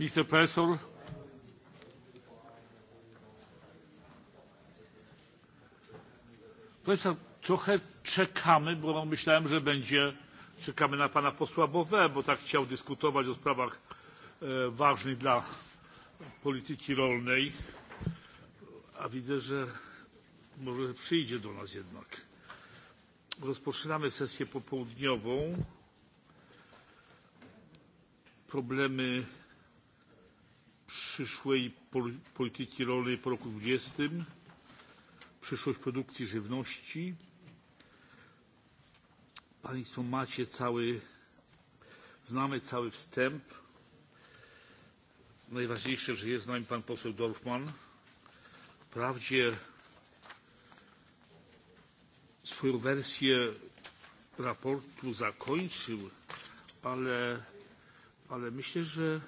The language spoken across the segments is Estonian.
Mr. Purcell. Profesor, trochę czekamy, bo myślałem, że będzie, czekamy na pana posła Bowe, bo tak chciał dyskutować o sprawach e, ważnych dla polityki rolnej, a widzę, że może przyjdzie do nas jednak. Rozpoczynamy sesję popołudniową. Problemy przyszłej polityki rolnej po roku dwa tysiące dwadzieścia przyszłość produkcji żywności. państwo macie cały znamy cały wstęp. najważniejsze że jest z nami pan poseł dorfmann. wprawdzie swoją wersję raportu zakończył ale, ale myślę że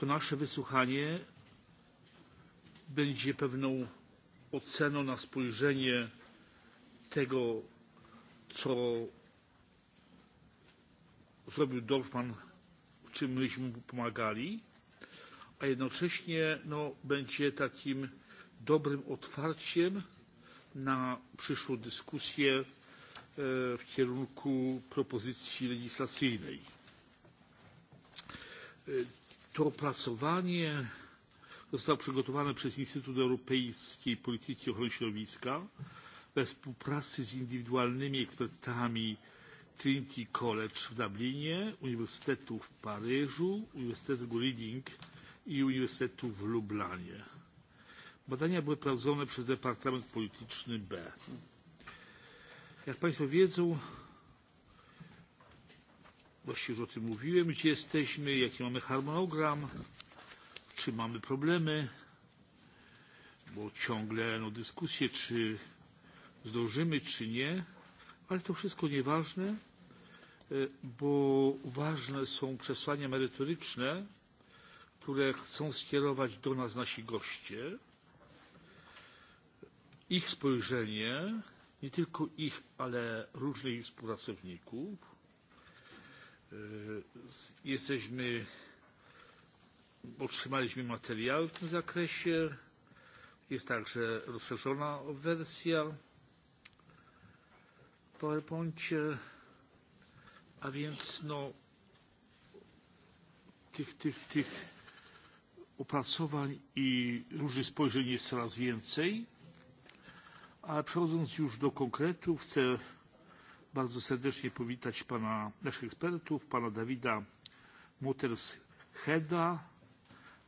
to nasze wysłuchanie będzie pewną oceną na spojrzenie tego, co zrobił Dorfman, w czym myśmy mu pomagali, a jednocześnie no, będzie takim dobrym otwarciem na przyszłą dyskusję e, w kierunku propozycji legislacyjnej. E, to opracowanie zostało przygotowane przez instytut europejskiej polityki ochrony środowiska we współpracy z indywidualnymi ekspertami trinity college w dublinie uniwersytetu w paryżu uniwersytetu reading i uniwersytetu w lublanie. badania były prowadzone przez departament polityczny b. jak państwo wiedzą Właściwie już o tym mówiłem, gdzie jesteśmy, jaki mamy harmonogram, czy mamy problemy, bo ciągle no, dyskusje, czy zdążymy, czy nie, ale to wszystko nieważne, e, bo ważne są przesłania merytoryczne, które chcą skierować do nas nasi goście, ich spojrzenie, nie tylko ich, ale różnych współpracowników, E, jesteśmy otrzymaliśmy materiały w tym zakresie jest także rozszerzona wersja w powerpoincie a więc no tych tych tych opracowań i różnych spojrzeń jest coraz więcej ale przechodząc już do konkretów chcę bardzo serdecznie powitać pana, naszych ekspertów, pana Dawida Mutters-Heda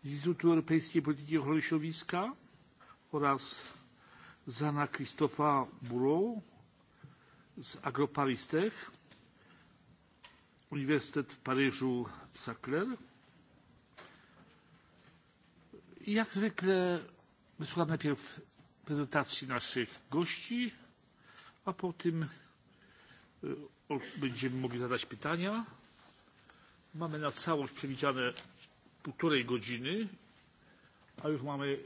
z Instytutu Europejskiej Polityki Ochrony Środowiska oraz Zana Christopha Bureau z Agroparis Tech, Uniwersytet w Paryżu Saclay. Jak zwykle wysłucham najpierw prezentacji naszych gości, a po tym będziemy mogli zadać pytania. Mamy na całość przewidziane półtorej godziny, a już mamy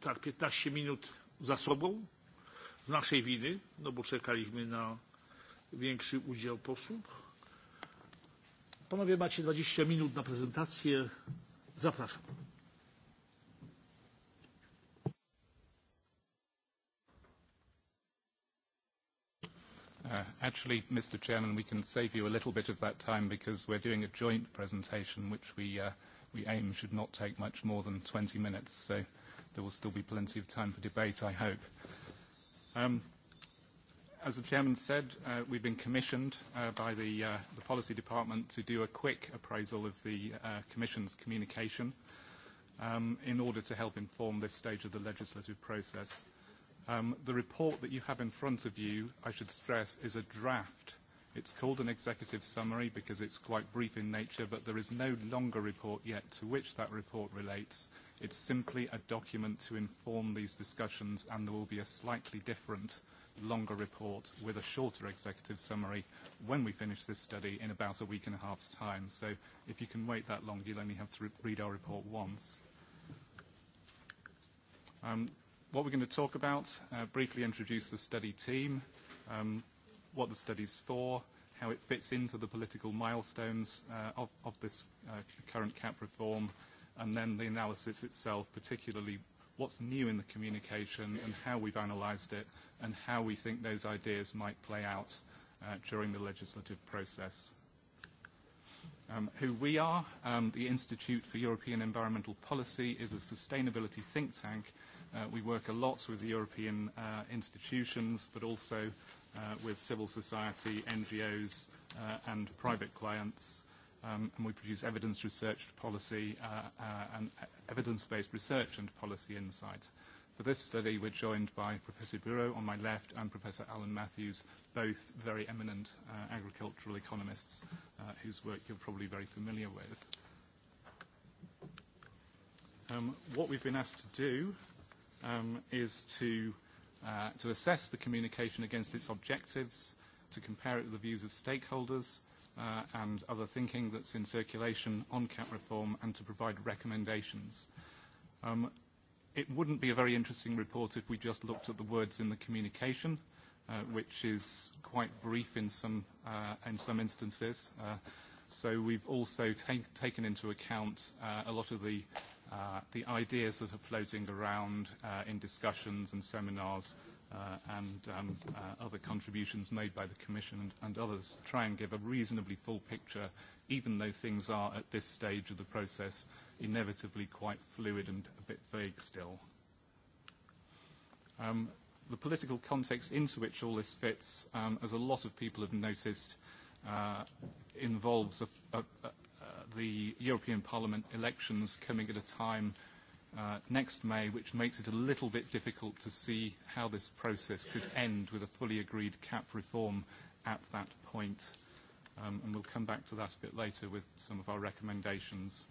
tak, 15 minut za sobą z naszej winy, no bo czekaliśmy na większy udział posłów. Panowie macie 20 minut na prezentację. Zapraszam. Uh, actually, Mr. Chairman, we can save you a little bit of that time because we're doing a joint presentation, which we, uh, we aim should not take much more than 20 minutes. So there will still be plenty of time for debate, I hope. Um, as the chairman said, uh, we've been commissioned uh, by the, uh, the policy department to do a quick appraisal of the uh, commission's communication um, in order to help inform this stage of the legislative process. Um, the report that you have in front of you, I should stress, is a draft. It's called an executive summary because it's quite brief in nature, but there is no longer report yet to which that report relates. It's simply a document to inform these discussions, and there will be a slightly different longer report with a shorter executive summary when we finish this study in about a week and a half's time. So if you can wait that long, you'll only have to re read our report once. Um, what we're going to talk about, uh, briefly introduce the study team, um, what the study's for, how it fits into the political milestones uh, of, of this uh, current CAP reform, and then the analysis itself, particularly what's new in the communication and how we've analysed it and how we think those ideas might play out uh, during the legislative process. Um, who we are, um, the Institute for European Environmental Policy is a sustainability think tank Uh, we work a lot with the European uh, institutions, but also uh, with civil society, NGOs, uh, and private clients. Um, and we produce evidence research policy uh, uh, and evidence-based research and policy insight. For this study, we're joined by Professor Bureau on my left and Professor Alan Matthews, both very eminent uh, agricultural economists uh, whose work you're probably very familiar with. Um, what we've been asked to do um, is to, uh, to assess the communication against its objectives, to compare it with the views of stakeholders uh, and other thinking that's in circulation on cap reform, and to provide recommendations. Um, it wouldn't be a very interesting report if we just looked at the words in the communication, uh, which is quite brief in some, uh, in some instances. Uh, so we've also take, taken into account uh, a lot of the uh, the ideas that are floating around uh, in discussions and seminars uh, and um, uh, other contributions made by the Commission and, and others try and give a reasonably full picture, even though things are at this stage of the process inevitably quite fluid and a bit vague still. Um, the political context into which all this fits, um, as a lot of people have noticed, uh, involves a, a, the European Parliament elections coming at a time uh, next May, which makes it a little bit difficult to see how this process could end with a fully agreed cap reform at that point. Um, and we'll come back to that a bit later with some of our recommendations.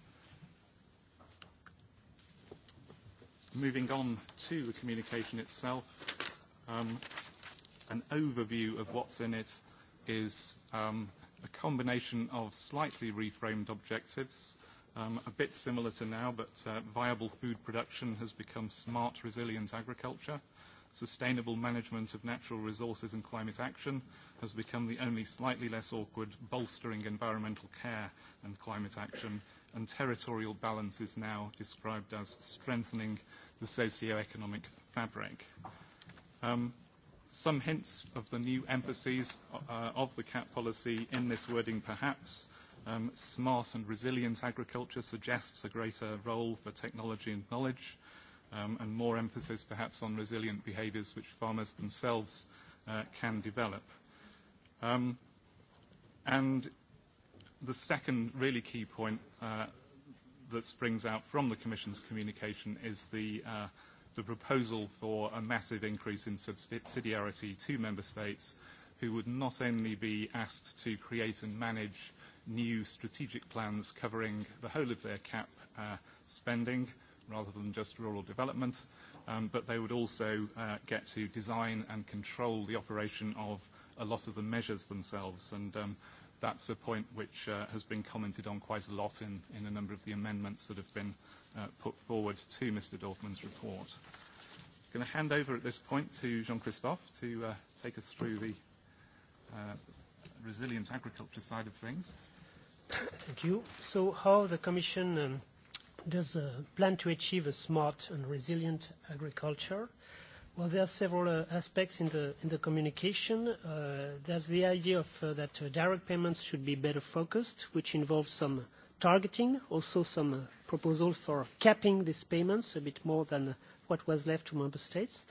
Moving on to the communication itself, um, an overview of what's in it is um, – a combination of slightly reframed objectives, um, a bit similar to now, but uh, viable food production has become smart, resilient agriculture. Sustainable management of natural resources and climate action has become the only slightly less awkward bolstering environmental care and climate action, and territorial balance is now described as strengthening the socioeconomic fabric. Um, some hints of the new emphases uh, of the CAP policy in this wording perhaps. Um, smart and resilient agriculture suggests a greater role for technology and knowledge, um, and more emphasis perhaps on resilient behaviours which farmers themselves uh, can develop. Um, and the second really key point uh, that springs out from the Commission's communication is the uh, the proposal for a massive increase in subsidiarity to member states who would not only be asked to create and manage new strategic plans covering the whole of their cap uh, spending rather than just rural development, um, but they would also uh, get to design and control the operation of a lot of the measures themselves. And um, That's a point which uh, has been commented on quite a lot in, in a number of the amendments that have been uh, put forward to Mr. Dorfman's report. I'm going to hand over at this point to Jean-Christophe to uh, take us through the uh, resilient agriculture side of things. Thank you. So how the Commission um, does uh, plan to achieve a smart and resilient agriculture? Uh, Well, there are several uh, aspects in the, in the communication. Uh, there's the idea of, uh, that uh, direct payments should be better focused, which involves some targeting, also some uh, proposal for capping these payments a bit more than what was left to member states.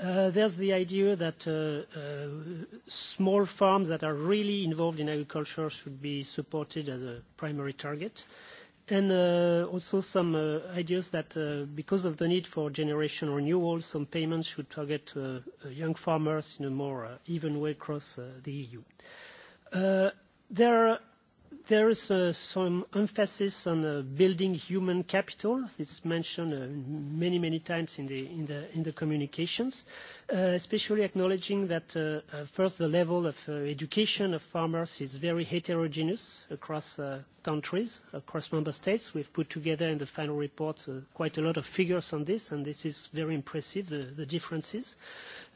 Uh, there's the idea that uh, uh, small farms that are really involved in agriculture should be supported as a primary target. Uh, And uh, also some uh, ideas that uh, because of the need for generation renewal, some payments should target uh, uh, young farmers in a more uh, even way across the EU. There There is uh, some emphasis on uh, building human capital. It's mentioned uh, many, many times in the, in the, in the communications, uh, especially acknowledging that uh, uh, first, the level of education of farmers is very heterogeneous across countries, across member states. We've put together in the final report quite a lot of figures on this, and this is very impressive, the, the differences.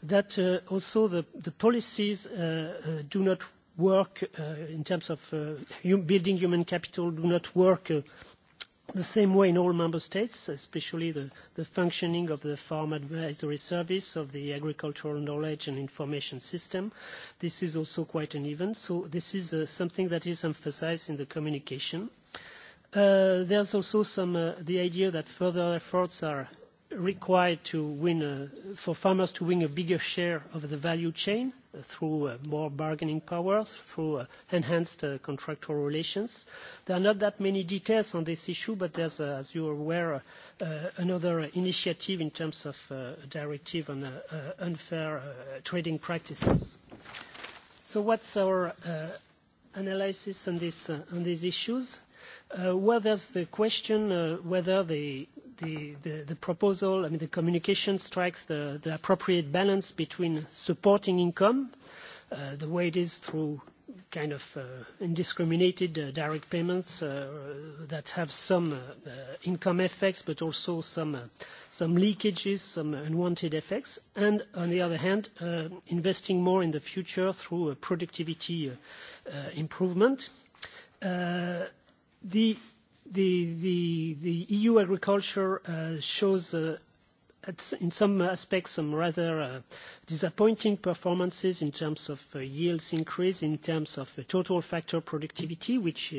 That also the policies do not work uh, in terms of uh, hum building human capital do not work uh, the same way in all member states, especially the, the functioning of the Farm Advisory Service, of the Agricultural Knowledge and Information System. This is also quite uneven, so this is uh, something that is emphasized in the communication. Uh, there's also some, uh, the idea that further efforts are required to win, a, uh, for farmers to win a bigger share of the value chain. Uh, through uh, more bargaining powers, through uh, enhanced uh, contractual relations. There are not that many details on this issue, but there's, as you are aware, another initiative in terms of directive on unfair trading practices. So what's our analysis on, this, on these issues? Well, there's the question whether the the, the, the proposal, I mean, the communication strikes the, the appropriate balance between supporting income, uh, the way it is through kind of uh, indiscriminated uh, direct payments uh, that have some uh, income effects, but also some, uh, some leakages, some unwanted effects. And on the other hand, uh, investing more in the future through productivity improvement. The The, the, the EU agriculture uh, shows uh, at, in some aspects some rather uh, disappointing performances in terms of uh, yields increase, in terms of uh, total factor productivity, which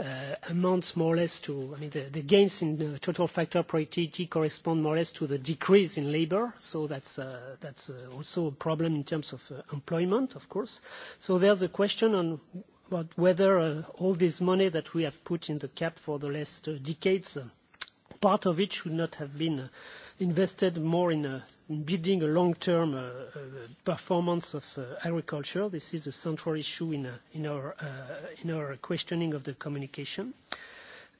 uh, amounts more or less to I mean, the, the gains in total factor productivity correspond more or less to the decrease in labor. So that's, that's also a problem in terms of employment, of course. So there's a question on about whether uh, all this money that we have put in the cap for the last uh, decades, uh, part of it should not have been uh, invested more in, a, uh, in building a long-term uh, performance of agriculture. This is a central issue in, in, our, in our questioning of the communication.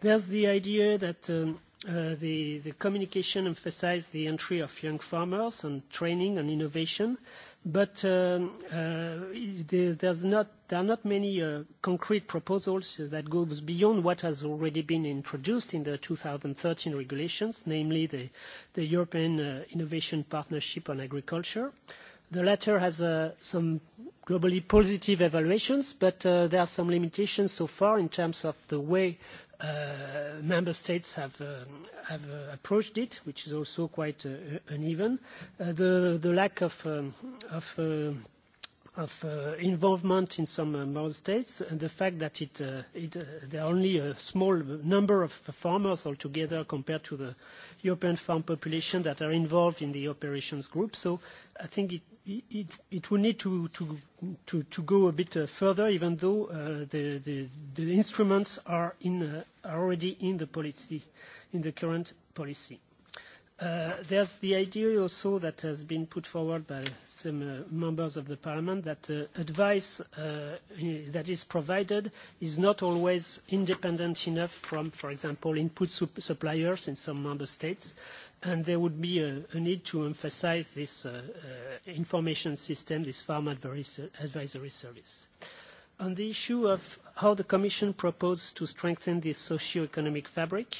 There's the idea that um, uh, the, the communication emphasized the entry of young farmers and training and innovation, but um, uh, there, there's not, there are not many uh, concrete proposals that goes beyond what has already been introduced in the 2013 regulations, namely the, the European uh, Innovation Partnership on Agriculture. The latter has uh, some globally positive evaluations, but uh, there are some limitations so far in terms of the way Uh, member states have, uh, have uh, approached it, which is also quite uh, uneven. Uh, the, the lack of, um, of, uh, of involvement in some member states and the fact that it, it, there are only a small number of farmers altogether compared to the European farm population that are involved in the operations group. So I think it, it, it will need to, to, to, to go a bit uh, further, even though uh, the, the, the instruments are, in, uh, are already in the policy, in the current policy. Uh, there's the idea also that has been put forward by some uh, members of the parliament that uh, advice uh, that is provided is not always independent enough from, for example, input sup suppliers in some member states. Uh, and there would be a, a need to emphasize this uh, uh, information system, this farm advisory service. On the issue of how the Commission proposed to strengthen the socio-economic fabric,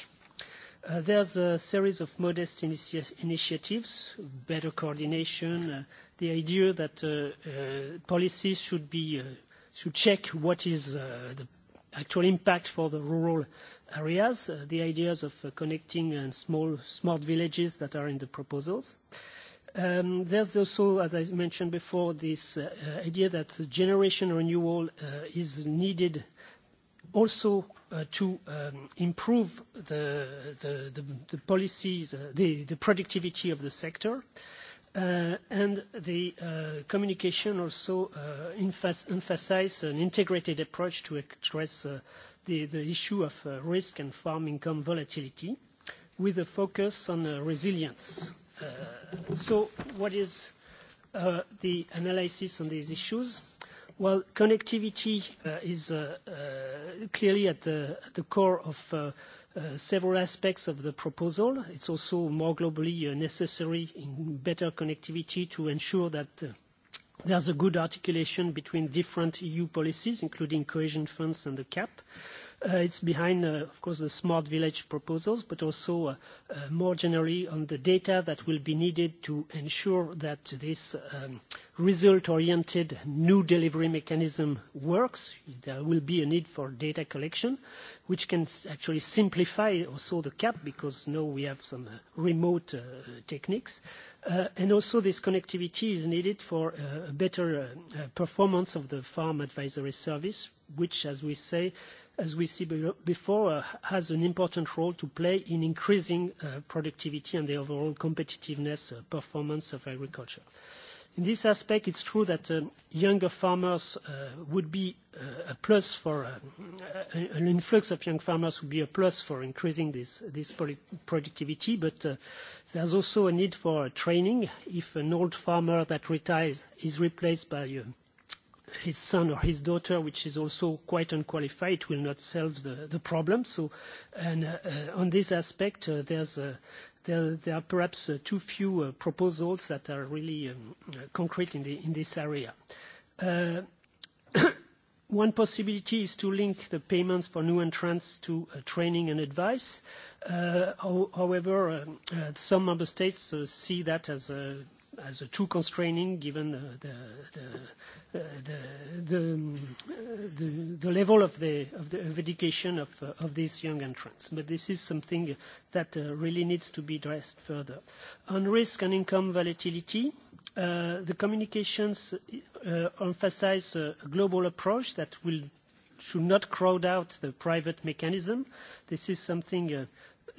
uh, there's a series of modest initia initiatives, better coordination, uh, the idea that uh, uh, policies should be uh, should check what is uh, the actual impact for the rural areas, uh, the ideas of uh, connecting and uh, small smart villages that are in the proposals. Um, there's also, as I mentioned before, this uh, uh idea that generation renewal uh, is needed also to um, improve the, the, the, the policies, the productivity of the sector. Uh, and the uh, communication also uh, emphasize an integrated approach to address uh, the, the issue of uh, risk and farm income volatility with a focus on uh, resilience. So what is the analysis on these issues? Well, connectivity is clearly at the, at the core of Uh, several aspects of the proposal. It's also more globally uh, necessary in better connectivity to ensure that uh, there's a good articulation between different EU policies, including cohesion funds and the CAP. Uh, it's behind, uh, of course, the smart village proposals, but also uh, uh, more generally on the data that will be needed to ensure that this um, result-oriented new delivery mechanism works. There will be a need for data collection, which can actually simplify also the CAP, because now we have some uh, remote uh, techniques. And also this connectivity is needed for better performance of the Farm Advisory Service, which, as we say, as we see be before, uh, has an important role to play in increasing uh, productivity and the overall competitiveness uh, performance of agriculture. In this aspect, it's true that um, younger farmers uh, would be uh, a plus for uh, an influx of young farmers would be a plus for increasing this, this productivity. But there's also a need for training. If an old farmer that retires is replaced by um, his son or his daughter, which is also quite unqualified, it will not solve the, the problem. So, and uh, on this aspect, uh, there's a, uh, there, there are perhaps uh, too few uh, proposals that are really um, concrete in, the, in this area. Uh, One possibility is to link the payments for new entrants to uh, training and advice. Uh, ho however, um, uh, some member states uh, see that as as a too constraining given uh, the the uh, the the, um, uh, the, the level of the of the of education of uh, of these young entrants. But this is something that uh, really needs to be addressed further. On risk and income volatility, uh, the communications uh, emphasize a global approach that will should not crowd out the private mechanism. This is something uh,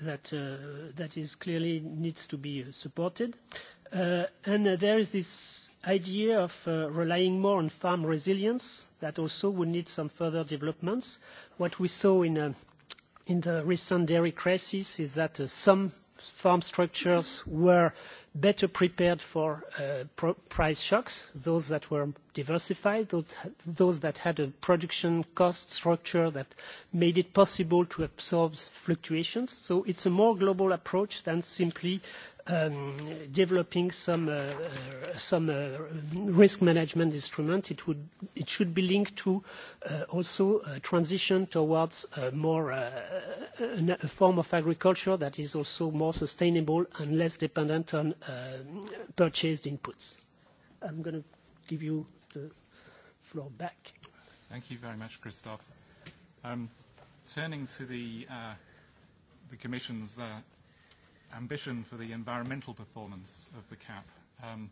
that uh, that is clearly needs to be uh, supported. Uh, Uh, and uh, there is this idea of uh, relying more on farm resilience that also would need some further developments. What we saw in, uh, in the recent dairy crisis is that uh, some farm structures were better prepared for uh, price shocks, those that were diversified, those, those that had a production cost structure that made it possible to absorb fluctuations. So it's a more global approach than simply um, developing some, uh, uh, some uh, risk management instrument, it, would, it should be linked to uh, also a transition towards a uh, more uh, a form of agriculture that is also more sustainable and less dependent on purchased inputs. I'm going to give you the floor back. Thank you very much, Christophe. Um, turning to the, the Commission's ambition for the environmental performance of the cap. Um,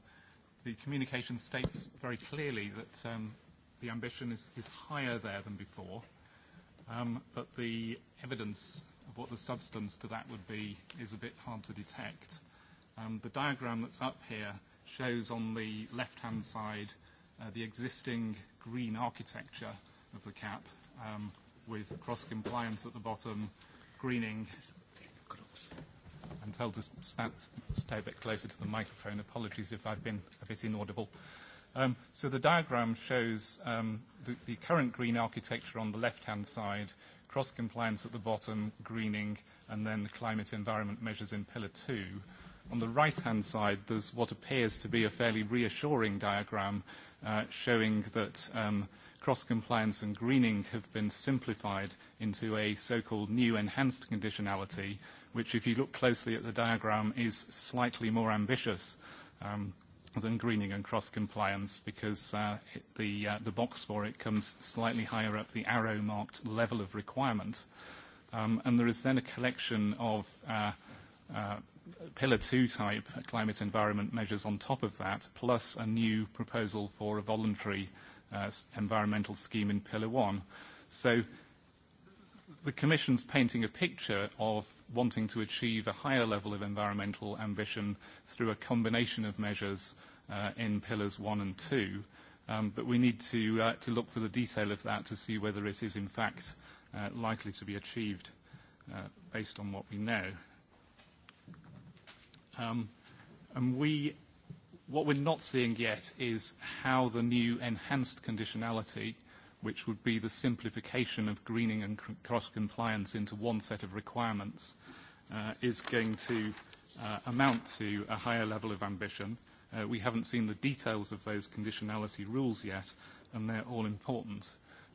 the communication states very clearly that um, the ambition is, is higher there than before, um, but the evidence of what the substance to that would be is a bit hard to detect. Um, the diagram that's up here shows on the left-hand side uh, the existing green architecture of the cap um, with cross-compliance at the bottom, greening, and told to stand, stay a bit closer to the microphone. Apologies if I've been a bit inaudible. Um, so the diagram shows um, the, the current green architecture on the left-hand side, cross-compliance at the bottom, greening, and then the climate environment measures in pillar two. On the right-hand side, there's what appears to be a fairly reassuring diagram uh, showing that um, cross-compliance and greening have been simplified into a so-called new enhanced conditionality, which, if you look closely at the diagram, is slightly more ambitious um, than greening and cross-compliance because uh, it, the, uh, the box for it comes slightly higher up the arrow-marked level of requirement. Um, and there is then a collection of uh, uh Pillar 2 type climate environment measures on top of that, plus a new proposal for a voluntary uh, environmental scheme in Pillar 1. So the Commission's painting a picture of wanting to achieve a higher level of environmental ambition through a combination of measures uh, in pillars one and two. Um, but we need to, uh, to look for the detail of that to see whether it is in fact uh, likely to be achieved uh, based on what we know. Um, and we, what we're not seeing yet is how the new enhanced conditionality uh, which would be the simplification of greening and cross-compliance into one set of requirements, uh, is going to uh, amount to a higher level of ambition. Uh, we haven't seen the details of those conditionality rules yet, and they're all important.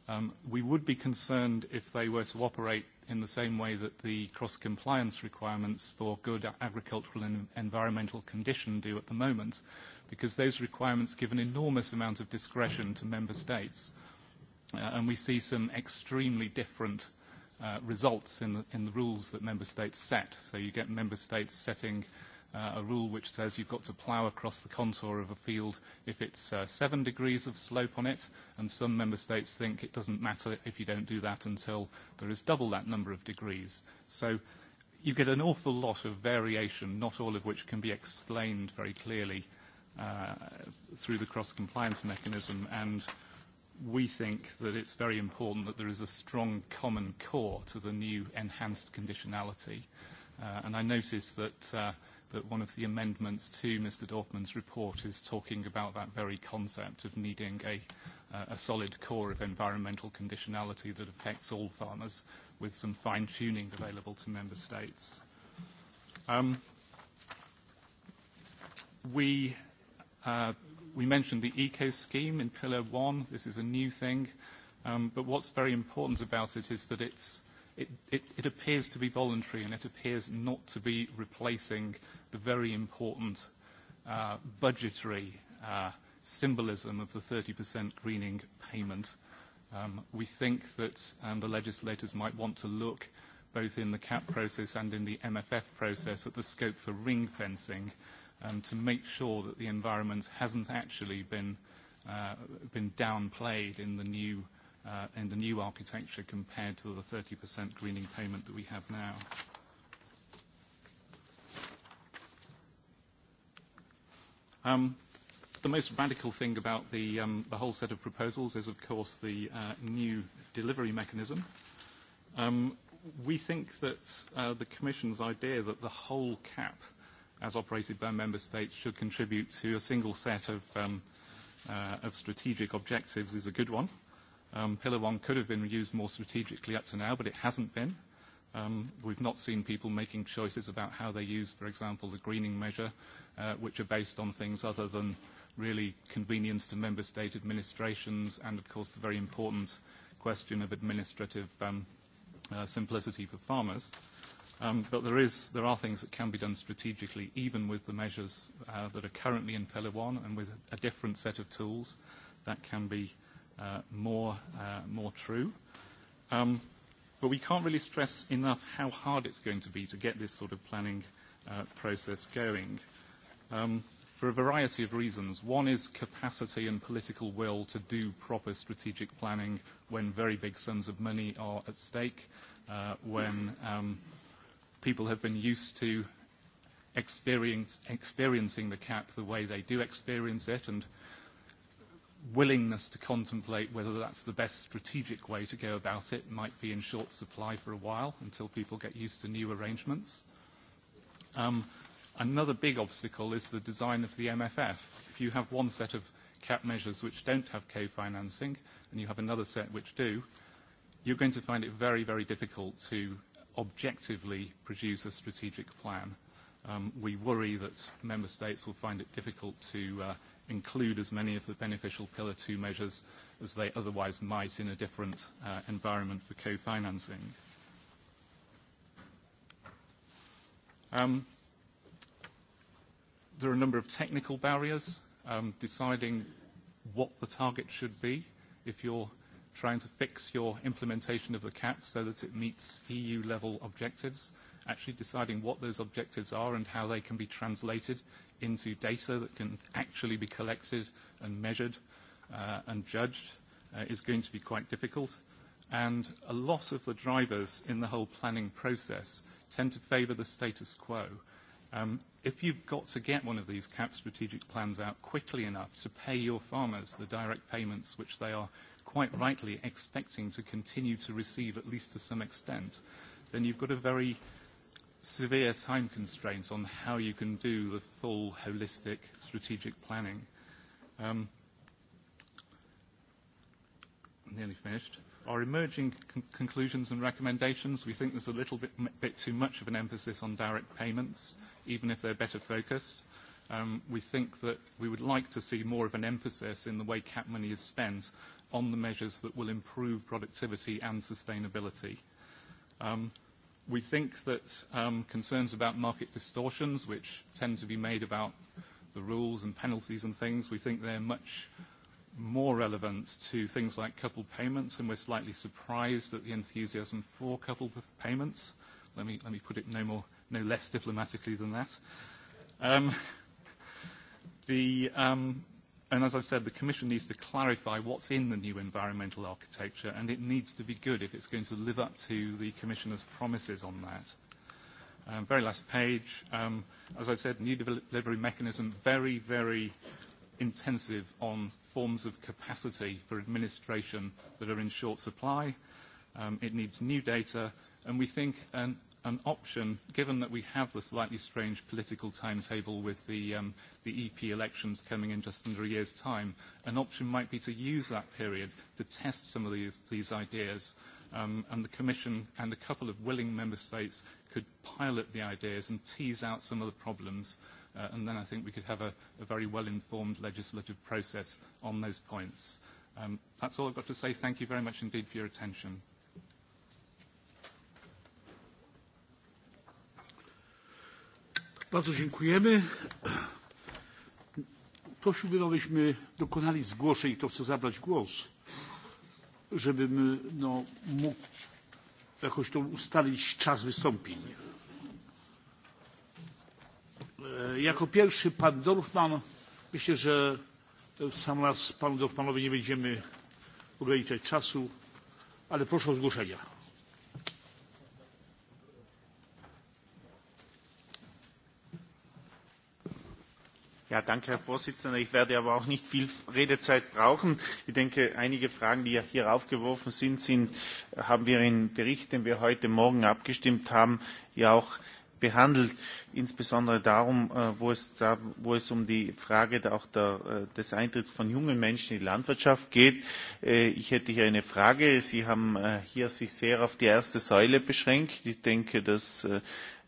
Um, we would be concerned if they were to operate in the same way that the cross-compliance requirements for good agricultural and environmental condition do at the moment, because those requirements give an enormous amount of discretion to member states. Uh, Uh, and we see some extremely different uh, results in the, in the rules that member states set. So you get member states setting uh, a rule which says you've got to plough across the contour of a field if it's uh, seven degrees of slope on it, and some member states think it doesn't matter if you don't do that until there is double that number of degrees. So you get an awful lot of variation, not all of which can be explained very clearly uh, through the cross-compliance mechanism, and uh, we think that it's very important that there is a strong common core to the new enhanced conditionality. Uh, and I noticed that, uh, that one of the amendments to Mr. Dorfmann's report is talking about that very concept of needing a, uh, a solid core of environmental conditionality that affects all farmers with some fine-tuning available to member states. Um, we uh, We mentioned the ECO scheme in Pillar 1. This is a new thing. Um, but what's very important about it is that it's, it, it, it appears to be voluntary and it appears not to be replacing the very important uh, budgetary uh, symbolism of the 30% greening payment. Um, we think that um, the legislators might want to look both in the CAP process and in the MFF process at the scope for ring fencing uh, um, to make sure that the environment hasn't actually been, uh, been downplayed in the, new, uh, in the new architecture compared to the 30% greening payment that we have now. Um, the most radical thing about the, um, the whole set of proposals is, of course, the uh, new delivery mechanism. Um, we think that uh, the Commission's idea that the whole cap uh, as operated by member states, should contribute to a single set of, um, uh, of strategic objectives is a good one. Um, Pillar 1 could have been used more strategically up to now, but it hasn't been. Um, we've not seen people making choices about how they use, for example, the greening measure, uh, which are based on things other than really convenience to member state administrations and, of course, the very important question of administrative um, uh, simplicity for farmers. Uh, Um, but there, is, there are things that can be done strategically, even with the measures uh, that are currently in Pillar 1 and with a different set of tools. That can be uh, more, uh, more true. Um, but we can't really stress enough how hard it's going to be to get this sort of planning uh, process going um, for a variety of reasons. One is capacity and political will to do proper strategic planning when very big sums of money are at stake, uh, when um, – people have been used to experience, experiencing the cap the way they do experience it and willingness to contemplate whether that's the best strategic way to go about it might be in short supply for a while until people get used to new arrangements. Um, another big obstacle is the design of the MFF. If you have one set of cap measures which don't have co-financing and you have another set which do, you're going to find it very, very difficult to objectively produce a strategic plan. Um, we worry that member states will find it difficult to uh, include as many of the beneficial Pillar 2 measures as they otherwise might in a different uh, environment for co-financing. Um, there are a number of technical barriers. Um, deciding what the target should be if you're trying to fix your implementation of the cap so that it meets EU-level objectives, actually deciding what those objectives are and how they can be translated into data that can actually be collected and measured uh, and judged uh, is going to be quite difficult. And a lot of the drivers in the whole planning process tend to favour the status quo. Um, if you've got to get one of these CAP strategic plans out quickly enough to pay your farmers the direct payments which they are quite rightly expecting to continue to receive, at least to some extent, then you've got a very severe time constraint on how you can do the full holistic strategic planning. Um, I'm nearly finished. Our emerging con conclusions and recommendations, we think there's a little bit, bit too much of an emphasis on direct payments, even if they're better focused. Um, we think that we would like to see more of an emphasis in the way cap money is spent on the measures that will improve productivity and sustainability. Um, we think that um, concerns about market distortions, which tend to be made about the rules and penalties and things, we think they're much more relevant to things like coupled payments, and we're slightly surprised at the enthusiasm for coupled payments. Let me, let me put it no, more, no less diplomatically than that. Um, the, um, And as I've said, the Commission needs to clarify what's in the new environmental architecture, and it needs to be good if it's going to live up to the Commissioner's promises on that. Um, very last page. Um, as I've said, new delivery mechanism, very, very intensive on forms of capacity for administration that are in short supply. Um, it needs new data, and we think an an option, given that we have the slightly strange political timetable with the, um, the EP elections coming in just under a year's time, an option might be to use that period to test some of these, these ideas. Um, and the Commission and a couple of willing member states could pilot the ideas and tease out some of the problems. Uh, and then I think we could have a, a very well-informed legislative process on those points. Um, that's all I've got to say. Thank you very much indeed for your attention. Bardzo dziękujemy. Prosiłbym, abyśmy dokonali zgłoszeń, kto chce zabrać głos, żebym no, mógł jakoś to ustalić czas wystąpień. E, jako pierwszy pan Dorfman. Myślę, że w sam raz panu Dorfmanowi nie będziemy ograniczać czasu, ale proszę o zgłoszenia. Ja, danke, Herr Vorsitzender. Ich werde aber auch nicht viel Redezeit brauchen. Ich denke, einige Fragen, die hier aufgeworfen sind, sind haben wir im Bericht, den wir heute Morgen abgestimmt haben, ja auch behandelt, insbesondere darum, äh, wo es, da, wo es um die Frage auch der, äh, des Eintritts von jungen Menschen in die Landwirtschaft geht. Äh, ich hätte hier eine Frage. Sie haben hier sich sehr auf die erste Säule beschränkt. Ich denke, dass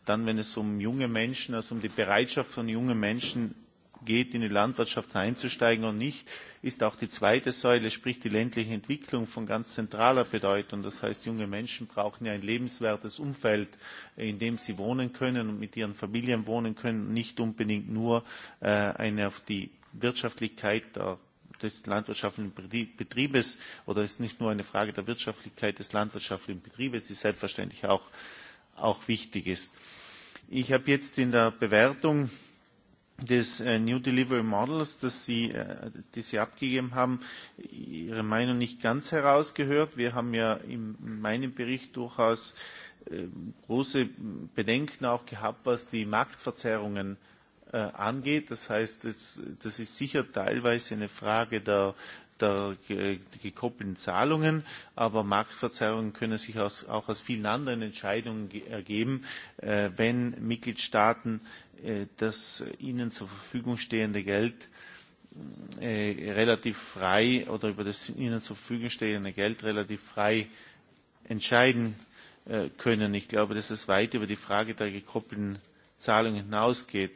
dann, wenn es um junge Menschen, also um die Bereitschaft von jungen Menschen geht, in die Landwirtschaft einzusteigen und nicht, ist auch die zweite Säule, sprich die ländliche Entwicklung von ganz zentraler Bedeutung. Das heißt, junge Menschen brauchen ja ein lebenswertes Umfeld, in dem sie wohnen können und mit ihren Familien wohnen können, nicht unbedingt nur äh, eine auf die Wirtschaftlichkeit der des landwirtschaftlichen Betriebes oder ist nicht nur eine Frage der Wirtschaftlichkeit des landwirtschaftlichen Betriebes, die selbstverständlich auch, auch wichtig ist. Ich habe jetzt in der Bewertung des äh, New Delivery Models, das Sie, äh, das Sie abgegeben haben, Ihre Meinung nicht ganz herausgehört. Wir haben ja im, in meinem Bericht durchaus äh, große Bedenken auch gehabt, was die Marktverzerrungen äh, angeht. Das heißt, das, das ist sicher teilweise eine Frage der, der gekoppelten Zahlungen. Aber Marktverzerrungen können sich aus, auch aus vielen anderen Entscheidungen ergeben, äh, wenn Mitgliedstaaten äh, das ihnen zur Verfügung stehende Geld äh, relativ frei oder über das ihnen zur Verfügung stehende Geld relativ frei entscheiden äh, können. Ich glaube, dass es weit über die Frage der gekoppelten Zahlungen hinausgeht.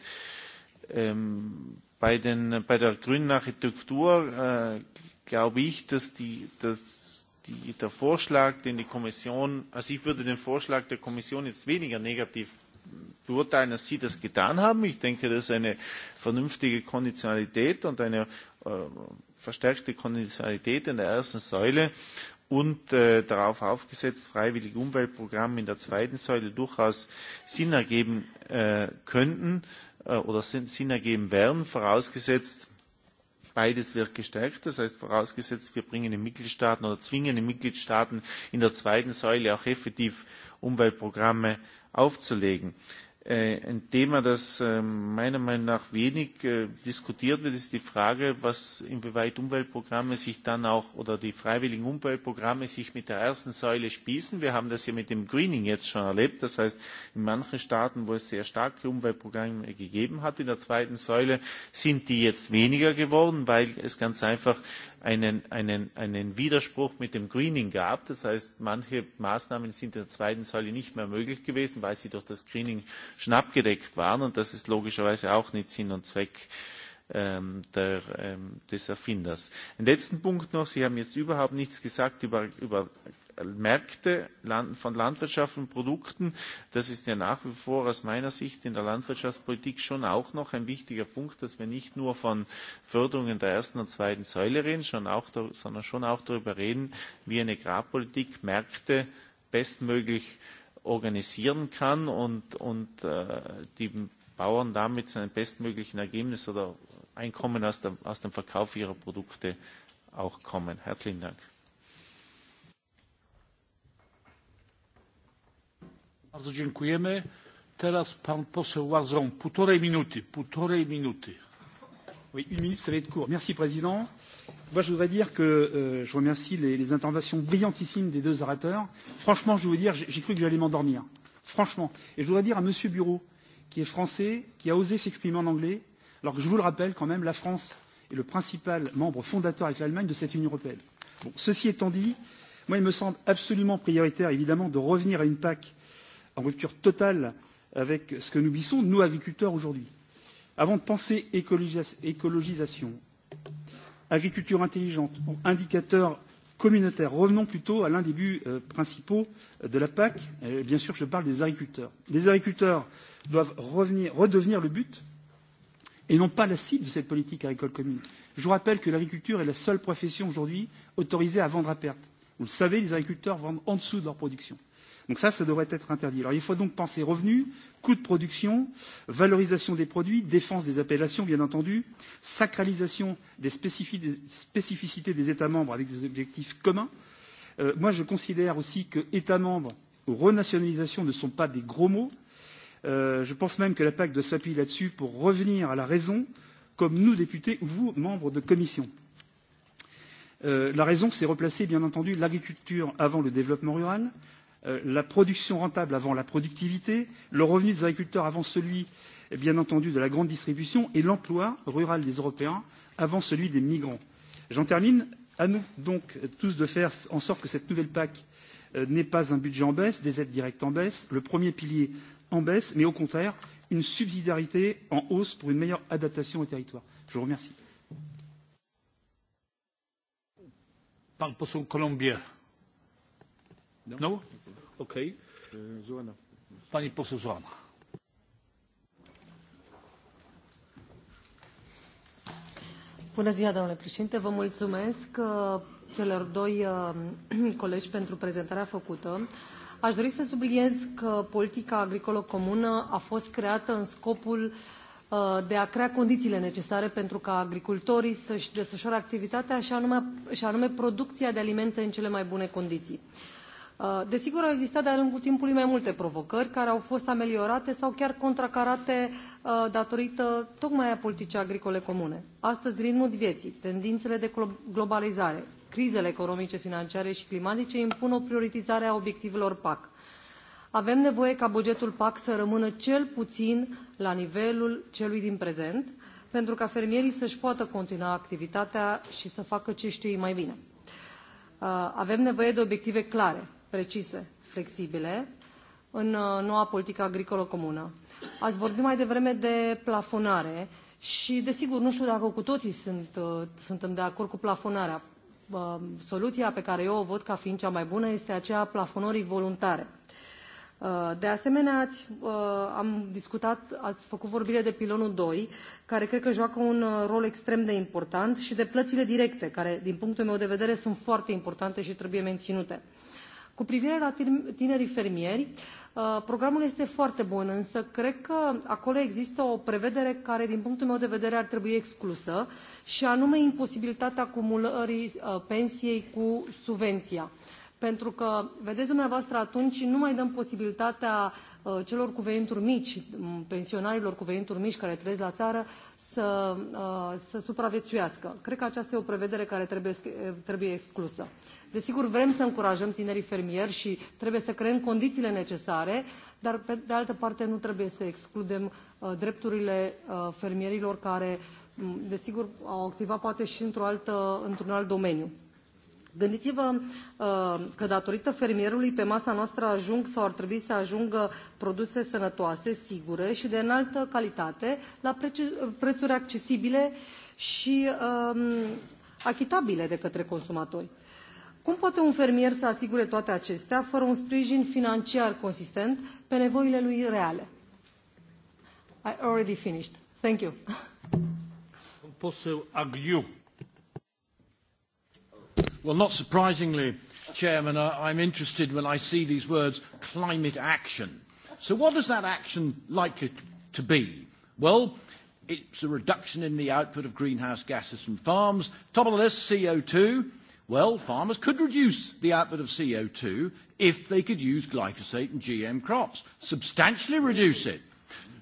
Ähm, bei, den, bei der grünen Architektur äh, glaube ich, dass, die, dass die, der Vorschlag, den die Kommission, also ich würde den Vorschlag der Kommission jetzt weniger negativ beurteilen, dass Sie das getan haben. Ich denke, das ist eine vernünftige Konditionalität und eine äh, verstärkte Konditionalität in der ersten Säule und äh, darauf aufgesetzt, freiwillige Umweltprogramme in der zweiten Säule durchaus Sinn ergeben äh, könnten äh, oder Sinn ergeben werden, vorausgesetzt, Beides wird gestärkt. Das heißt, vorausgesetzt, wir bringen den Mitgliedstaaten oder zwingen den Mitgliedstaaten in der zweiten Säule auch effektiv Umweltprogramme aufzulegen. Äh, ein Thema, das äh, meiner Meinung nach wenig äh, diskutiert wird, ist die Frage, was inwieweit Umweltprogramme sich dann auch oder die freiwilligen Umweltprogramme sich mit der ersten Säule spießen. Wir haben das ja mit dem Greening jetzt schon erlebt. Das heißt, in manchen Staaten, wo es sehr starke Umweltprogramme gegeben hat, in der zweiten Säule sind die jetzt weniger geworden, weil es ganz einfach einen, einen, einen Widerspruch mit dem Greening gab. Das heißt, manche Maßnahmen sind in der zweiten Säule nicht mehr möglich gewesen, weil sie durch das Greening schon abgedeckt waren. Und das ist logischerweise auch nicht Sinn und Zweck ähm, der, ähm, des Erfinders. Den letzten Punkt noch. Sie haben jetzt überhaupt nichts gesagt über, über Märkte von Landwirtschaft und Produkten, das ist ja nach wie vor aus meiner Sicht in der Landwirtschaftspolitik schon auch noch ein wichtiger Punkt, dass wir nicht nur von Förderungen der ersten und zweiten Säule reden, schon auch, sondern schon auch darüber reden, wie eine Agrarpolitik Märkte bestmöglich organisieren kann und, und äh, die Bauern damit zu einem bestmöglichen Ergebnis oder Einkommen aus, der, aus dem Verkauf ihrer Produkte auch kommen. Herzlichen Dank. Bardzo dziękujemy. Teraz pan poseł Łazon. Półtorej minuty. Półtorej minuty. Oui, une minute, ça va être court. Merci, Président. Moi, je voudrais dire que euh, je remercie les, les interventions brillantissimes des deux orateurs. Franchement, je veux dire, j'ai cru que j'allais m'endormir. Franchement. Et je voudrais dire à Monsieur Bureau, qui est français, qui a osé s'exprimer en anglais, alors que je vous le rappelle quand même, la France est le principal membre fondateur avec l'Allemagne de cette Union européenne. Bon, ceci étant dit, moi, il me semble absolument prioritaire, évidemment, de revenir à une PAC en rupture totale avec ce que nous vissons, nous agriculteurs, aujourd'hui. Avant de penser écologis écologisation, agriculture intelligente, indicateurs communautaires, revenons plutôt à l'un des buts euh, principaux euh, de la PAC. Et bien sûr, je parle des agriculteurs. Les agriculteurs doivent revenir, redevenir le but et non pas la cible de cette politique agricole commune. Je vous rappelle que l'agriculture est la seule profession aujourd'hui autorisée à vendre à perte. Vous le savez, les agriculteurs vendent en dessous de leur production. Donc ça, ça devrait être interdit. Alors il faut donc penser revenus, coûts de production, valorisation des produits, défense des appellations, bien entendu, sacralisation des spécificités des États membres avec des objectifs communs. Euh, moi, je considère aussi que États membres ou renationalisation ne sont pas des gros mots. Euh, je pense même que la PAC doit s'appuyer là-dessus pour revenir à la raison, comme nous, députés ou vous, membres de commission. Euh, la raison, c'est replacer, bien entendu, l'agriculture avant le développement rural, euh, Euh, la production rentable avant la productivité, le revenu des agriculteurs avant celui, eh bien entendu, de la grande distribution et l'emploi rural des Européens avant celui des migrants. J'en termine. À nous donc tous de faire en sorte que cette nouvelle PAC euh, n'est pas un budget en baisse, des aides directes en baisse, le premier pilier en baisse, mais au contraire une subsidiarité en hausse pour une meilleure adaptation au territoire. Je vous remercie. Pan poseł Colombier. No? no? Okej. Okay. Złana. Pani poseł Złana. Bună ziua, domnule președinte. Vă mulțumesc uh, celor doi uh, colegi pentru prezentarea făcută. Aș dori să subliniez că politica agricolă comună a fost creată în scopul uh, de a crea condițiile necesare pentru ca agricultorii să-și desfășoare activitatea și anume, și anume producția de alimente în cele mai bune condiții. Uh, Uh, desigur, au existat de-a lungul timpului mai multe provocări care au fost ameliorate sau chiar contracarate uh, datorită tocmai a politicii agricole comune. Astăzi, ritmul vieții, tendințele de globalizare, crizele economice, financiare și climatice impun o prioritizare a obiectivelor PAC. Avem nevoie ca bugetul PAC să rămână cel puțin la nivelul celui din prezent, pentru ca fermierii să-și poată continua activitatea și să facă ce știu ei mai bine. Uh, avem nevoie de obiective clare, precise, flexibile, în uh, noua politică agricolă comună. Ați vorbit mai devreme de plafonare și, desigur, nu știu dacă cu toții sunt, uh, suntem de acord cu plafonarea. Uh, soluția pe care eu o văd ca fiind cea mai bună este aceea plafonării voluntare. De asemenea, ați, am discutat, ați făcut vorbire de pilonul 2, care cred că joacă un rol extrem de important și de plățile directe, care, din punctul meu de vedere, sunt foarte importante și trebuie menținute. Uh, Cu privire la tinerii fermieri, uh, programul este foarte bun, însă cred că acolo există o prevedere care, din punctul meu de vedere, ar trebui exclusă, și anume imposibilitatea acumulării uh, pensiei cu subvenția pentru că, vedeți dumneavoastră, atunci nu mai dăm posibilitatea uh, celor cu venituri mici, pensionarilor cu venituri mici care trăiesc la țară, să, uh, să supraviețuiască. Cred că aceasta e o prevedere care trebuie, uh, trebuie exclusă. Desigur, vrem să încurajăm tinerii fermieri și trebuie să creăm condițiile necesare, dar pe de altă parte nu trebuie să excludem uh, drepturile uh, fermierilor care, mm, desigur, au activat poate și într-o altă, într-un alt domeniu. Gândiți-vă uh, că datorită fermierului pe masa noastră ajung sau ar trebui să ajungă produse sănătoase, sigure și de înaltă calitate la prețuri accesibile și um, achitabile de către consumatori. Cum poate un fermier să asigure toate acestea fără un sprijin financiar consistent pe nevoile lui reale? I already finished. Thank you. Poseł Agnew. Well, not surprisingly, Chairman, uh, I'm interested when I see these words, climate action. So what is that action likely to be? Well, it's a reduction in the output of greenhouse gases from farms. Top of the list, CO2 Well, farmers could reduce the output of CO2 if they could use glyphosate in GM crops, substantially reduce it.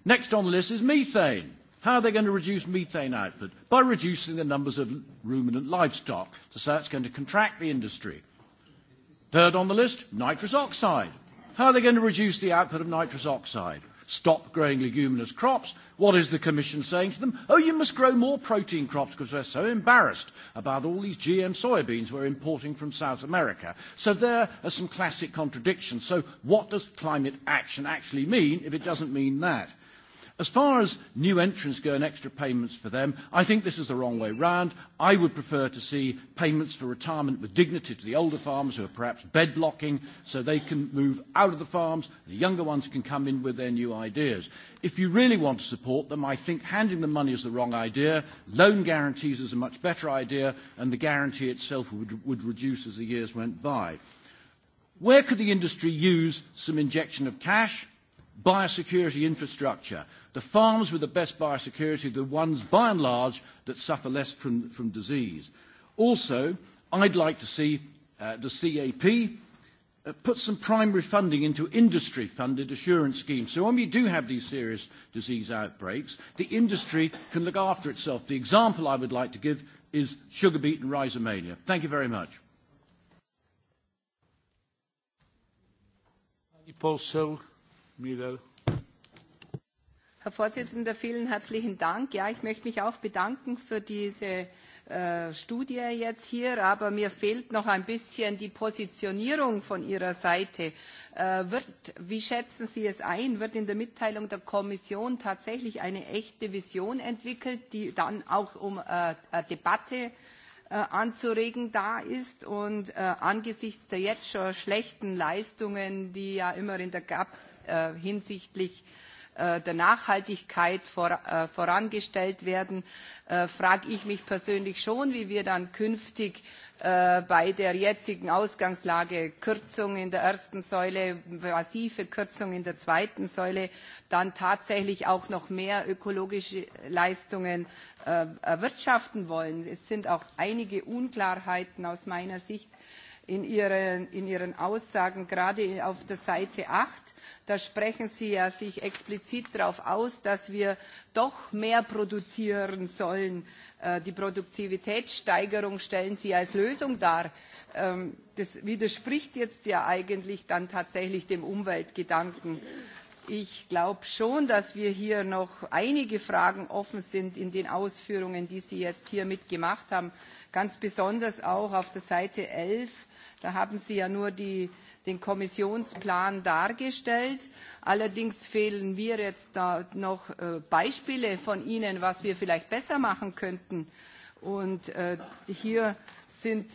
Next on the list is methane. How are they going to reduce methane output? By reducing the numbers of ruminant livestock. So that's going to contract the industry. Third on the list, nitrous oxide. How are they going to reduce the output of nitrous oxide? stop growing leguminous crops. What is the Commission saying to them? Oh, you must grow more protein crops because we're so embarrassed about all these GM soybeans we're importing from South America. So there are some classic contradictions. So what does climate action actually mean if it doesn't mean that? As far as new entrants go and extra payments for them, I think this is the wrong way round. I would prefer to see payments for retirement with dignity to the older farmers who are perhaps bed blocking so they can move out of the farms, the younger ones can come in with their new ideas. If you really want to support them, I think handing them money is the wrong idea. Loan guarantees is a much better idea, and the guarantee itself would, would reduce as the years went by. Where could the industry use some injection of cash? biosecurity infrastructure. The farms with the best biosecurity are the ones, by and large, that suffer less from, from disease. Also, I'd like to see uh, the CAP uh, put some primary funding into industry-funded assurance schemes. So when we do have these serious disease outbreaks, the industry can look after itself. The example I would like to give is sugar beet and rhizomania. Thank you very much. Pani poseł Miller. Herr Vorsitzender, vielen herzlichen Dank. Ja, ich möchte mich auch bedanken für diese äh, Studie jetzt hier, aber mir fehlt noch ein bisschen die Positionierung von Ihrer Seite. Äh, wird, wie schätzen Sie es ein, wird in der Mitteilung der Kommission tatsächlich eine echte Vision entwickelt, die dann auch um äh, Debatte äh, anzuregen da ist und äh, angesichts der jetzt schon schlechten Leistungen, die ja immer in der GAP äh, hinsichtlich äh, der Nachhaltigkeit vor, äh, vorangestellt werden, äh, frage ich mich persönlich schon, wie wir dann künftig äh, bei der jetzigen Ausgangslage Kürzungen in der ersten Säule, massive Kürzungen in der zweiten Säule, dann tatsächlich auch noch mehr ökologische Leistungen äh, erwirtschaften wollen. Es sind auch einige Unklarheiten aus meiner Sicht, äh, in Ihren, in Ihren Aussagen, gerade auf der Seite 8. Da sprechen Sie ja sich explizit darauf aus, dass wir doch mehr produzieren sollen. Äh, die Produktivitätssteigerung stellen Sie als Lösung dar. Ähm, das widerspricht jetzt ja eigentlich dann tatsächlich dem Umweltgedanken. Ich glaube schon, dass wir hier noch einige Fragen offen sind in den Ausführungen, die Sie jetzt hier mitgemacht haben. Ganz besonders auch auf der Seite 11 Da haben Sie ja nur die, den Kommissionsplan dargestellt. Allerdings fehlen mir jetzt da noch äh, Beispiele von Ihnen, was wir vielleicht besser machen könnten. Und äh, hier sind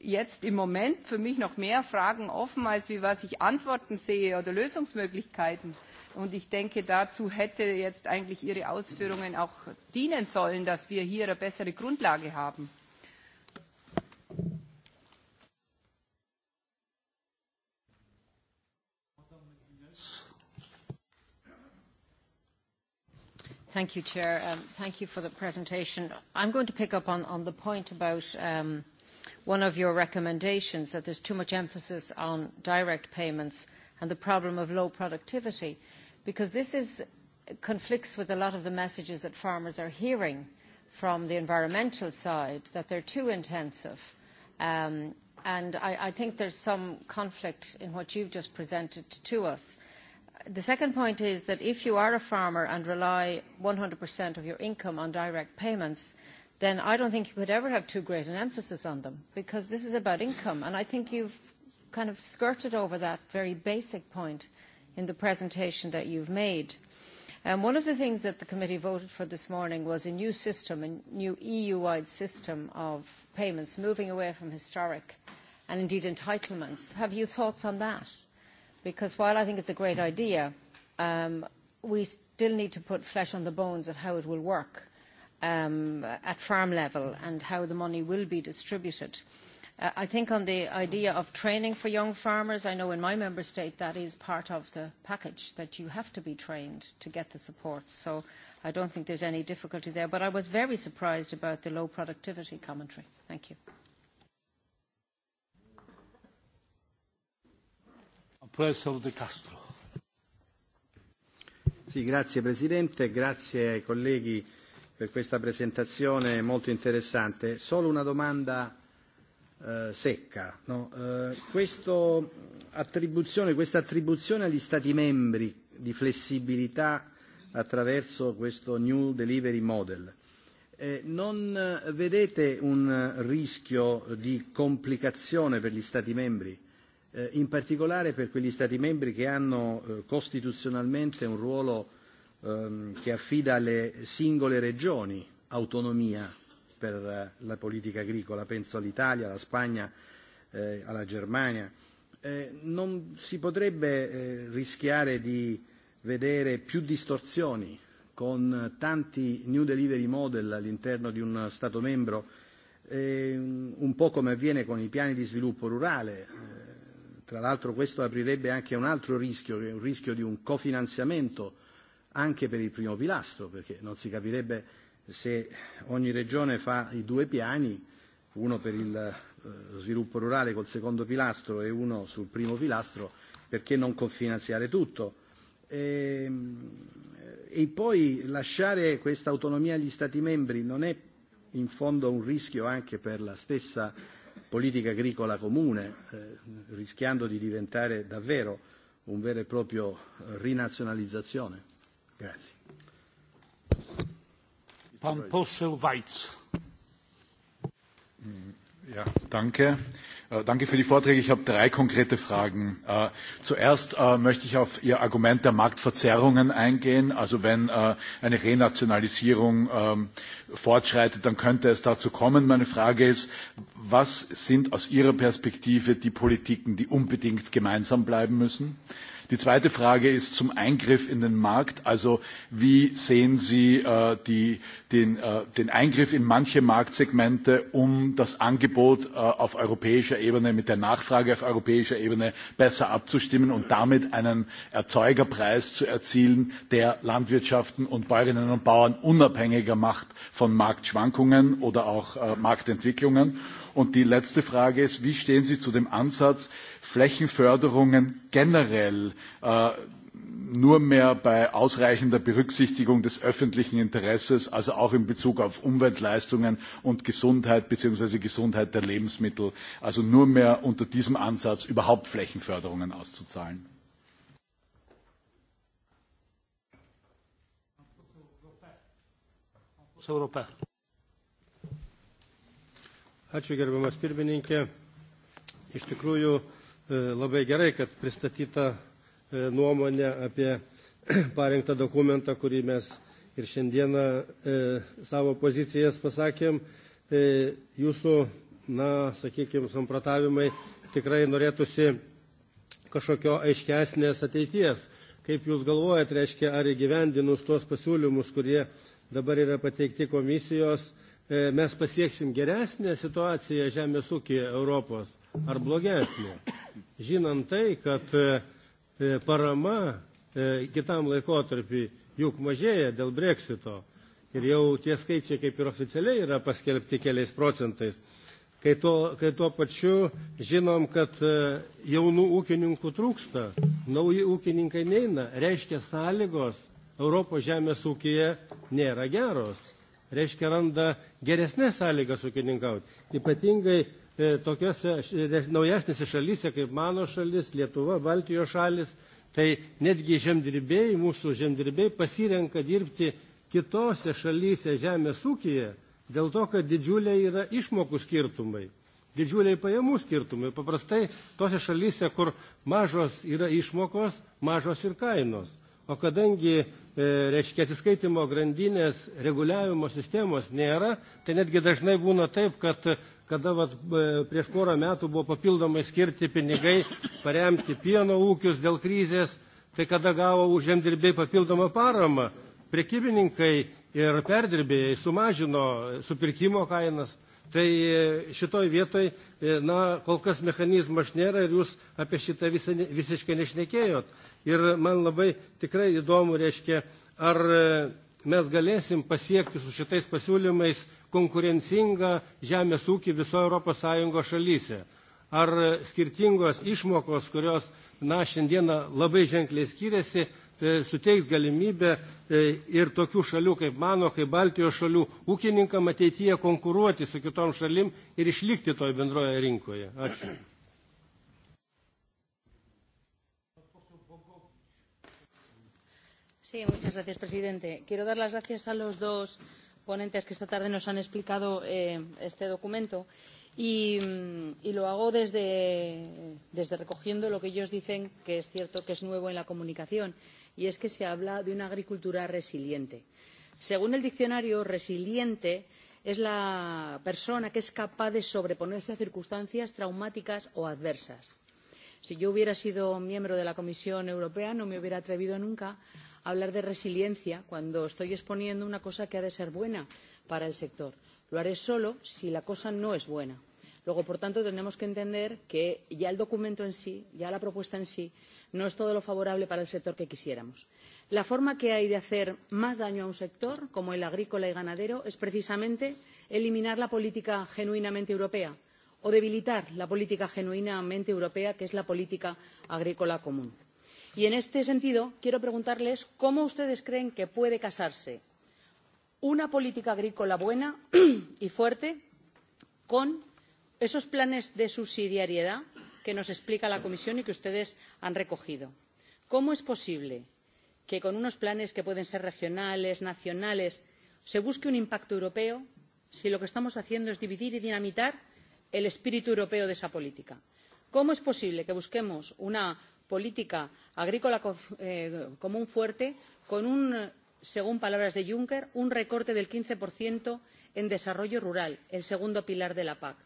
jetzt im Moment für mich noch mehr Fragen offen, als wie was ich Antworten sehe oder Lösungsmöglichkeiten. Und ich denke, dazu hätte jetzt eigentlich Ihre Ausführungen auch dienen sollen, dass wir hier eine bessere Grundlage haben. Thank you, Chair. Um, thank you for the presentation. I'm going to pick up on, on the point about um, one of your recommendations, that there's too much emphasis on direct payments and the problem of low productivity, because this is, conflicts with a lot of the messages that farmers are hearing from the environmental side, that they're too intensive. Um, and I, I think there's some conflict in what you've just presented to us The second point is that if you are a farmer and rely 100% of your income on direct payments, then I don't think you could ever have too great an emphasis on them because this is about income. And I think you've kind of skirted over that very basic point in the presentation that you've made. Um, one of the things that the committee voted for this morning was a new system, a new EU-wide system of payments, moving away from historic and indeed entitlements. Have you thoughts on that? because while I think it's a great idea, um, we still need to put flesh on the bones of how it will work um, at farm level and how the money will be distributed. Uh, I think on the idea of training for young farmers, I know in my member state that is part of the package, that you have to be trained to get the support. So I don't think there's any difficulty there. But I was very surprised about the low productivity commentary. Thank you. professor De Castro. Sì, grazie Presidente, grazie ai colleghi per questa presentazione molto interessante. Solo una domanda eh, secca. No? Eh, questo attribuzione, questa attribuzione agli Stati membri di flessibilità attraverso questo New Delivery Model, eh, non vedete un rischio di complicazione per gli Stati membri? eh, in particolare per quegli Stati membri che hanno eh, costituzionalmente un ruolo ehm, che affida alle singole regioni autonomia per eh, la politica agricola, penso all'Italia, alla Spagna, eh, alla Germania. Eh, non si potrebbe eh, rischiare di vedere più distorsioni con tanti new delivery model all'interno di un Stato membro, eh, un po' come avviene con i piani di sviluppo rurale. Eh, Tra l'altro questo aprirebbe anche un altro rischio, che è un rischio di un cofinanziamento anche per il primo pilastro, perché non si capirebbe se ogni regione fa i due piani, uno per il eh, sviluppo rurale col secondo pilastro e uno sul primo pilastro, perché non cofinanziare tutto? E, e poi lasciare questa autonomia agli Stati membri non è in fondo un rischio anche per la stessa politica agricola comune, eh, rischiando di diventare davvero un vero e proprio eh, rinazionalizzazione? Grazie. Pan poseł Weitz. Mm. Ja, danke. Äh, danke für die Vorträge. Ich habe drei konkrete Fragen. Äh, zuerst äh, möchte ich auf Ihr Argument der Marktverzerrungen eingehen. Also wenn eine Renationalisierung ähm, fortschreitet, dann könnte es dazu kommen. Meine Frage ist, was sind aus Ihrer Perspektive die Politiken, die unbedingt gemeinsam bleiben müssen? Die zweite Frage ist zum Eingriff in den Markt. Also wie sehen Sie äh, die, den, äh, den Eingriff in manche Marktsegmente, um das Angebot äh, auf europäischer Ebene mit der Nachfrage auf europäischer Ebene besser abzustimmen und damit einen Erzeugerpreis zu erzielen, der Landwirtschaften und Bäuerinnen und Bauern unabhängiger macht von Marktschwankungen oder auch äh, Marktentwicklungen? Und die letzte Frage ist, wie stehen Sie zu dem Ansatz, Flächenförderungen generell äh, nur mehr bei ausreichender Berücksichtigung des öffentlichen Interesses, also auch in Bezug auf Umweltleistungen und Gesundheit bzw. Gesundheit der Lebensmittel, also nur mehr unter diesem Ansatz überhaupt Flächenförderungen auszuzahlen. europeo. Ačiū gerbiamas pirmininkė. Iš tikrųjų e, labai gerai, kad pristatyta e, nuomonė apie parengtą dokumentą, kurį mes ir šiandieną e, savo pozicijas pasakėm. Jūsų, na, sakykime, samprotavimai tikrai norėtųsi kažkokio aiškesnės ateities. Kaip Jūs galvojat, reiškia, ar įgyvendinus tuos pasiūlymus, kurie dabar yra pateikti komisijos, E, mes pasieksim geresnę situaciją žemės ūkėje Europos ar blogesnė. Žinant tai, kad e, e, parama kitam laikotarpį juk mažėja dėl breksito ir jau tie skaičiai kaip ir oficialiai yra paskelbti keliais procentais, kai tuo, kai tuo pačiu žinom, kad jaunų ūkininkų trūksta, nauji ūkininkai neina, reiškia sąlygos Europos žemės ūkija nėra geros reiškia randa geresnės sąlygas ūkininkauti. Ypatingai e, tokiose naujasnėse šalyse, kaip mano šalis, Lietuva, Baltijos šalis, tai netgi žemdirbėjai, mūsų žemdirbėjai pasirenka dirbti kitose šalyse žemės ūkyje dėl to, kad didžiuliai yra išmokų skirtumai didžiuliai pajamų skirtumai. Paprastai tose šalyse, kur mažos yra išmokos, mažos ir kainos. O kadangi e, reiškia atsiskaitimo grandinės reguliavimo sistemos nėra, tai netgi dažnai būna taip, kad kada vat, e, prieš porą metų buvo papildomai skirti pinigai paremti pieno ūkius dėl krizės, tai kada gavo už žemdirbiai papildomą paramą, prekybininkai ir perdirbėjai sumažino supirkimo kainas. Tai e, šitoj vietoj, na, kol kas mechanizmas nėra ir jūs apie šitą visą, visiškai nešnekėjot. Ir man labai tikrai įdomu, reiškia, ar e, mes galėsim pasiekti su šitais pasiūlymais konkurencingą žemės ūkį viso ES šalyse. Ar skirtingos išmokos, kurios, na, šiandieną labai ženkliai skiriasi, e, suteiks galimybę e, ir tokių šalių kaip mano, kaip Baltijos šalių ūkininkam ateityje konkuruoti su kitom šalim ir išlikti toje bendroje rinkoje. Ačiū. Sí, muchas gracias, presidente. Quiero dar las gracias a los dos ponentes que esta tarde nos han explicado eh, este documento y, mm, y lo hago desde, desde recogiendo lo que ellos dicen que es cierto que es nuevo en la comunicación y es que se habla de una agricultura resiliente. Según el diccionario, resiliente es la persona que es capaz de sobreponerse a circunstancias traumáticas o adversas. Si yo hubiera sido miembro de la Comisión Europea, no me hubiera atrevido nunca hablar de resiliencia cuando estoy exponiendo una cosa que ha de ser buena para el sector. Lo haré solo si la cosa no es buena. Luego, por tanto, tenemos que entender que ya el documento en sí, ya la propuesta en sí, no es todo lo favorable para el sector que quisiéramos. La forma que hay de hacer más daño a un sector, como el agrícola y ganadero, es precisamente eliminar la política genuinamente europea o debilitar la política genuinamente europea, que es la política agrícola común y en este sentido quiero preguntarles cómo ustedes creen que puede casarse una política agrícola buena y fuerte con esos planes de subsidiariedad que nos explica la comisión y que ustedes han recogido. cómo es posible que con unos planes que pueden ser regionales nacionales se busque un impacto europeo si lo que estamos haciendo es dividir y dinamitar el espíritu europeo de esa política? cómo es posible que busquemos una política agrícola eh, común fuerte con un según palabras de juncker un recorte del quince en desarrollo rural el segundo pilar de la pac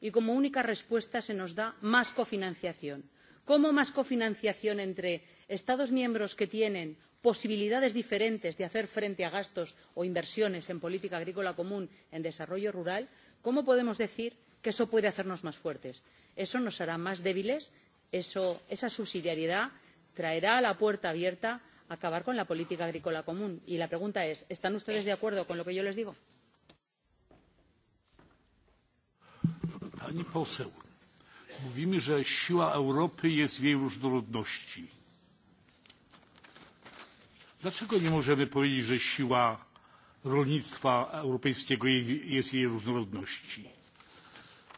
y como única respuesta se nos da más cofinanciación. cómo más cofinanciación entre estados miembros que tienen posibilidades diferentes de hacer frente a gastos o inversiones en política agrícola común en desarrollo rural cómo podemos decir que eso puede hacernos más fuertes? eso nos hará más débiles eso, esa subsidiariedad traerá a la puerta abierta acabar con la política agrícola común. y la pregunta es están ustedes de acuerdo con lo que yo les digo? pani poseł mówimy że siła europy jest w jej różnorodności. dlaczego nie możemy powiedzieć że siła rolnictwa europejskiego jest w jej różnorodności?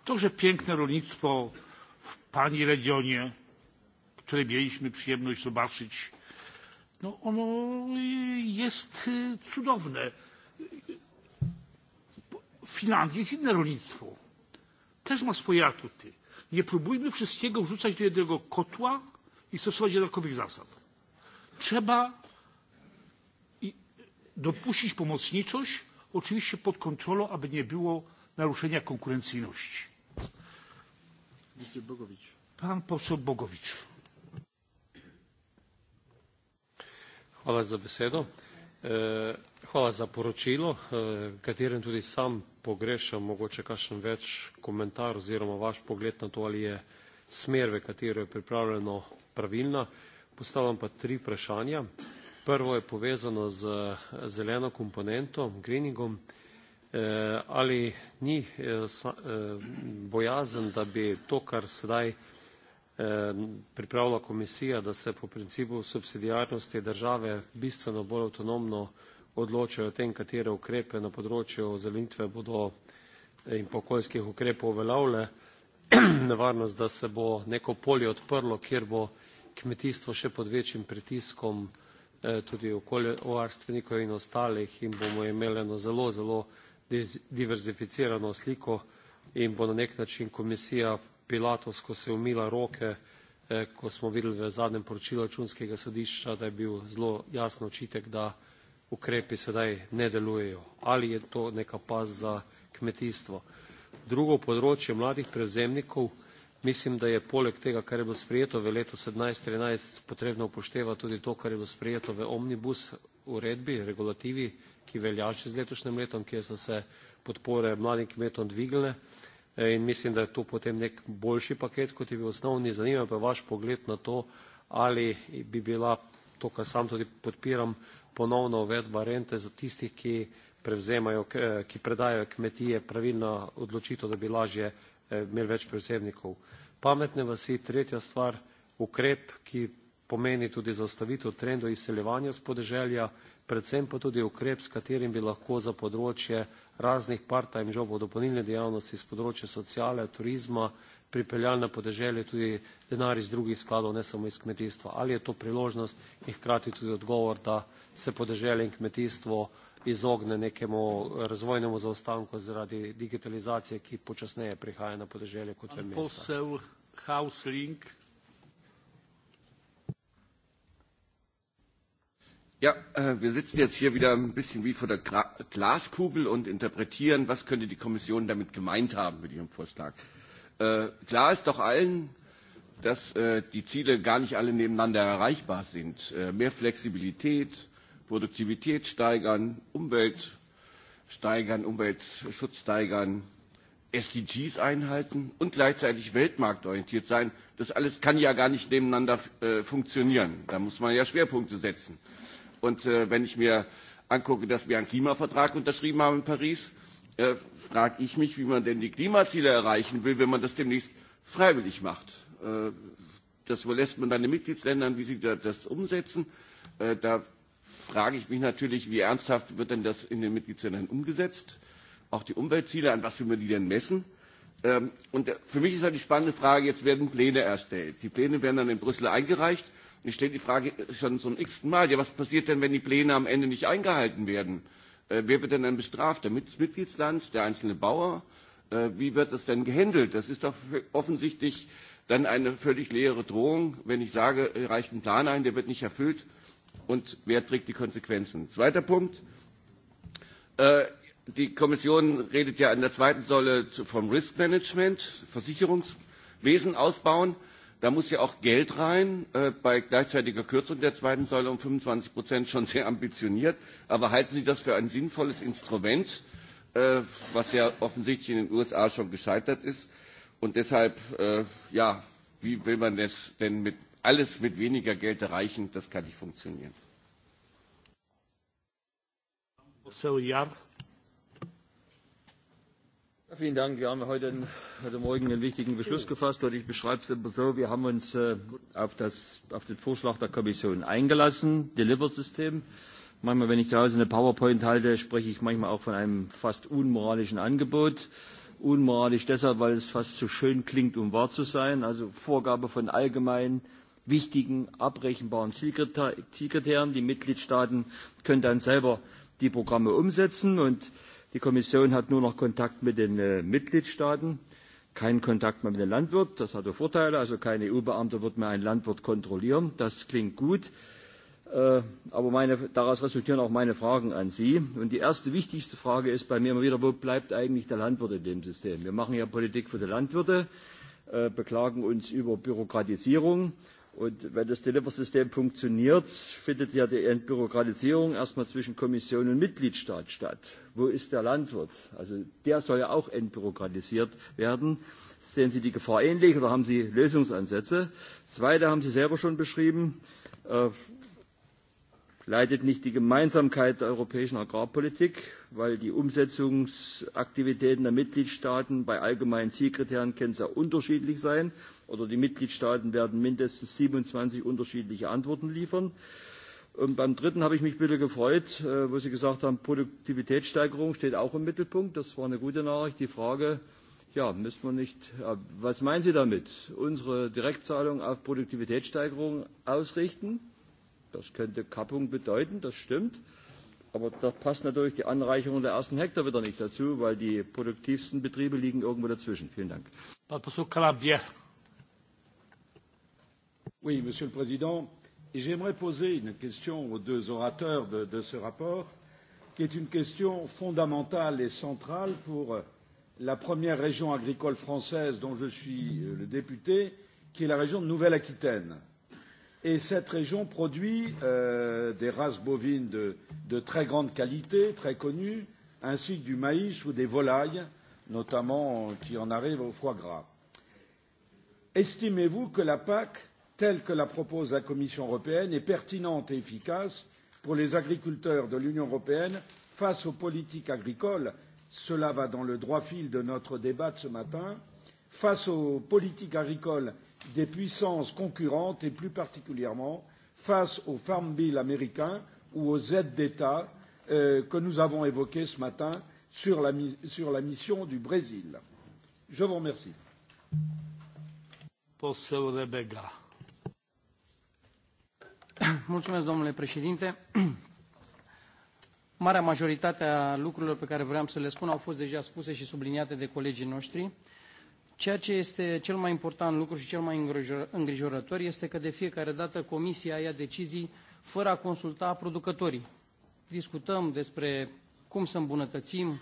to że piękne rolnictwo panie regionie które mieliśmy przyjemność zobaczyć no ono jest cudowne. w finlandii jest inne rolnictwo też ma swoje atuty. nie próbujmy wszystkiego wrzucać do jednego kotła i stosować jednakowych zasad. trzeba dopuścić pomocniczość oczywiście pod kontrolą aby nie było naruszenia konkurencyjności Pan poseł Bogovič. Hvala za besedo. E, hvala za poročilo, e, katerem tudi sam pogrešam mogoče kakšen več komentar oziroma vaš pogled na to, ali je smer, v katero je pripravljeno, pravilna. Postavljam pa tri vprašanja. Prvo je povezano z zeleno komponento, greeningom. Eh, ali ni eh, eh, bojazen, da bi to, kar sedaj pripravlja komisija, da se po principu subsidijarnosti države bistveno bolj avtonomno odločajo o tem, katere ukrepe na področju ozelenitve bodo in pa okoljskih ukrepov uveljavljale, nevarnost, da se bo neko polje odprlo, kjer bo kmetijstvo še pod večjim pritiskom tudi okoljevarstvenikov in ostalih in bomo imeli eno zelo, zelo diverzificirano sliko in bo na nek način komisija pilatovsko se umila roke, eh, ko smo videli v zadnjem poročilu računskega sodišča, da je bil zelo jasen očitek, da ukrepi sedaj ne delujejo. Ali je to neka pas za kmetijstvo? Drugo področje mladih prevzemnikov, mislim, da je poleg tega, kar je bilo sprejeto v letu 17-13, potrebno upoštevati tudi to, kar je bilo sprejeto v omnibus uredbi, regulativi, ki velja še z letošnjim letom, kjer so se podpore mladim kmetom dvignile eh, in mislim, da je to potem nek boljši paket, kot je bil osnovni. Zanima me pa vaš pogled na to, ali bi bila, to kar sam tudi podpiram, ponovna uvedba rente za tistih, ki prevzemajo, eh, ki predajajo kmetije, pravilna odločitev, da bi lažje eh, imeli več prevzemnikov. Pametne vasi, tretja stvar, ukrep, ki pomeni tudi zaustavitev trendov izseljevanja s podeželja, predvsem pa tudi ukrep, s katerim bi lahko za področje raznih part-time jobov, dopolnilne dejavnosti s področja sociale, turizma pripeljali na podeželje tudi denar iz drugih skladov, ne samo iz kmetijstva. Ali je to priložnost in hkrati tudi odgovor, da se podeželje in kmetijstvo izogne nekemu eh, razvojnemu zaostanku zaradi digitalizacije, ki počasneje prihaja na podeželje kot v mesta. Ja, äh, wir sitzen jetzt hier wieder ein bisschen wie vor der Gra Glaskugel und interpretieren, was könnte die Kommission damit gemeint haben mit ihrem Vorschlag. Äh, klar ist doch allen, dass äh, die Ziele gar nicht alle nebeneinander erreichbar sind. Äh, mehr Flexibilität, Produktivität steigern, Umwelt steigern, Umweltschutz steigern, SDGs einhalten und gleichzeitig weltmarktorientiert sein. Das alles kann ja gar nicht nebeneinander äh, funktionieren. Da muss man ja Schwerpunkte setzen. Und äh, wenn ich mir angucke, dass wir einen Klimavertrag unterschrieben haben in Paris, äh, frage ich mich, wie man denn die Klimaziele erreichen will, wenn man das demnächst freiwillig macht. Äh, das überlässt man dann den Mitgliedsländern, wie sie da, das umsetzen. Äh, da frage ich mich natürlich, wie ernsthaft wird denn das in den Mitgliedsländern umgesetzt? Auch die Umweltziele, an was will man die denn messen? Ähm, und äh, für mich ist halt die spannende Frage, jetzt werden Pläne erstellt. Die Pläne werden dann in Brüssel eingereicht Ich stelle die Frage schon zum x-ten Mal, ja, was passiert denn, wenn die Pläne am Ende nicht eingehalten werden? Äh, wer wird denn dann bestraft? Der Mitgliedsland, der einzelne Bauer? Äh, wie wird das denn gehandelt? Das ist doch offensichtlich dann eine völlig leere Drohung, wenn ich sage, äh, reicht ein Plan ein, der wird nicht erfüllt und wer trägt die Konsequenzen? Zweiter Punkt. Äh, die Kommission redet ja in der zweiten Säule zu, vom Risk Management, Versicherungswesen ausbauen. Äh, Da muss ja auch Geld rein, äh, bei gleichzeitiger Kürzung der zweiten Säule um 25 Prozent schon sehr ambitioniert. Aber halten Sie das für ein sinnvolles Instrument, äh, was ja offensichtlich in den USA schon gescheitert ist? Und deshalb, äh, ja, wie will man das denn mit alles mit weniger Geld erreichen? Das kann nicht funktionieren. So, ja. Vielen Dank. Wir haben heute, heute Morgen einen wichtigen Beschluss gefasst und ich beschreibe es so. Wir haben uns äh, auf, das, auf den Vorschlag der Kommission eingelassen, Deliver-System. Manchmal, wenn ich zu Hause eine PowerPoint halte, spreche ich manchmal auch von einem fast unmoralischen Angebot. Unmoralisch deshalb, weil es fast zu so schön klingt, um wahr zu sein. Also Vorgabe von allgemein wichtigen, abrechenbaren Zielkriterien. Die Mitgliedstaaten können dann selber die Programme umsetzen und äh, Die Kommission hat nur noch Kontakt mit den äh, Mitgliedstaaten, keinen Kontakt mehr mit dem Landwirt. Das hatte Vorteile. Also kein EU-Beamter wird mehr einen Landwirt kontrollieren. Das klingt gut. Äh, aber meine, daraus resultieren auch meine Fragen an Sie. Und die erste wichtigste Frage ist bei mir immer wieder, wo bleibt eigentlich der Landwirt in dem System? Wir machen ja Politik für die Landwirte, äh, beklagen uns über Bürokratisierung. Äh, Und wenn das Deliver-System funktioniert, findet ja die Entbürokratisierung erstmal zwischen Kommission und Mitgliedstaat statt. Wo ist der Landwirt? Also der soll ja auch entbürokratisiert werden. Sehen Sie die Gefahr ähnlich oder haben Sie Lösungsansätze? Zweite haben Sie selber schon beschrieben. Äh, leidet nicht die Gemeinsamkeit der europäischen Agrarpolitik, weil die Umsetzungsaktivitäten der Mitgliedstaaten bei allgemeinen Zielkriterien können sehr unterschiedlich sein. Äh, oder die Mitgliedstaaten werden mindestens 27 unterschiedliche Antworten liefern. Und ähm, beim dritten habe ich mich bitte gefreut, äh, wo Sie gesagt haben, Produktivitätssteigerung steht auch im Mittelpunkt. Das war eine gute Nachricht. Die Frage, ja, müssen wir nicht, ja, äh, was meinen Sie damit? Unsere Direktzahlung auf Produktivitätssteigerung ausrichten? Das könnte Kappung bedeuten, das stimmt. Aber da passt natürlich die Anreicherung der ersten Hektar wieder nicht dazu, weil die produktivsten Betriebe liegen irgendwo dazwischen. Vielen Dank. Herr Professor Calabier. Oui, Monsieur le Président, j'aimerais poser une question aux deux orateurs de, de ce rapport, qui est une question fondamentale et centrale pour la première région agricole française dont je suis euh, le député, qui est la région de Nouvelle-Aquitaine. Et cette région produit euh, des races bovines de, de très grande qualité, très connues, ainsi que du maïs ou des volailles, notamment euh, qui en arrivent au foie gras. Estimez-vous que la PAC telle que la propose la Commission européenne est pertinente et efficace pour les agriculteurs de l'Union européenne face aux politiques agricoles cela va dans le droit fil de notre débat de ce matin face aux politiques agricoles des puissances concurrentes et plus particulièrement face au Farm Bill américain ou aux aides d'État euh, que nous avons évoquées ce matin sur la, sur la mission du Brésil. Je vous remercie. Pour ce Rebecca. Mulțumesc, domnule președinte. Marea majoritate a lucrurilor pe care vreau să le spun au fost deja spuse și subliniate de colegii noștri. Ceea ce este cel mai important lucru și cel mai îngrijorător este că de fiecare dată Comisia ia decizii fără a consulta producătorii. Discutăm despre cum să îmbunătățim,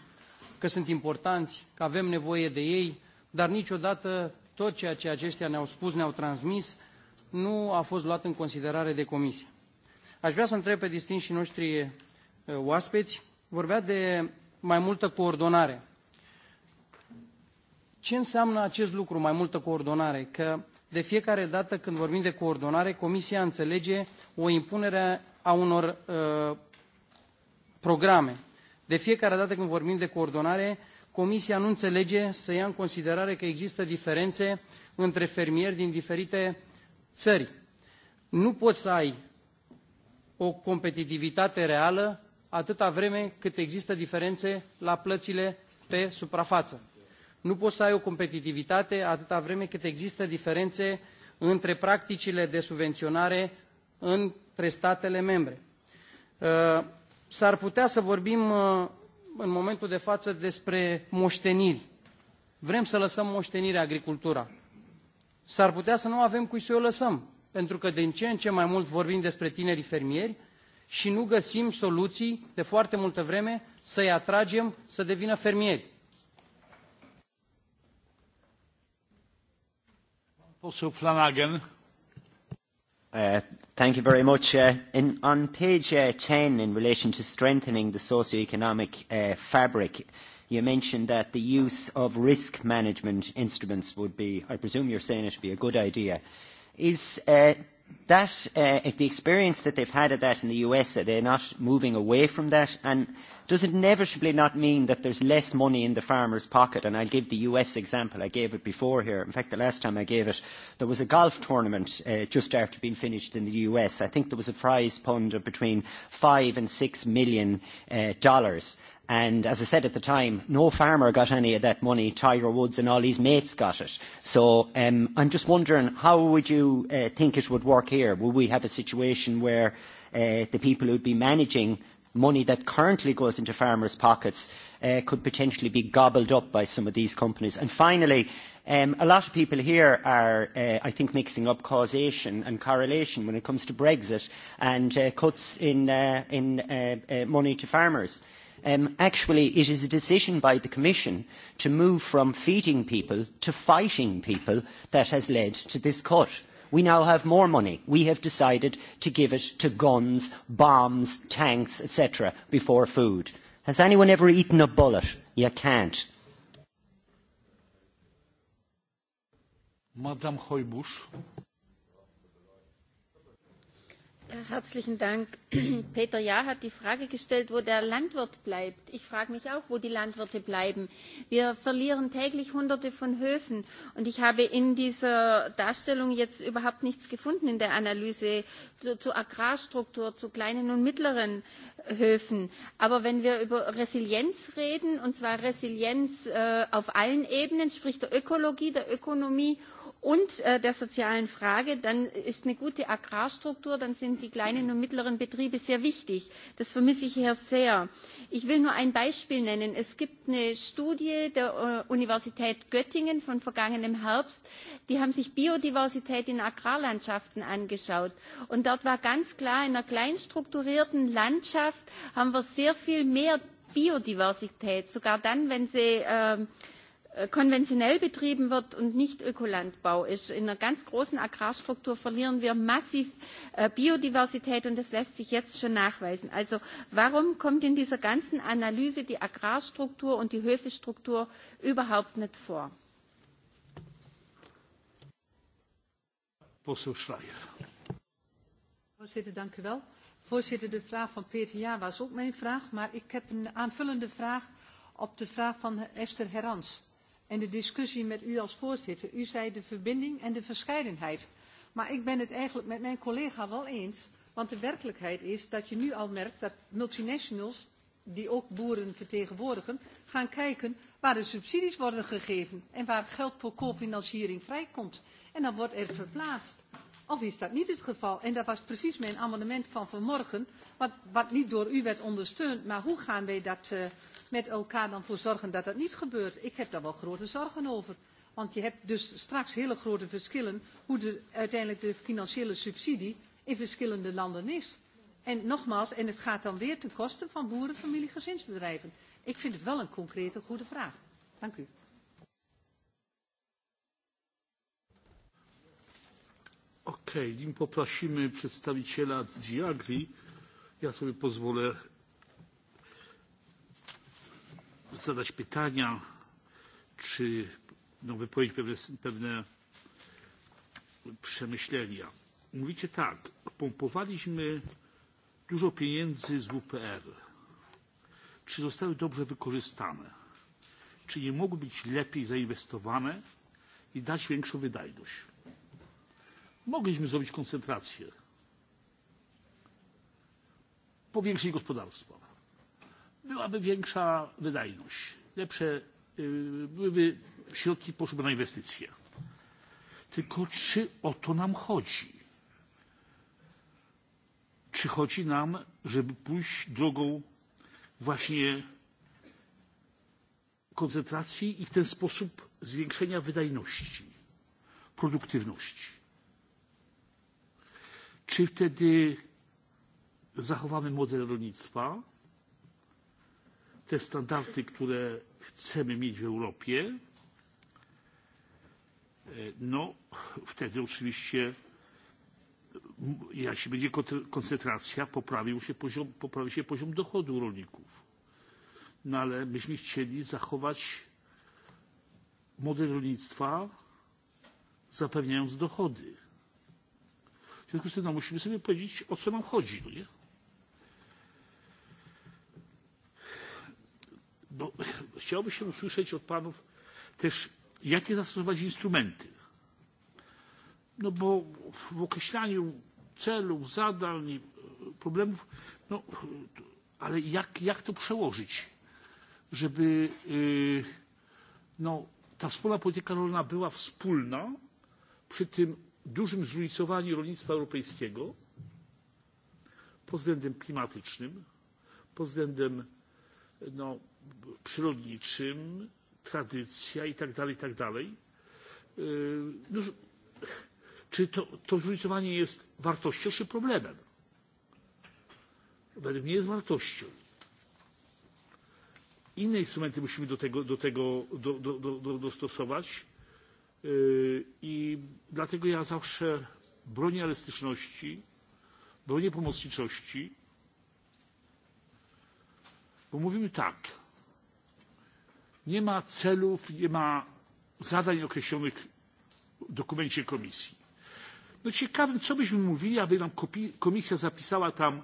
că sunt importanți, că avem nevoie de ei, dar niciodată tot ceea ce aceștia ne-au spus, ne-au transmis, nu a fost luat în considerare de comisie. Aș vrea să întreb pe distinșii noștri eh, oaspeți, vorbea de mai multă coordonare. Ce înseamnă acest lucru, mai multă coordonare? Că de fiecare dată când vorbim de coordonare, Comisia înțelege o impunere a unor uh, programe. De fiecare dată când vorbim de coordonare, Comisia nu înțelege să ia în considerare că există diferențe între fermieri din diferite uh, țări. Nu poți să ai o competitivitate reală atâta vreme cât există diferențe la plățile pe suprafață. Nu poți să ai o competitivitate atâta vreme cât există diferențe între practicile de subvenționare între statele membre. Uh, s-ar putea să vorbim uh, în momentul de față despre moșteniri. Vrem să lăsăm moștenire agricultura s-ar putea să nu avem cui să o lăsăm, pentru că din ce în ce mai mult vorbim despre tinerii fermieri și nu găsim soluții de foarte multă vreme să-i atragem să devină fermieri. Also Flanagan. Uh, thank you very much. Uh, in, on page uh, 10, in relation to strengthening the socio-economic uh, fabric, uh, you mentioned that the use of risk management instruments would be, I presume you're saying it would be a good idea. Is uh, that, uh, the experience that they've had of that in the US, are they not moving away from that? And does it inevitably not mean that there's less money in the farmer's pocket? And I'll give the US example. I gave it before here. In fact, the last time I gave it, there was a golf tournament uh, just after being finished in the US. I think there was a prize fund of between five and six million uh, dollars. Uh, And as I said at the time, no farmer got any of that money. Tiger Woods and all his mates got it. So um, I'm just wondering, how would you uh, think it would work here? Will we have a situation where uh, the people who'd be managing money that currently goes into farmers' pockets uh, could potentially be gobbled up by some of these companies? And finally, Um, a lot of people here are, uh, I think, mixing up causation and correlation when it comes to Brexit and uh, cuts in, uh, in uh, uh, money to farmers. Uh, um, actually it is a decision by the Commission to move from feeding people to fighting people that has led to this cut. We now have more money. We have decided to give it to guns, bombs, tanks, etc. before food. Has anyone ever eaten a bullet? You can't. Madame Heubusch. Herzlichen Dank. Peter Jahr hat die Frage gestellt, wo der Landwirt bleibt. Ich frage mich auch, wo die Landwirte bleiben. Wir verlieren täglich Hunderte von Höfen. Und ich habe in dieser Darstellung jetzt überhaupt nichts gefunden in der Analyse zu, zu Agrarstruktur, zu kleinen und mittleren Höfen. Aber wenn wir über Resilienz reden, und zwar Resilienz äh, auf allen Ebenen, sprich der Ökologie, der Ökonomie und äh, der sozialen Frage, dann ist eine gute Agrarstruktur, dann sind die kleinen und mittleren Betriebe sehr wichtig. Das vermisse ich hier sehr. Ich will nur ein Beispiel nennen. Es gibt eine Studie der äh, Universität Göttingen von vergangenem Herbst. Die haben sich Biodiversität in Agrarlandschaften angeschaut. Und dort war ganz klar, in einer kleinstrukturierten Landschaft haben wir sehr viel mehr Biodiversität, sogar dann, wenn sie äh, Äh, konventionell betrieben wird und nicht Ökolandbau ist. In einer ganz großen Agrarstruktur verlieren wir massiv äh, Biodiversität und das lässt sich jetzt schon nachweisen. Also warum kommt in dieser ganzen Analyse die Agrarstruktur und die Höfestruktur überhaupt nicht vor? Posso Schreier. Voorzitter, dank u wel. Voorzitter, de vraag van Peter Ja was ook mijn vraag, maar ik heb een aanvullende vraag op de vraag van Esther Herrans en de discussie met u als voorzitter. U zei de verbinding en de verscheidenheid. Maar ik ben het eigenlijk met mijn collega wel eens. Want de werkelijkheid is dat je nu al merkt dat multinationals, die ook boeren vertegenwoordigen, gaan kijken waar de subsidies worden gegeven en waar het geld voor co-financiering vrijkomt. En dan wordt er verplaatst. Of is dat niet het geval? En dat was precies mijn amendement van vanmorgen, wat, wat niet door u werd ondersteund. Maar hoe gaan wij dat, uh, met elkaar dan voor zorgen dat dat niet gebeurt? Ik heb daar wel grote zorgen over. Want je hebt dus straks hele grote verschillen hoe de, uiteindelijk de financiële subsidie in verschillende landen is. En nogmaals, en het gaat dan weer ten koste van boeren, familie, gezinsbedrijven. Ik vind het wel een concrete goede vraag. Dank u. Okej, okay, nim poprosimy przedstawiciela DG Agri, ja sobie pozwolę zadać pytania czy no, wypowiedzieć pewne, pewne przemyślenia. Mówicie tak, pompowaliśmy dużo pieniędzy z WPR. Czy zostały dobrze wykorzystane? Czy nie mogły być lepiej zainwestowane i dać większą wydajność? Mogliśmy zrobić koncentrację, powiększyć gospodarstwa byłaby większa wydajność, lepsze byłyby środki poszłyby na inwestycje. Tylko czy o to nam chodzi? Czy chodzi nam, żeby pójść drogą właśnie koncentracji i w ten sposób zwiększenia wydajności, produktywności? Czy wtedy zachowamy model rolnictwa, te standardy, które chcemy mieć w Europie, e, no wtedy oczywiście jeśli będzie koncentracja, poprawił się poziom, poprawi się poziom dochodu rolników. No ale myśmy chcieli zachować model rolnictwa, zapewniając dochody. W związku z tym no, musimy sobie powiedzieć, o co nam chodzi. No nie? bo chciałoby się usłyszeć od panów też, jakie zastosować instrumenty. No bo w określaniu celów, zadań, e, problemów, no ale jak, jak to przełożyć, żeby yy, e, no, ta wspólna polityka rolna była wspólna przy tym dużym zróżnicowaniu rolnictwa europejskiego pod względem klimatycznym, pod względem no, przyrodniczym, tradycja i tak dalej, i tak dalej. E, no, czy to, to zróżnicowanie jest wartością czy problemem? Według mnie jest wartością. Inne instrumenty musimy do tego, do tego do, do, do, do, dostosować e, i dlatego ja zawsze bronię elastyczności, bronię pomocniczości, bo mówimy tak, nie ma celów nie ma zadań określonych w dokumencie komisji. no ciekawe co byśmy mówili aby nam komisja zapisała tam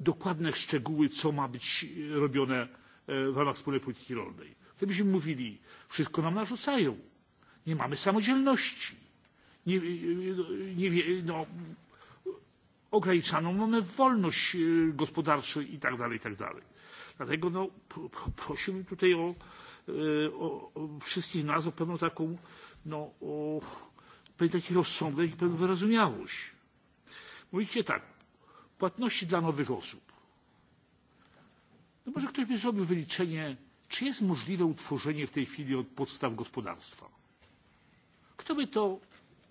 dokładne szczegóły co ma być e, robione e, w ramach wspólnej polityki rolnej. wtedy byśmy mówili wszystko nam narzucają nie mamy samodzielności nie, e, nie, no, ograniczaną mamy wolność gospodarczą i tak dalej i tak dalej Dlatego no, prosiłbym tutaj o, e, o, o wszystkich nas o pewną taką, no, o pewien taki rozsądek i pewną wyrozumiałość. Mówicie tak, płatności dla nowych osób. No może ktoś by zrobił wyliczenie, czy jest możliwe utworzenie w tej chwili od podstaw gospodarstwa. Kto by to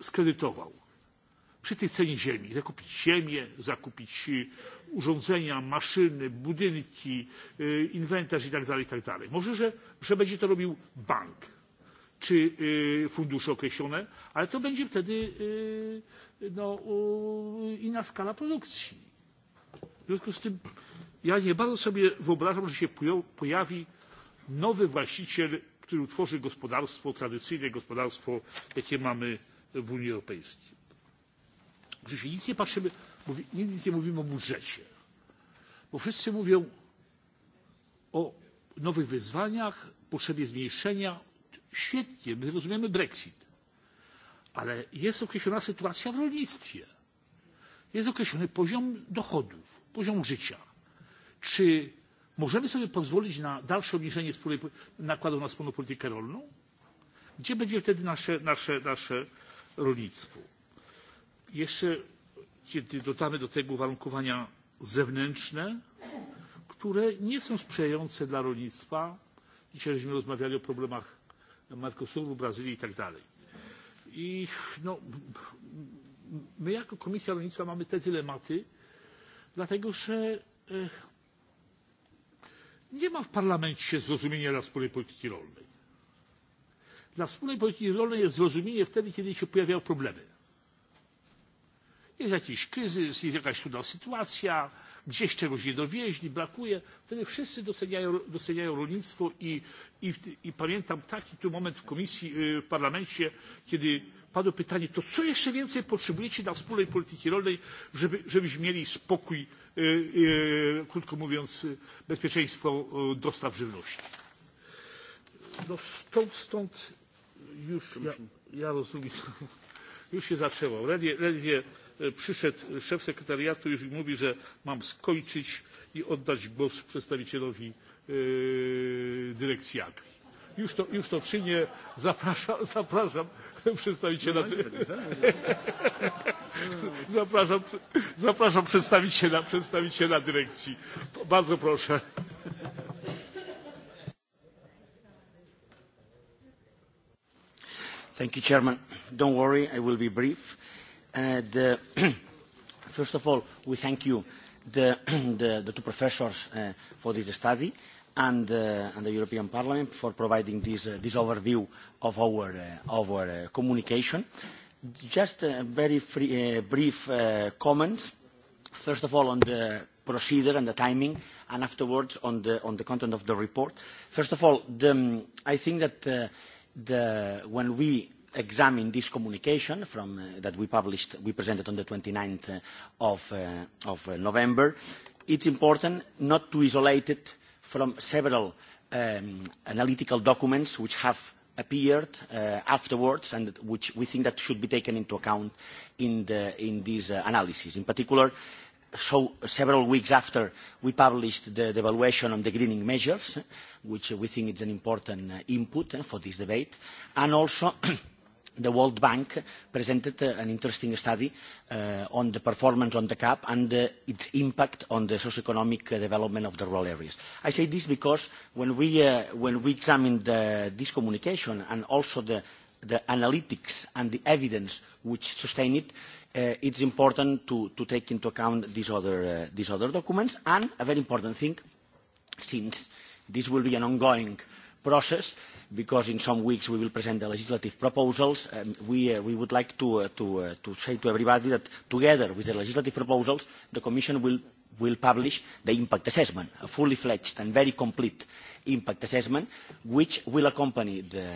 skredytował? przy tej cenie ziemi zakupić ziemię zakupić urządzenia maszyny budynki inwentarz itd. itd. może że, że będzie to robił bank czy fundusze określone ale to będzie wtedy no, inna skala produkcji. w związku z tym ja nie bardzo sobie wyobrażam że się pojawi nowy właściciel który utworzy gospodarstwo tradycyjne gospodarstwo jakie mamy w unii europejskiej. Przecież nic nie patrzymy, mówi, nic nie mówimy o budżecie. Bo wszyscy mówią o nowych wyzwaniach, potrzebie zmniejszenia. Świetnie, my rozumiemy Brexit. Ale jest określona sytuacja w rolnictwie. Jest określony poziom dochodów, poziom życia. Czy możemy sobie pozwolić na dalsze obniżenie wspólnej, nakładów na wspólną politykę rolną? Gdzie będzie wtedy nasze, nasze, nasze rolnictwo? jeszcze kiedy dodamy do tego uwarunkowania zewnętrzne które nie są sprzyjające dla rolnictwa dzisiaj żeśmy rozmawiali o problemach mercosuru brazylii i tak dalej i no, my jako komisja rolnictwa mamy te dylematy dlatego że e, nie ma w parlamencie zrozumienia dla wspólnej polityki rolnej. dla wspólnej polityki rolnej jest zrozumienie wtedy kiedy się pojawiają problemy jest jakiś kryzys, jest jakaś trudna sytuacja, gdzieś czegoś nie dowieźli, brakuje, wtedy wszyscy doceniają, doceniają rolnictwo i, i, i pamiętam taki tu moment w komisji, w parlamencie, kiedy padło pytanie, to co jeszcze więcej potrzebujecie dla wspólnej polityki rolnej, żeby, żebyśmy mieli spokój, y, y, krótko mówiąc, bezpieczeństwo y, dostaw żywności. No stąd, stąd już ja, ja rozumiem, już się zaczęło. Ledwie, ledwie E, przyszedł szef sekretariatu już i mówi że mam skończyć i oddać głos przedstawicielowi e, dyrekcji agri. Już to, już to czynię. Zapraszam, zapraszam przedstawiciela. Zapraszam, zapraszam przedstawiciela, przedstawiciela dyrekcji. Bardzo proszę. Thank you, Chairman. Don't worry, I will be brief. Uh, the first of all, we thank you, the, the, the two professors, uh, for this study and, uh, and the European Parliament for providing this, uh, this overview of our, uh, our uh, communication. Just a very free, uh, brief uh, comments. First of all, on the procedure and the timing, and afterwards on the, on the content of the report. First of all, the, I think that uh, the, when we examine this communication from, uh, that we published, we presented on the 29th uh, of, uh, of uh, November, it's important not to isolate it from several um, analytical documents which have appeared uh, afterwards and which we think that should be taken into account in, the, in this uh, analysis. In particular, so several weeks after we published the, the evaluation on the greening measures, which we think is an important uh, input uh, for this debate, and also the World Bank presented uh, an interesting study uh, on the performance on the CAP and uh, its impact on the socioeconomic uh, development of the rural areas. I say this because when we, uh, when we examine the, this communication and also the, the analytics and the evidence which sustain it, uh, it's important to, to take into account these other, uh, these other documents. And a very important thing, since this will be an ongoing process, uh, because in some weeks we will present the legislative proposals. Um, we, uh, we would like to, uh, to, uh, to say to everybody that together with the legislative proposals, the Commission will will publish the impact assessment, a fully fledged and very complete impact assessment, which will accompany the,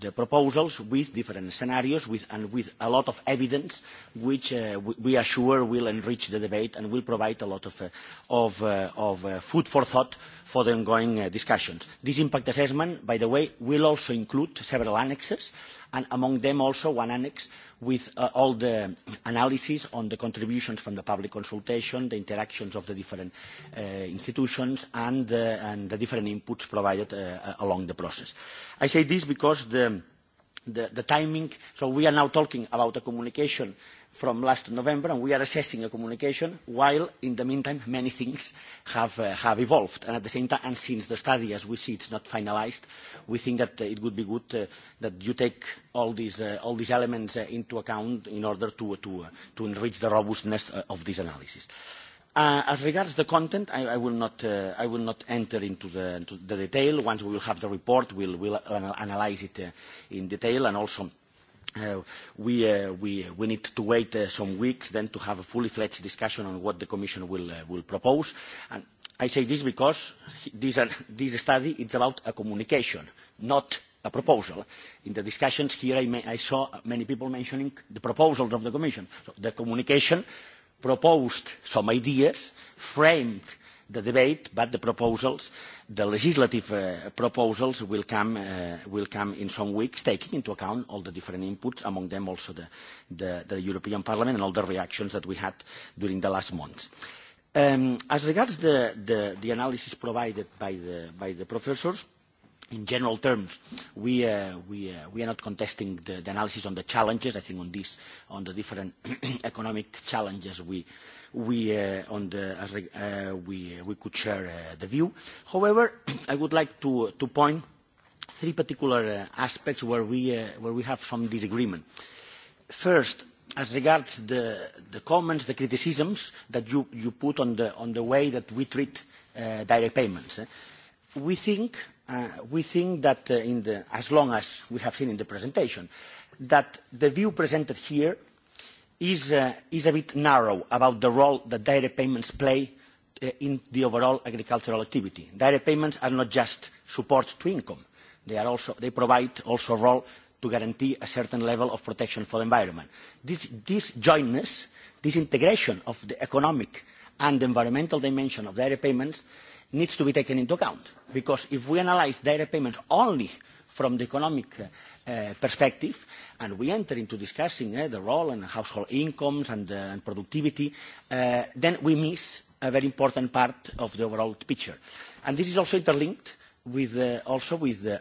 the proposals with different scenarios with, and with a lot of evidence, which uh, we are sure will enrich the debate and will provide a lot of, uh, of, uh, of uh, food for thought for the ongoing uh, discussions. This impact assessment, by the way, will also include several annexes, and among them also one annex with uh, all the analysis on the contributions from the public consultation, the interactions of the different uh, institutions, and, uh, and the different inputs provided uh, uh, along the process. I say this because the, the, the timing, so we are now talking about a communication uh, from last November, and we are assessing a communication, while in the meantime, many things have, uh, have evolved. And at the same time, and since the study, as we see, it's not finalized, we think that uh, it would be good uh, that you take all these, uh, all these elements uh, into account in order to, to, uh, to enrich the robustness uh, of this analysis. Uh, as regards the content, I, I, will not, uh, I will not enter into the, into the detail. Once we will have the report, we'll, we'll uh, analyze it uh, in detail and also Uh, we, uh, we, uh, we need to wait uh, some weeks then to have a fully fledged discussion on what the Commission will, uh, will propose. And I say this because this, uh, this study is about a communication, not a proposal. In the discussions here, I, may, I saw many people mentioning the proposals of the Commission. So the communication proposed some ideas, framed the debate, but the proposals uh, The legislative uh, proposals will come, uh, will come in some weeks, taking into account all the different inputs, among them also the, the, the European Parliament and all the reactions that we had during the last months. Um, as regards the, the, the analysis provided by the, by the professors, in general terms, we, uh, we, uh, we are not contesting the, the analysis on the challenges. I think on this, on the different economic challenges, we, we, uh, on the, uh, uh we, uh, we could share uh, the view. However, I would like to, to point three particular uh, aspects where we, uh, where we have some disagreement. First, as regards the, the comments, the criticisms that you, you put on the, on the way that we treat uh, direct payments. Eh? We think uh, we think that uh, in the, as long as we have seen in the presentation, that the view presented here is, uh, is a bit narrow about the role that direct payments play uh, in the overall agricultural activity. Direct payments are not just support to income. They, are also, they provide also a role to guarantee a certain level of protection for the environment. This, this jointness, this integration of the economic and environmental dimension of direct payments needs to be taken into account. Because if we analyze direct payments only from the economic uh, perspective, and we enter into discussing uh, the role and household incomes and, uh, and productivity, uh, then we miss a very important part of the overall picture. And this is also interlinked with, uh, also with the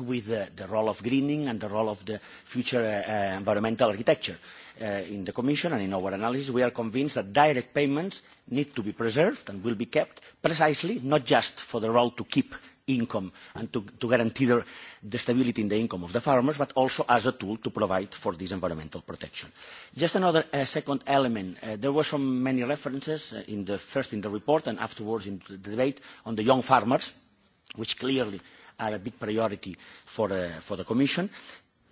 with the, uh, the role of greening and the role of the future uh, uh, environmental architecture. Uh, in the Commission and in our analysis, we are convinced that direct payments need to be preserved and will be kept precisely not just for the role to keep income and to, to guarantee the, the stability in the income of the farmers, but also as a tool to provide for this environmental protection. Just another uh, second element. Uh, there were some many references uh, in the first in the report and afterwards in the debate on the young farmers, which clearly uh, are a big priority for, uh, for the Commission.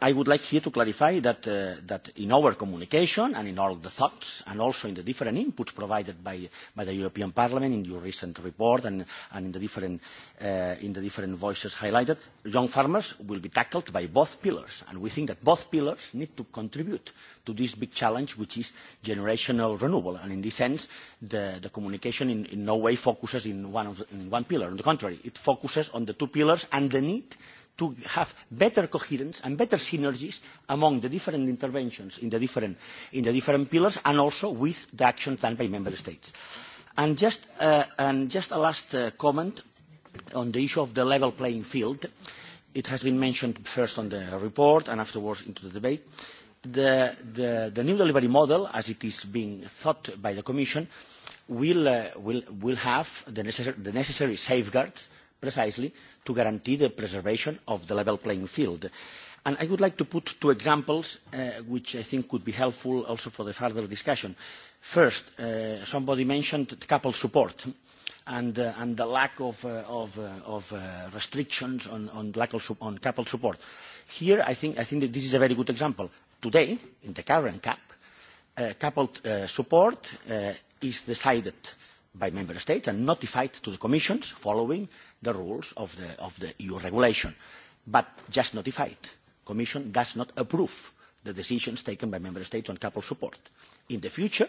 I would like here to clarify that, uh, that in our communication and in all the thoughts and also in the different inputs provided by, by the European Parliament in your recent report and, and in, the different, uh, in the different voices highlighted, young farmers will be tackled by both pillars. And we think that both pillars need to contribute to this big challenge, which is generational renewable. And in this sense, the, the communication in, in no way focuses in one, of the, in one pillar. On the contrary, it focuses on the two pillars and the need uh, to have better coherence and better synergies among the different interventions in the different, in the different pillars and also with the action plan by member states. And just, uh, and just a last uh, comment on the issue of the level playing field. It has been mentioned first on the report and afterwards into the debate. The, the, the new delivery model, as it is being thought by the Commission, will, uh, will, will have the, necessar the necessary safeguards precisely to guarantee the preservation of the level playing field. And I would like to put two examples, uh, which I think could be helpful also for the further discussion. First, uh, somebody mentioned couple support and, uh, and the lack of, uh, of, uh, of uh, restrictions on, on, lack of, on couple support. Here, I think, I think that this is a very good example. Today, in the current CAP, uh, coupled uh, support uh, is decided by member states and notified to the commissions following uh, the rules of the, of the EU regulation, but just notified. Commission does not approve the decisions taken by Member States on couple support. In the future,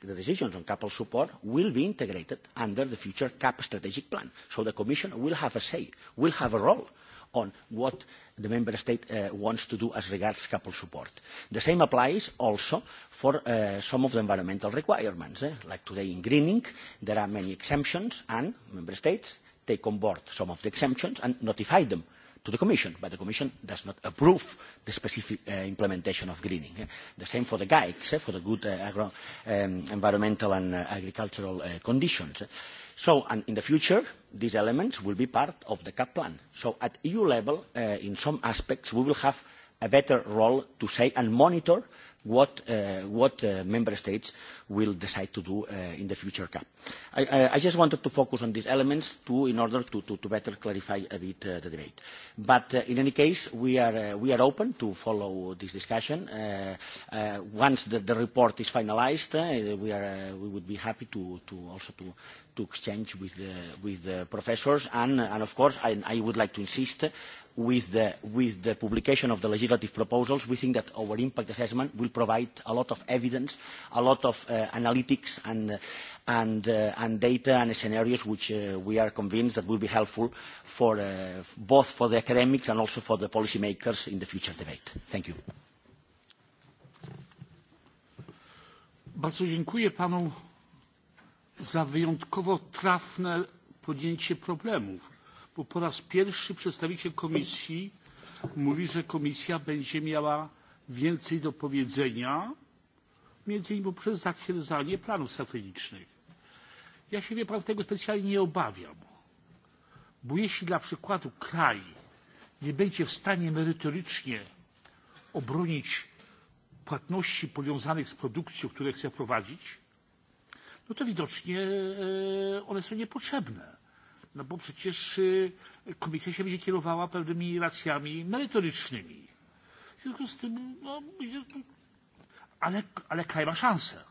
the decisions on couple support will be integrated under the future CAP strategic plan. So the Commission will have a say, will have a role on what the member state uh, wants to do as regards couple support. The same applies also for uh, some of the environmental requirements. Eh? Like today in greening, there are many exemptions and member states take on board some of the exemptions and notify them to the Commission, but the Commission does not approve the specific uh, implementation of greening. Eh? The same for the GAICs, eh, for the good uh, agro, um, environmental and uh, agricultural uh, conditions. Eh? So, and in the future, these elements will be part of the CAP plan. So at EU level, uh, in some aspects, we will have a better role to say and monitor what, uh, what uh, member states will decide to do uh, in the future CAP. I, I, I just wanted to focus on these elements to, in order to, to, to better clarify a bit uh, the debate. But uh, in any case, we are, uh, we are open to follow this discussion. Uh, uh, once the, the report is finalized, uh, we, are, uh, we would be happy to, to also to, to exchange with the, with the professors and, and of course I, I would like to insist with the, with the publication of the legislative proposals we think that our impact assessment will provide a lot of evidence, a lot of uh, uh, analytics and, uh, and, uh, and data and scenarios which uh, we are convinced that will be helpful for, uh, both for the academics and also for the policymakers in the future debate. Thank you. Bardzo dziękuję panu za wyjątkowo trafne podjęcie problemów, bo po raz pierwszy przedstawiciel komisji mówi, że komisja będzie miała więcej do powiedzenia między innymi poprzez zatwierdzanie planów strategicznych. Ja się wie pan tego specjalnie nie obawiam, bo jeśli dla przykładu kraj nie będzie w stanie merytorycznie obronić płatności powiązanych z produkcją, które chce prowadzić, no to widocznie e, one są niepotrzebne. No bo przecież e, komisja się będzie kierowała pewnymi racjami merytorycznymi. W związku z tym no, ale, ale kraj ma szansę.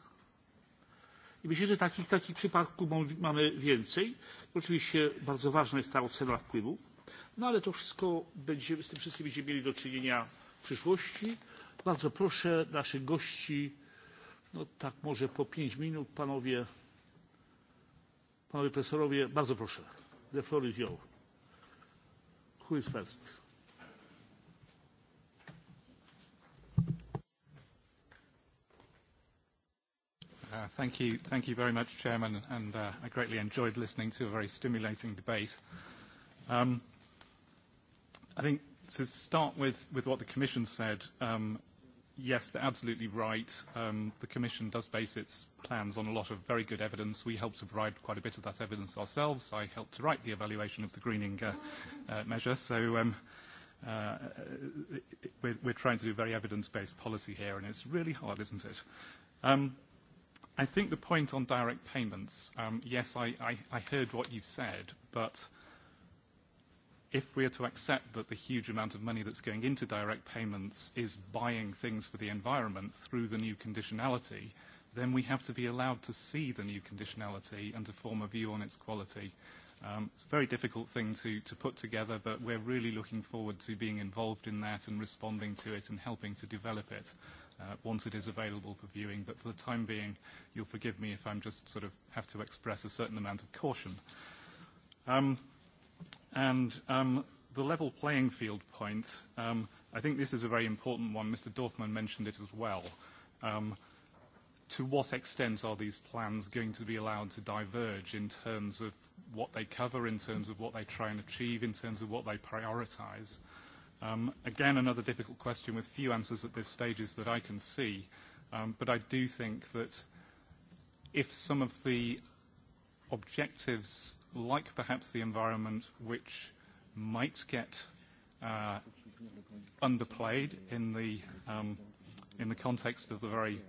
I myślę, że takich, takich przypadków mamy więcej. Oczywiście bardzo ważna jest ta ocena wpływu, no ale to wszystko będzie, z tym wszystkim będziemy mieli do czynienia w przyszłości. Bardzo proszę naszych gości, no tak może po pięć minut, panowie, panowie profesorowie, bardzo proszę. The floor is yours. Who is first? Uh, thank you. Thank you very much, Chairman, and uh, I greatly enjoyed listening to a very stimulating debate. Um, I think to start with, with what the Commission said, um, yes, they're absolutely right. Um, the Commission does base its plans on a lot of very good evidence. We helped to provide quite a bit of that evidence ourselves. I helped to write the evaluation of the greening uh, uh, measure. So um, uh, we're, we're trying to do very evidence-based policy here, and it's really hard, isn't it? Um, I think the point on direct payments, um, yes, I, I, I heard what you said, but if we are to accept that the huge amount of money that's going into direct payments is buying things for the environment through the new conditionality, then we have to be allowed to see the new conditionality and to form a view on its quality. Um, it's a very difficult thing to, to put together, but we're really looking forward to being involved in that and responding to it and helping to develop it uh, once it is available for viewing. But for the time being, you'll forgive me if I'm just sort of have to express a certain amount of caution. Um, and um, the level playing field point, um, I think this is a very important one. Mr. Dorfman mentioned it as well. Um, to what extent are these plans going to be allowed to diverge in terms of what they cover, in terms of what they try and achieve, in terms of what they prioritize? Uh, Um, again, another difficult question with few answers at this stage is that I can see. Um, but I do think that if some of the objectives, like perhaps the environment, which might get uh, underplayed in the um, in the context of the very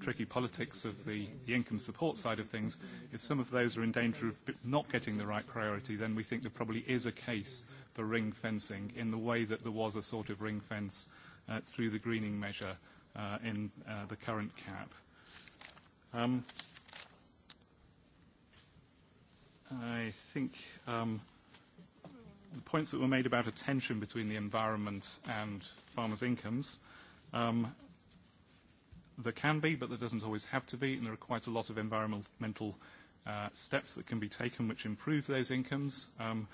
tricky politics of the, the income support side of things, if some of those are in danger of not getting the right priority, then we think there probably is a case for ring fencing in the way that there was a sort of ring fence uh, through the greening measure uh, in uh, the current cap. Um, I think um, the points that were made about a tension between the environment and farmers' incomes, um, there can be, but there doesn't always have to be, and there are quite a lot of environmental uh, steps that can be taken which improve those incomes. Um,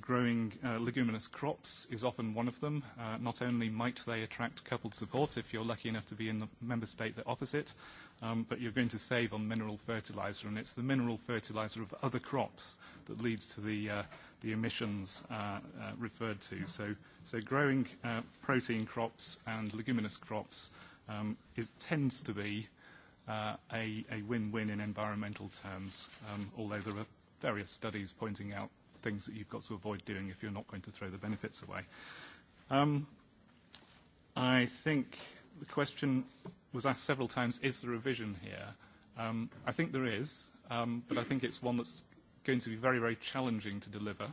growing uh, leguminous crops is often one of them. Uh, not only might they attract coupled support if you're lucky enough to be in the member state that offers it, um, but you're going to save on mineral fertilizer, and it's the mineral fertilizer of other crops that leads to the, uh, the emissions uh, uh, referred to. So, so growing uh, protein crops and leguminous crops uh, um, it tends to be uh, a, a win-win in environmental terms, um, although there are various studies pointing out things that you've got to avoid doing if you're not going to throw the benefits away. Um, I think the question was asked several times, is there a vision here? Um, I think there is, um, but I think it's one that's going to be very, very challenging to deliver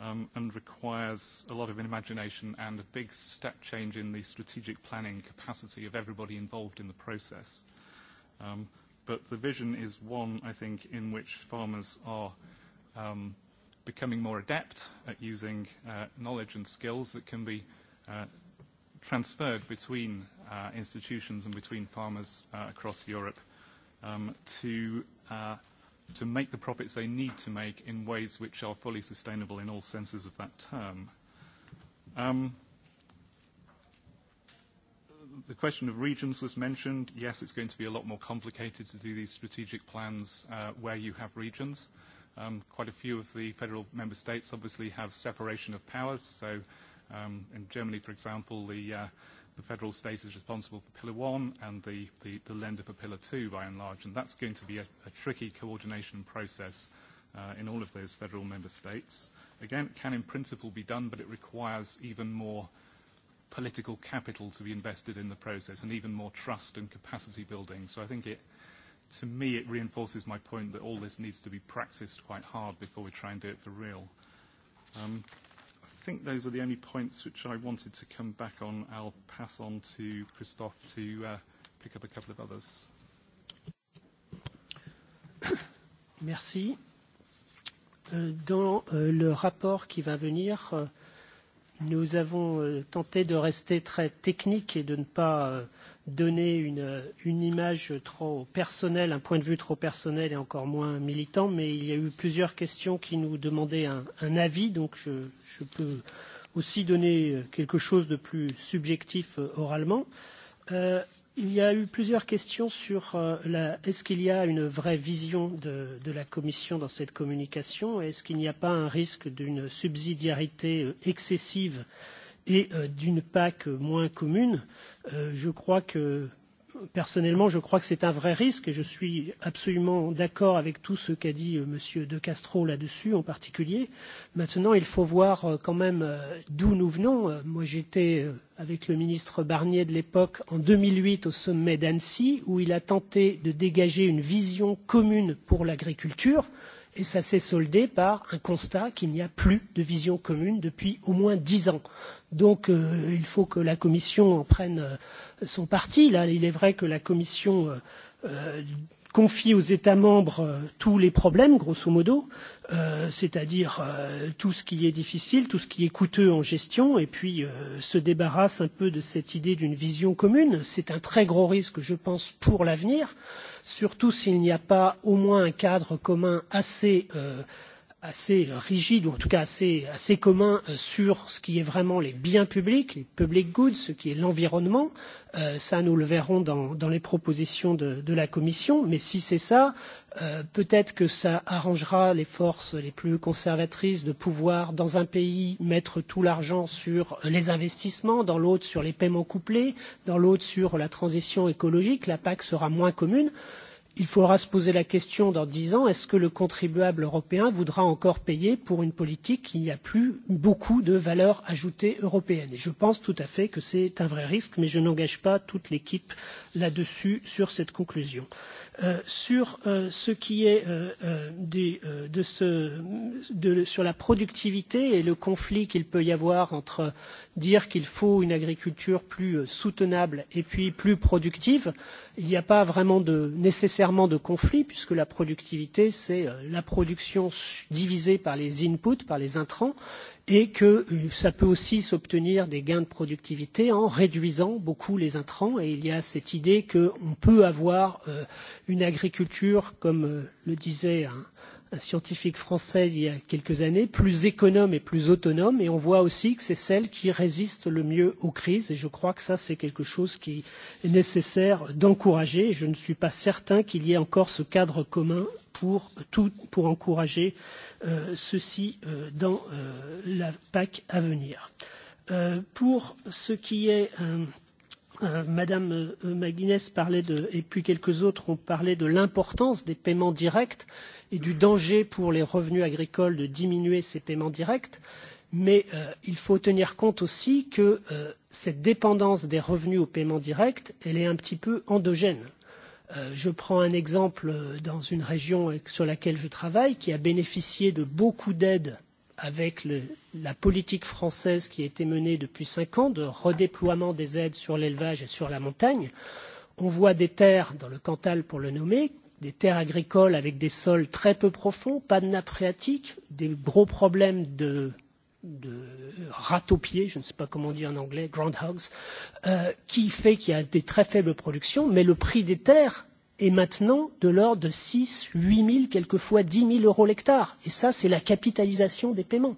um, and requires a lot of imagination and a big step change in the strategic planning capacity of everybody involved in the process. Um, but the vision is one, I think, in which farmers are um, becoming more adept at using uh, knowledge and skills that can be uh, transferred between uh, institutions and between farmers uh, across Europe um, to uh, to make the profits they need to make in ways which are fully sustainable in all senses of that term. Um, the question of regions was mentioned. Yes, it's going to be a lot more complicated to do these strategic plans uh, where you have regions. Um, quite a few of the federal member states obviously have separation of powers. So um, in Germany, for example, the uh, the federal state is responsible for Pillar 1 and the, the, the lender for Pillar 2 by and large, and that's going to be a, a tricky coordination process uh, in all of those federal member states. Again, it can in principle be done, but it requires even more political capital to be invested in the process and even more trust and capacity building. So I think it, to me, it reinforces my point that all this needs to be practiced quite hard before we try and do it for real. Um, think those are the only points which I wanted to come back on. I'll pass on to Christophe to uh, pick up a couple of others. Merci. Euh, dans euh, le rapport qui va venir, euh, Nous avons euh, tenté de rester très technique et de ne pas euh, donner une, euh, une image trop personnelle, un point de vue trop personnel et encore moins militant, mais il y a eu plusieurs questions qui nous demandaient un, un avis, donc je, je peux aussi donner euh, quelque chose de plus subjectif euh, oralement. Euh, Il y a eu plusieurs questions sur euh, la, est-ce qu'il y a une vraie vision de, de la Commission dans cette communication Est-ce qu'il n'y a pas un risque d'une subsidiarité euh, excessive et euh, d'une PAC moins commune euh, Je crois que personnellement, je crois que c'est un vrai risque et je suis absolument d'accord avec tout ce qu'a dit euh, M. De Castro là-dessus en particulier. Maintenant, il faut voir euh, quand même euh, d'où nous venons. Moi, j'étais avec le ministre Barnier de l'époque en 2008 au sommet d'Annecy où il a tenté de dégager une vision commune pour l'agriculture. Euh, et ça s'est soldé par un constat qu'il n'y a plus de vision commune depuis au moins dix ans. Donc euh, il faut que la Commission en prenne euh, son parti. Là, il est vrai que la Commission euh, euh confie aux États membres euh, tous les problèmes, grosso modo, euh, c'est-à-dire euh, tout ce qui est difficile, tout ce qui est coûteux en gestion, et puis euh, se débarrasse un peu de cette idée d'une vision commune. C'est un très gros risque, je pense, pour l'avenir, surtout s'il n'y a pas au moins un cadre commun assez euh, assez rigide ou en tout cas assez, assez commun euh, sur ce qui est vraiment les biens publics, les public goods, ce qui est l'environnement. Euh, ça, nous le verrons dans, dans les propositions de, de la Commission. Mais si c'est ça, euh, peut-être que ça arrangera les forces les plus conservatrices de pouvoir, dans un pays, mettre tout l'argent sur euh, les investissements, dans l'autre sur les paiements couplés, dans l'autre sur la transition écologique. La PAC sera moins commune. Euh, Il faudra se poser la question dans dix ans, est-ce que le contribuable européen voudra encore payer pour une politique qui n'a plus beaucoup de valeur ajoutée européenne Et je pense tout à fait que c'est un vrai risque, mais je n'engage pas toute l'équipe là-dessus, sur cette conclusion. Euh, Euh, sur euh, ce qui est euh, euh, du, euh, de ce, de, sur la productivité et le conflit qu'il peut y avoir entre dire qu'il faut une agriculture plus euh, soutenable et puis plus productive, il n'y a pas vraiment de, nécessairement de conflit puisque la productivité c'est euh, la production divisée par les inputs, par les intrants, et que euh, ça peut aussi s'obtenir des gains de productivité en réduisant beaucoup les intrants. Et il y a cette idée qu'on peut avoir euh, une agriculture, comme euh, le disait un, un scientifique français il y a quelques années, plus économe et plus autonome. Et on voit aussi que c'est celle qui résiste le mieux aux crises. Et je crois que ça, c'est quelque chose qui est nécessaire d'encourager. Je ne suis pas certain qu'il y ait encore ce cadre commun pour, tout, pour encourager euh, ceci euh, dans euh, la PAC à venir. Euh, pour ce qui est euh, Euh, Madame euh, McGuinness parlait de, et puis quelques autres ont parlé de l'importance des paiements directs et du danger pour les revenus agricoles de diminuer ces paiements directs. Mais euh, il faut tenir compte aussi que euh, cette dépendance des revenus aux paiements directs, elle est un petit peu endogène. Euh, je prends un exemple euh, dans une région sur laquelle je travaille qui a bénéficié de beaucoup d'aides avec le, la politique française qui a été menée depuis cinq ans de redéploiement des aides sur l'élevage et sur la montagne, on voit des terres, dans le Cantal pour le nommer, des terres agricoles avec des sols très peu profonds, pas de nappe phréatique, des gros problèmes de, de ratopiers, je ne sais pas comment on dit en anglais, groundhogs, euh, qui fait qu'il y a des très faibles productions, mais le prix des terres est maintenant de l'ordre de 6, 8 000, quelquefois 10 000 euros l'hectare. Et ça, c'est la capitalisation des paiements.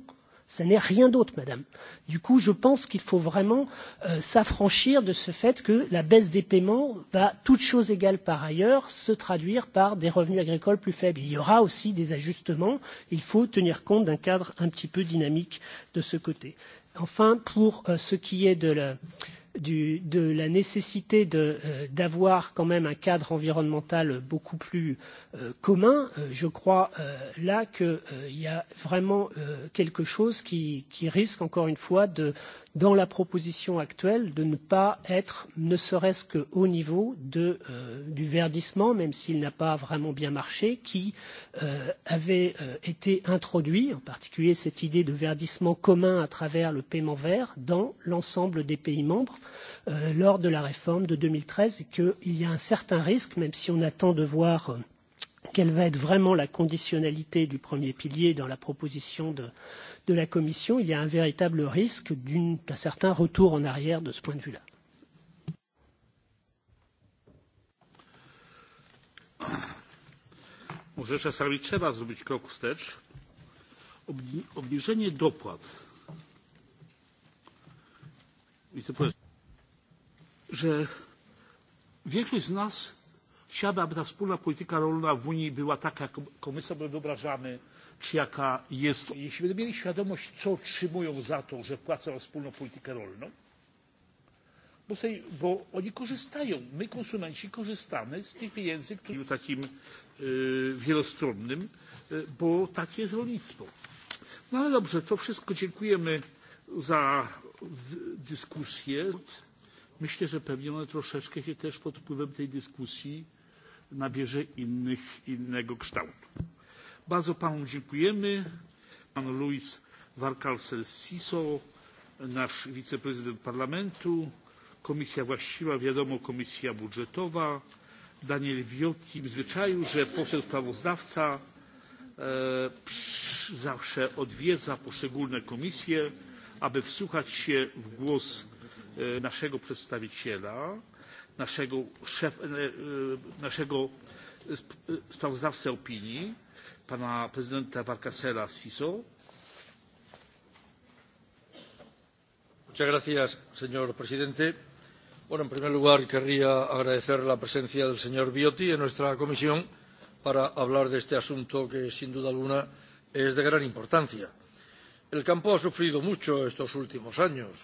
Ça n'est rien d'autre, madame. Du coup, je pense qu'il faut vraiment euh, s'affranchir de ce fait que la baisse des paiements va, toutes choses égales par ailleurs, se traduire par des revenus agricoles plus faibles. Il y aura aussi des ajustements. Il faut tenir compte d'un cadre un petit peu dynamique de ce côté. Enfin, pour euh, ce qui est de la, euh, du, de la nécessité euh, d'avoir euh, quand même un cadre environnemental beaucoup plus euh, commun, euh, je crois euh, là qu'il euh, y a vraiment euh, quelque chose qui, qui risque encore une fois de, dans la proposition actuelle de ne pas être ne serait-ce qu'au niveau de, euh, du verdissement, même s'il n'a pas vraiment bien marché, qui euh, avait euh, été introduit, en particulier cette idée de verdissement commun à travers le paiement vert dans l'ensemble des pays membres euh, lors de la réforme de 2013 et qu'il y a un certain risque, même si on attend de voir euh, quelle va être vraiment la conditionnalité du premier pilier dans la proposition de, de la Commission, il y a un véritable risque d'un certain retour en arrière de ce point de vue-là. Może czasami trzeba zrobić krok wstecz. Obniżenie dopłat. Wiceprezes że większość z nas chciałaby, aby ta wspólna polityka rolna w Unii była taka, jaką my sobie wyobrażamy, czy jaka jest. Jeśli będą mieli świadomość, co otrzymują za to, że płacą za wspólną politykę rolną, bo, sobie, bo oni korzystają, my konsumenci korzystamy z tych pieniędzy, które takim y, wielostronnym, y, bo takie jest rolnictwo. No ale dobrze, to wszystko dziękujemy za dyskusję myślę, że pewnie one troszeczkę się też pod wpływem tej dyskusji nabierze innych, innego kształtu. Bardzo panu dziękujemy. Pan Luis Varkalsel Siso, nasz wiceprezydent parlamentu, komisja właściwa, wiadomo, komisja budżetowa. Daniel Viotti w zwyczaju, że poseł sprawozdawca e, psz, zawsze odwiedza poszczególne komisje, aby wsłuchać się w głos E, naszego przedstawiciela naszego, szef, e, e, naszego sprawozdawcę opinii pana prezydenta vargasela siso Gracias, señor presidente bueno, en primer lugar querría agradecer la presencia del señor viotti en nuestra comisión para hablar de este asunto que sin duda alguna es de gran importancia. el campo ha sufrido mucho estos últimos años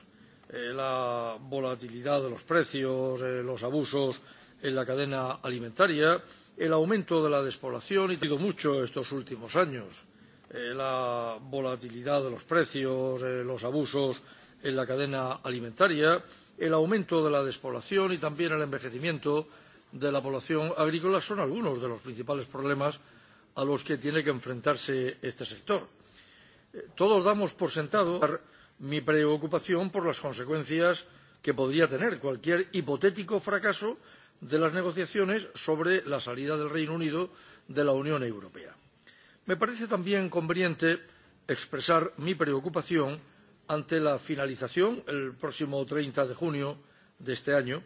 eh, la volatilidad de los precios, eh, los abusos en la cadena alimentaria, el aumento de la despoblación y ha sido mucho estos últimos años eh, la volatilidad de los precios, eh, los abusos en la cadena alimentaria, el aumento de la despoblación y también el envejecimiento de la población agrícola son algunos de los principales problemas a los que tiene que enfrentarse este sector. Eh, todos damos por sentado mi preocupación por las consecuencias que podría tener cualquier hipotético fracaso de las negociaciones sobre la salida del reino unido de la unión europea. me parece también conveniente expresar mi preocupación ante la finalización el próximo treinta de junio de este año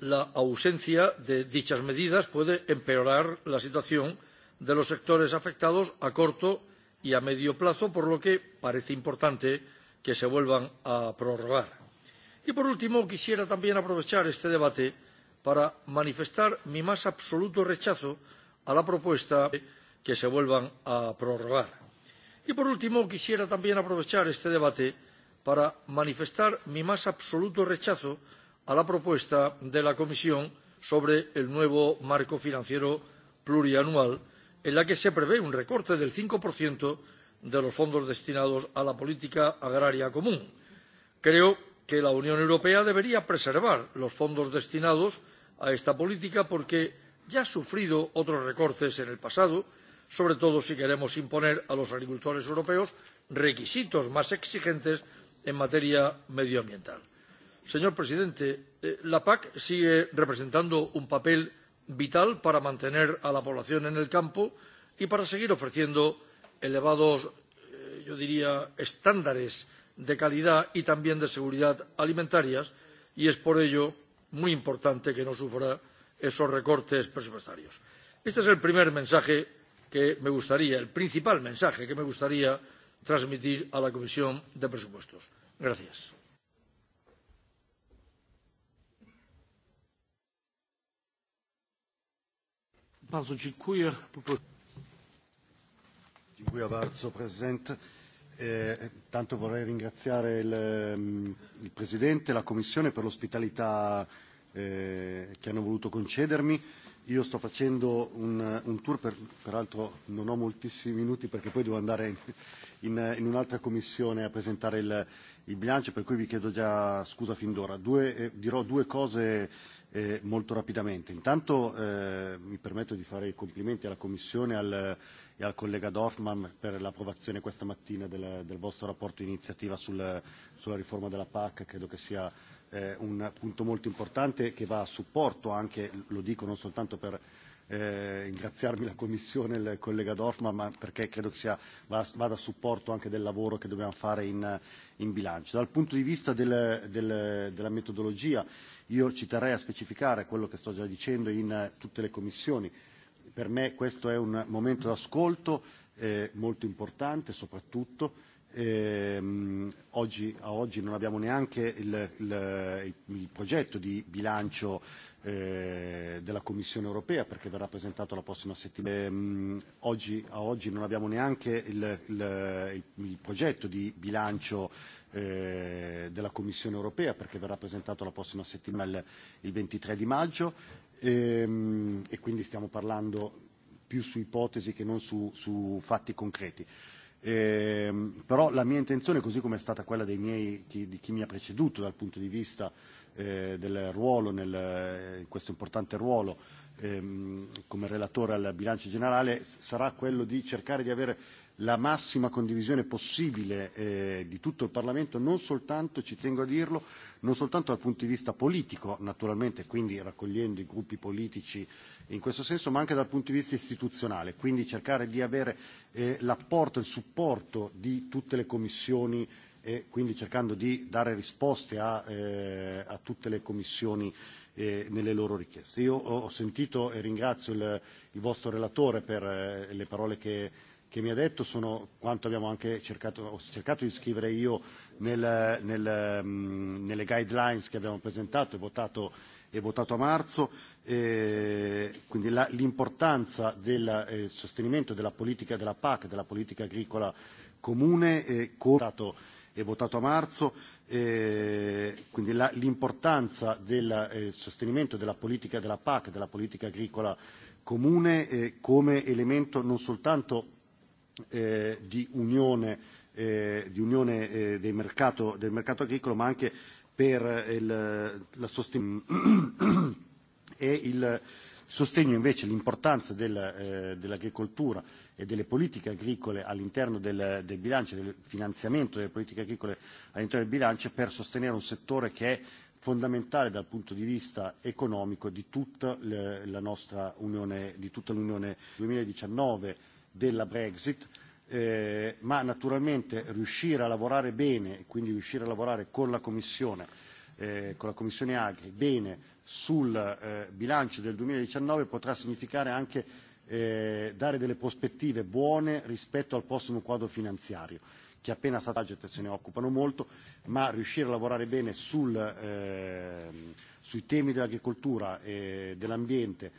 la ausencia de dichas medidas puede empeorar la situación de los sectores afectados a corto y a medio plazo por lo que parece importante que se vuelvan a prorrogar. Y por último, quisiera también aprovechar este debate para manifestar mi más absoluto rechazo a la propuesta de que se vuelvan a prorrogar. Y por último, quisiera también aprovechar este debate para manifestar mi más absoluto rechazo a la propuesta de la Comisión sobre el nuevo marco financiero plurianual, en la que se prevé un recorte del 5% de los fondos destinados a la política agraria común. creo que la unión europea debería preservar los fondos destinados a esta política porque ya ha sufrido otros recortes en el pasado sobre todo si queremos imponer a los agricultores europeos requisitos más exigentes en materia medioambiental. señor presidente eh, la pac sigue representando un papel vital para mantener a la población en el campo y para seguir ofreciendo elevados, eh, yo diría, estándares de calidad y también de seguridad alimentarias y es por ello muy importante que no sufra esos recortes presupuestarios. Este es el primer mensaje que me gustaría, el principal mensaje que me gustaría transmitir a la Comisión de Presupuestos. Gracias. Bardzo dziękuję. Poproszę. Dziękuję bardzo, prezydent. Eh, tanto vorrei ringraziare il, mm, il Presidente e la Commissione per l'ospitalità eh, che hanno voluto concedermi. Io sto facendo un, un tour, per, peraltro non ho moltissimi minuti perché poi devo andare in, in un'altra commissione a presentare il, il bilancio, per cui vi chiedo già scusa fin d'ora. Due, eh, dirò due cose eh, molto rapidamente. Intanto eh, mi permetto di fare i complimenti alla Commissione al, e al collega Dorfman per l'approvazione questa mattina del, del vostro rapporto iniziativa sul, sulla riforma della PAC. Credo che sia eh, un punto molto importante che va a supporto anche, lo dico non soltanto per eh, ringraziarmi la Commissione e il collega Dorfman, ma perché credo che sia, vada a supporto anche del lavoro che dobbiamo fare in, in bilancio. Dal punto di vista del, del, della metodologia, io ci terrei a specificare quello che sto già dicendo in tutte le commissioni. Per me questo è un momento d'ascolto eh, molto importante, soprattutto ehm, oggi, a oggi non abbiamo neanche il, il, il progetto di bilancio eh, della Commissione europea perché verrà presentato la prossima settimana. Ehm, oggi, a oggi non abbiamo neanche il, il, il progetto di bilancio eh, della Commissione europea perché verrà presentato la prossima settimana il, il 23 di maggio ehm, e quindi stiamo parlando più su ipotesi che non su, su fatti concreti. Eh, Eh, però la mia intenzione, così come è stata quella dei miei, chi, di chi mi ha preceduto dal punto di vista eh, del ruolo, nel, eh, questo importante ruolo ehm, come relatore al bilancio generale, sarà quello di cercare di avere la massima condivisione possibile eh, di tutto il Parlamento, non soltanto, ci tengo a dirlo, non soltanto dal punto di vista politico, naturalmente, quindi raccogliendo i gruppi politici in questo senso, ma anche dal punto di vista istituzionale, quindi cercare di avere eh, l'apporto e il supporto di tutte le commissioni e quindi cercando di dare risposte a, eh, a tutte le commissioni eh, nelle loro richieste. Io ho sentito e ringrazio il, il vostro relatore per eh, le parole che che mi ha detto sono quanto abbiamo anche cercato, ho cercato di scrivere io nel, nel, mh, mm, nelle guidelines che abbiamo presentato e votato, e votato a marzo, eh, quindi la, l'importanza del eh, sostenimento della politica della PAC, della politica agricola comune, eh, votato, e votato a marzo, eh, quindi la, l'importanza del eh, sostenimento della politica della PAC, della politica agricola comune eh, come elemento non soltanto eh, di unione, eh, di unione eh, dei mercato, del mercato agricolo, ma anche per eh, il, la sostegno e il sostegno invece l'importanza del, eh, dell'agricoltura e delle politiche agricole all'interno del, del bilancio, del finanziamento delle politiche agricole all'interno del bilancio per sostenere un settore che è fondamentale dal punto di vista economico di tutta la nostra Unione, di tutta l'Unione 2019 della Brexit, eh, ma naturalmente riuscire a lavorare bene e quindi riuscire a lavorare con la Commissione, eh, con la Commissione Agri bene sul eh, bilancio del 2019 potrà significare anche eh, dare delle prospettive buone rispetto al prossimo quadro finanziario che appena Sataget se ne occupano molto, ma riuscire a lavorare bene sul, eh, sui temi dell'agricoltura e dell'ambiente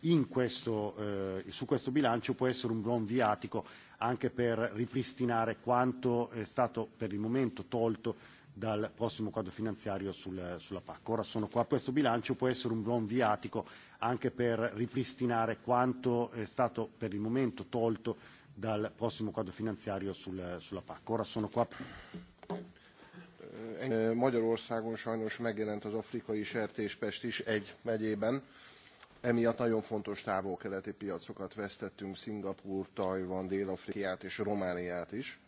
in questo, eh, su questo bilancio può essere un buon viatico anche per ripristinare quanto è stato per il momento tolto dal prossimo quadro finanziario sul, sulla PAC. Ora sono qua, questo bilancio può essere un buon viatico anche per ripristinare quanto è stato per il momento tolto dal prossimo quadro finanziario sul, sulla PAC. Ora sono qua. Eh, Magyarországon sajnos megjelent az afrikai sertéspest is egy megyében Emiatt nagyon fontos távol-keleti piacokat vesztettünk, Szingapúr, Tajvan, Dél-Afrikát és Romániát is.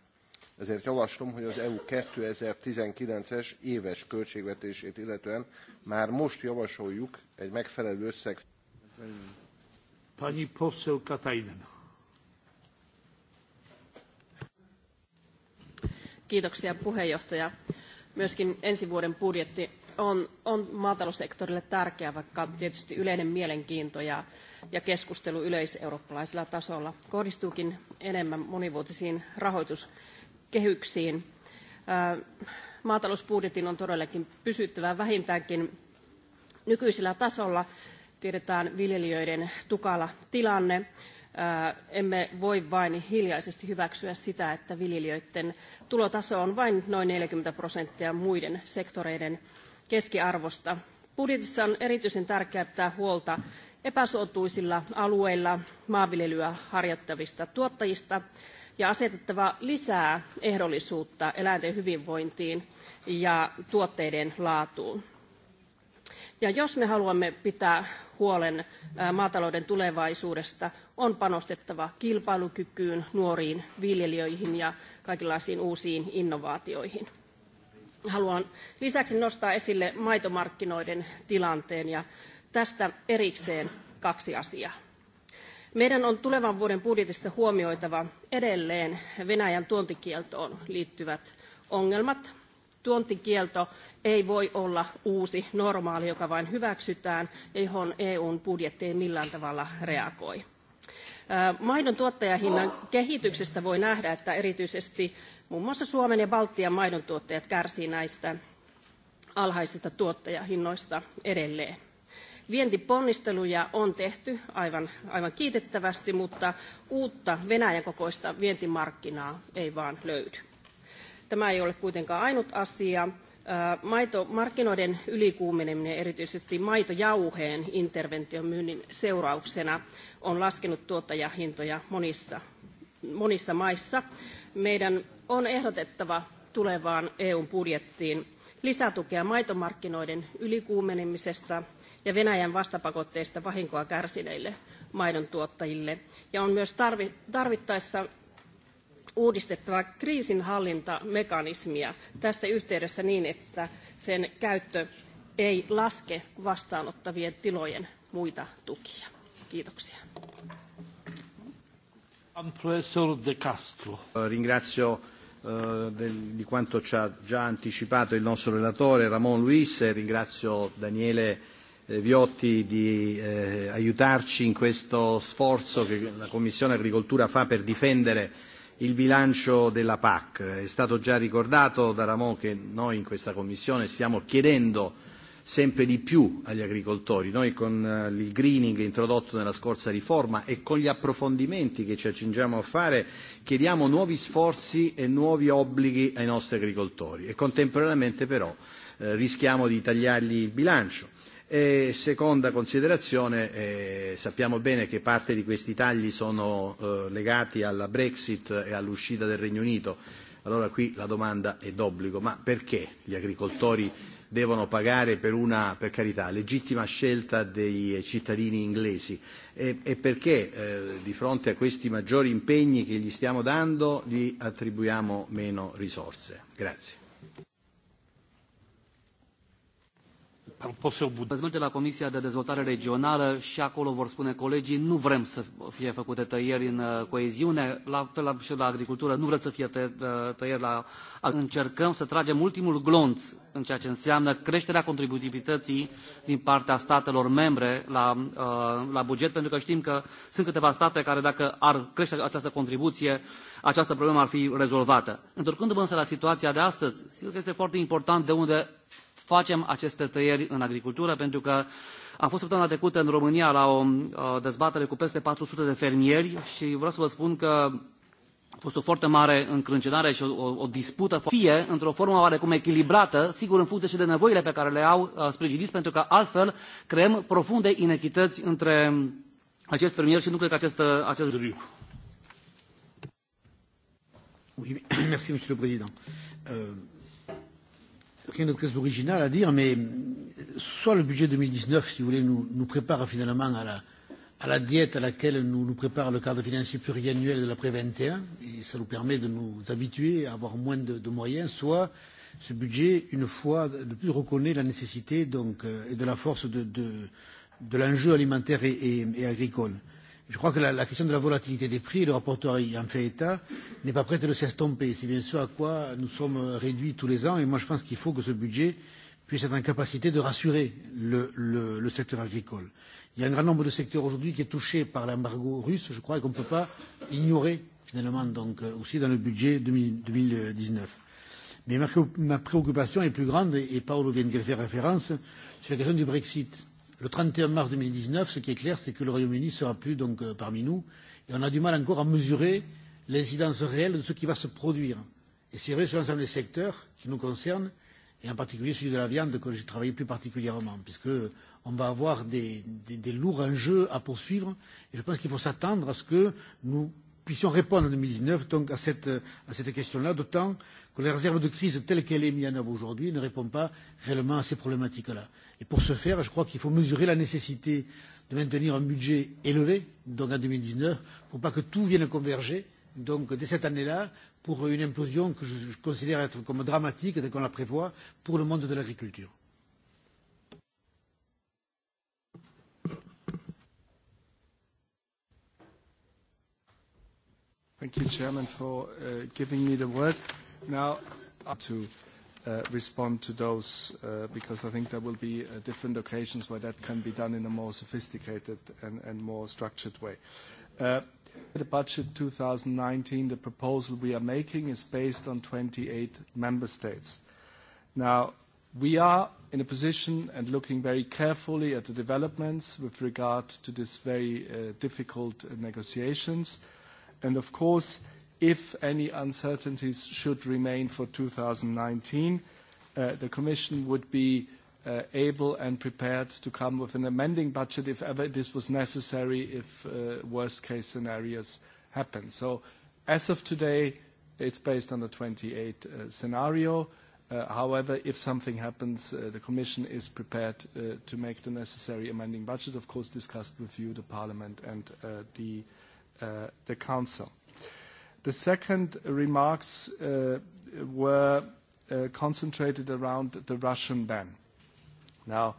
Ezért javaslom, hogy az EU 2019-es éves költségvetését illetően már most javasoljuk egy megfelelő összeg. Pani poseł Katainen. Kiitoksia puheenjohtaja myöskin ensi vuoden budjetti on, on maataloussektorille tärkeä, vaikka tietysti yleinen mielenkiinto ja, ja keskustelu yleiseurooppalaisella tasolla kohdistuukin enemmän monivuotisiin rahoituskehyksiin. Maatalousbudjetin on todellakin pysyttävä vähintäänkin nykyisellä tasolla. Tiedetään viljelijöiden tukala tilanne emme voi vain hiljaisesti hyväksyä sitä, että viljelijöiden tulotaso on vain noin 40 prosenttia muiden sektoreiden keskiarvosta. Budjetissa on erityisen tärkeää pitää huolta epäsuotuisilla alueilla maanviljelyä harjoittavista tuottajista ja asetettava lisää ehdollisuutta eläinten hyvinvointiin ja tuotteiden laatuun. Ja jos me haluamme pitää huolen maatalouden tulevaisuudesta, on panostettava kilpailukykyyn, nuoriin viljelijöihin ja kaikenlaisiin uusiin innovaatioihin. Haluan lisäksi nostaa esille maitomarkkinoiden tilanteen ja tästä erikseen kaksi asiaa. Meidän on tulevan vuoden budjetissa huomioitava edelleen Venäjän tuontikieltoon liittyvät ongelmat. Tuontikielto ei voi olla uusi normaali, joka vain hyväksytään ja johon EUn budjetti ei millään tavalla reagoi. Maidon tuottajahinnan kehityksestä voi nähdä, että erityisesti muun muassa Suomen ja Baltian maidon tuottajat kärsii näistä alhaisista tuottajahinnoista edelleen. Vientiponnisteluja on tehty aivan, aivan kiitettävästi, mutta uutta Venäjän kokoista vientimarkkinaa ei vaan löydy. Tämä ei ole kuitenkaan ainut asia. Maitomarkkinoiden ylikuumeneminen erityisesti maitojauheen interventiomyynnin seurauksena on laskenut tuottajahintoja monissa, monissa maissa. Meidän on ehdotettava tulevaan EUn budjettiin lisätukea maitomarkkinoiden ylikuumenemisesta ja Venäjän vastapakotteista vahinkoa kärsineille maidontuottajille. Ja on myös tarvittaessa uudistettava kriisinhallintamekanismia tässä yhteydessä niin, että sen käyttö ei laske vastaanottavien tilojen muita tukia. Kiitoksia. Professor De Castro. Eh, ringrazio eh, del, di quanto ci ha già anticipato il nostro relatore Ramon Luis e ringrazio Daniele eh, Viotti di eh, aiutarci in questo sforzo che la Commissione Agricoltura fa per difendere il bilancio della PAC. È stato già ricordato da Ramon che noi in questa Commissione stiamo chiedendo sempre di più agli agricoltori. Noi con eh, il greening introdotto nella scorsa riforma e con gli approfondimenti che ci accingiamo a fare chiediamo nuovi sforzi e nuovi obblighi ai nostri agricoltori e contemporaneamente però eh, rischiamo di tagliargli il bilancio E seconda considerazione, eh, sappiamo bene che parte di questi tagli sono eh, legati alla Brexit e all'uscita del Regno Unito. Allora qui la domanda è d'obbligo, ma perché gli agricoltori devono pagare per una, per carità, legittima scelta dei cittadini inglesi e, e perché eh, di fronte a questi maggiori impegni che gli stiamo dando gli attribuiamo meno risorse? Grazie. de la Comisia de Dezvoltare Regională și acolo vor spune colegii, nu vrem să fie făcute tăieri în uh, coeziune, la fel și la agricultură, nu vrem să fie tă, uh, tăieri la... Încercăm să tragem ultimul glonț în ceea ce înseamnă creșterea contributivității din partea statelor membre la, uh, la buget, pentru că știm că sunt câteva state care dacă ar crește această contribuție, această problemă ar fi rezolvată. Întorcându-mă însă la situația de astăzi, sigur că este foarte important de unde facem aceste tăieri în agricultură pentru că am fost săptămâna trecută în România la o uh, dezbatere cu peste 400 de fermieri și vreau să vă spun că a fost o foarte mare încrâncenare și o, o, o dispută, fie într-o formă oarecum echilibrată, sigur în funcție și de nevoile pe care le au uh, sprijiniți, pentru că altfel creăm profunde inechități între acest fermier și nu cred că acest, uh, acest lucru. Oui, merci, Monsieur le Président. Euh, notre caisse originale à dire, mais soit le budget 2019, si vous voulez, nous, nous prépare finalement à la, à la diète à laquelle nous, nous prépare le cadre financier pluriannuel de l'après-21, et ça nous permet de nous habituer à avoir moins de, de moyens, soit ce budget, une fois de plus, reconnaît la nécessité donc, euh, et de la force de, de, de l'enjeu alimentaire et, et, et agricole. Euh, Je crois que la, la question de la volatilité des prix, le rapporteur y en fait état, n'est pas prête de s'estomper. C'est bien ce à quoi nous sommes réduits tous les ans. Et moi, je pense qu'il faut que ce budget puisse être en capacité de rassurer le, le, le secteur agricole. Il y a un grand nombre de secteurs aujourd'hui qui est touché par l'embargo russe, je crois, et qu'on ne peut pas ignorer finalement donc euh, aussi dans le budget 2000, 2019. Mais ma, ma préoccupation est plus grande, et Paolo vient de faire référence, sur la question du Brexit le 31 mars 2019, ce qui est clair, c'est que le Royaume-Uni sera plus donc euh, parmi nous. Et on a du mal encore à mesurer l'incidence réelle de ce qui va se produire. Et c'est vrai sur l'ensemble des secteurs qui nous concernent, et en particulier celui de la viande que j'ai travaillé plus particulièrement, puisqu'on va avoir des, des, des lourds enjeux à poursuivre. Et je pense qu'il faut s'attendre à ce que nous puissions répondre en 2019 donc, à cette, à cette question-là, d'autant que la réserve de crise telle qu'elle est mise en œuvre aujourd'hui ne répond pas réellement à ces problématiques-là. Et pour ce faire, je crois qu'il faut mesurer la nécessité de maintenir un budget élevé, donc en 2019, pour pas que tout vienne converger, donc dès cette année-là, pour une implosion que je, je considère être comme dramatique, dès qu'on la prévoit, pour le monde de l'agriculture. Thank you, Chairman, for uh, giving me the word. Now, up to uh, respond to those uh, because I think there will be uh, different occasions where that can be done in a more sophisticated and, and more structured way. Uh, the budget 2019, the proposal we are making is based on 28 member states. Now, we are in a position and looking very carefully at the developments with regard to this very uh, difficult negotiations. And of course, uh, if any uncertainties should remain for 2019, uh, the Commission would be uh, able and prepared to come with an amending budget if ever this was necessary, if uh, worst-case scenarios happen. So as of today, it's based on the 28 uh, scenario. Uh, however, if something happens, uh, the Commission is prepared to make the necessary amending budget, of course, discussed with you, the Parliament, and the, the Council. The second remarks uh, were uh, concentrated around the Russian ban. Now,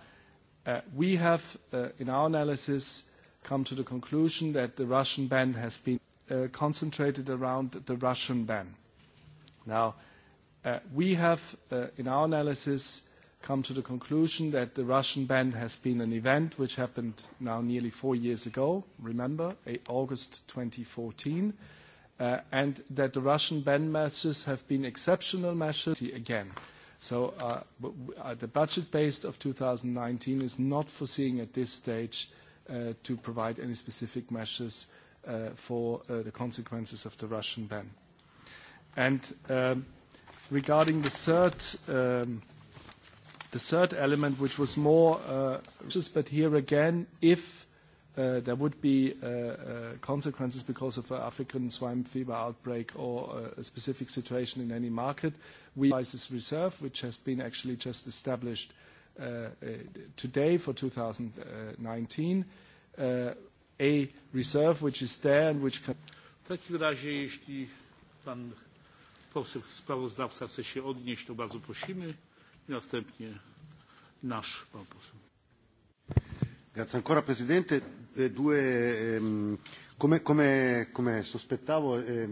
uh, we have, uh, in our analysis, come to the conclusion that the Russian ban has been uh, concentrated around the Russian ban. Now, uh, we have, in our analysis, come to the conclusion that the Russian ban has been an event which happened now nearly four years ago, remember, August 2014, uh, and that the Russian ban measures have been exceptional measures again. So uh, uh, the budget based of 2019 is not foreseeing at this stage uh, to provide any specific measures uh, for uh, the consequences of the Russian ban. And um, regarding the third, um, the third element, which was more, uh, but here again, if uh, there would be uh, uh, consequences because of an African swine fever outbreak or uh, a specific situation in any market. We crisis reserve, which has been actually just established uh, uh, today for 2019, uh, a reserve which is there and which can. W takim razie, jeśli pan poseł sprawozdawca chce się odnieść, to bardzo prosimy. I następnie nasz pan poseł. Grazie ancora Presidente due, ehm, come, come, come sospettavo, eh,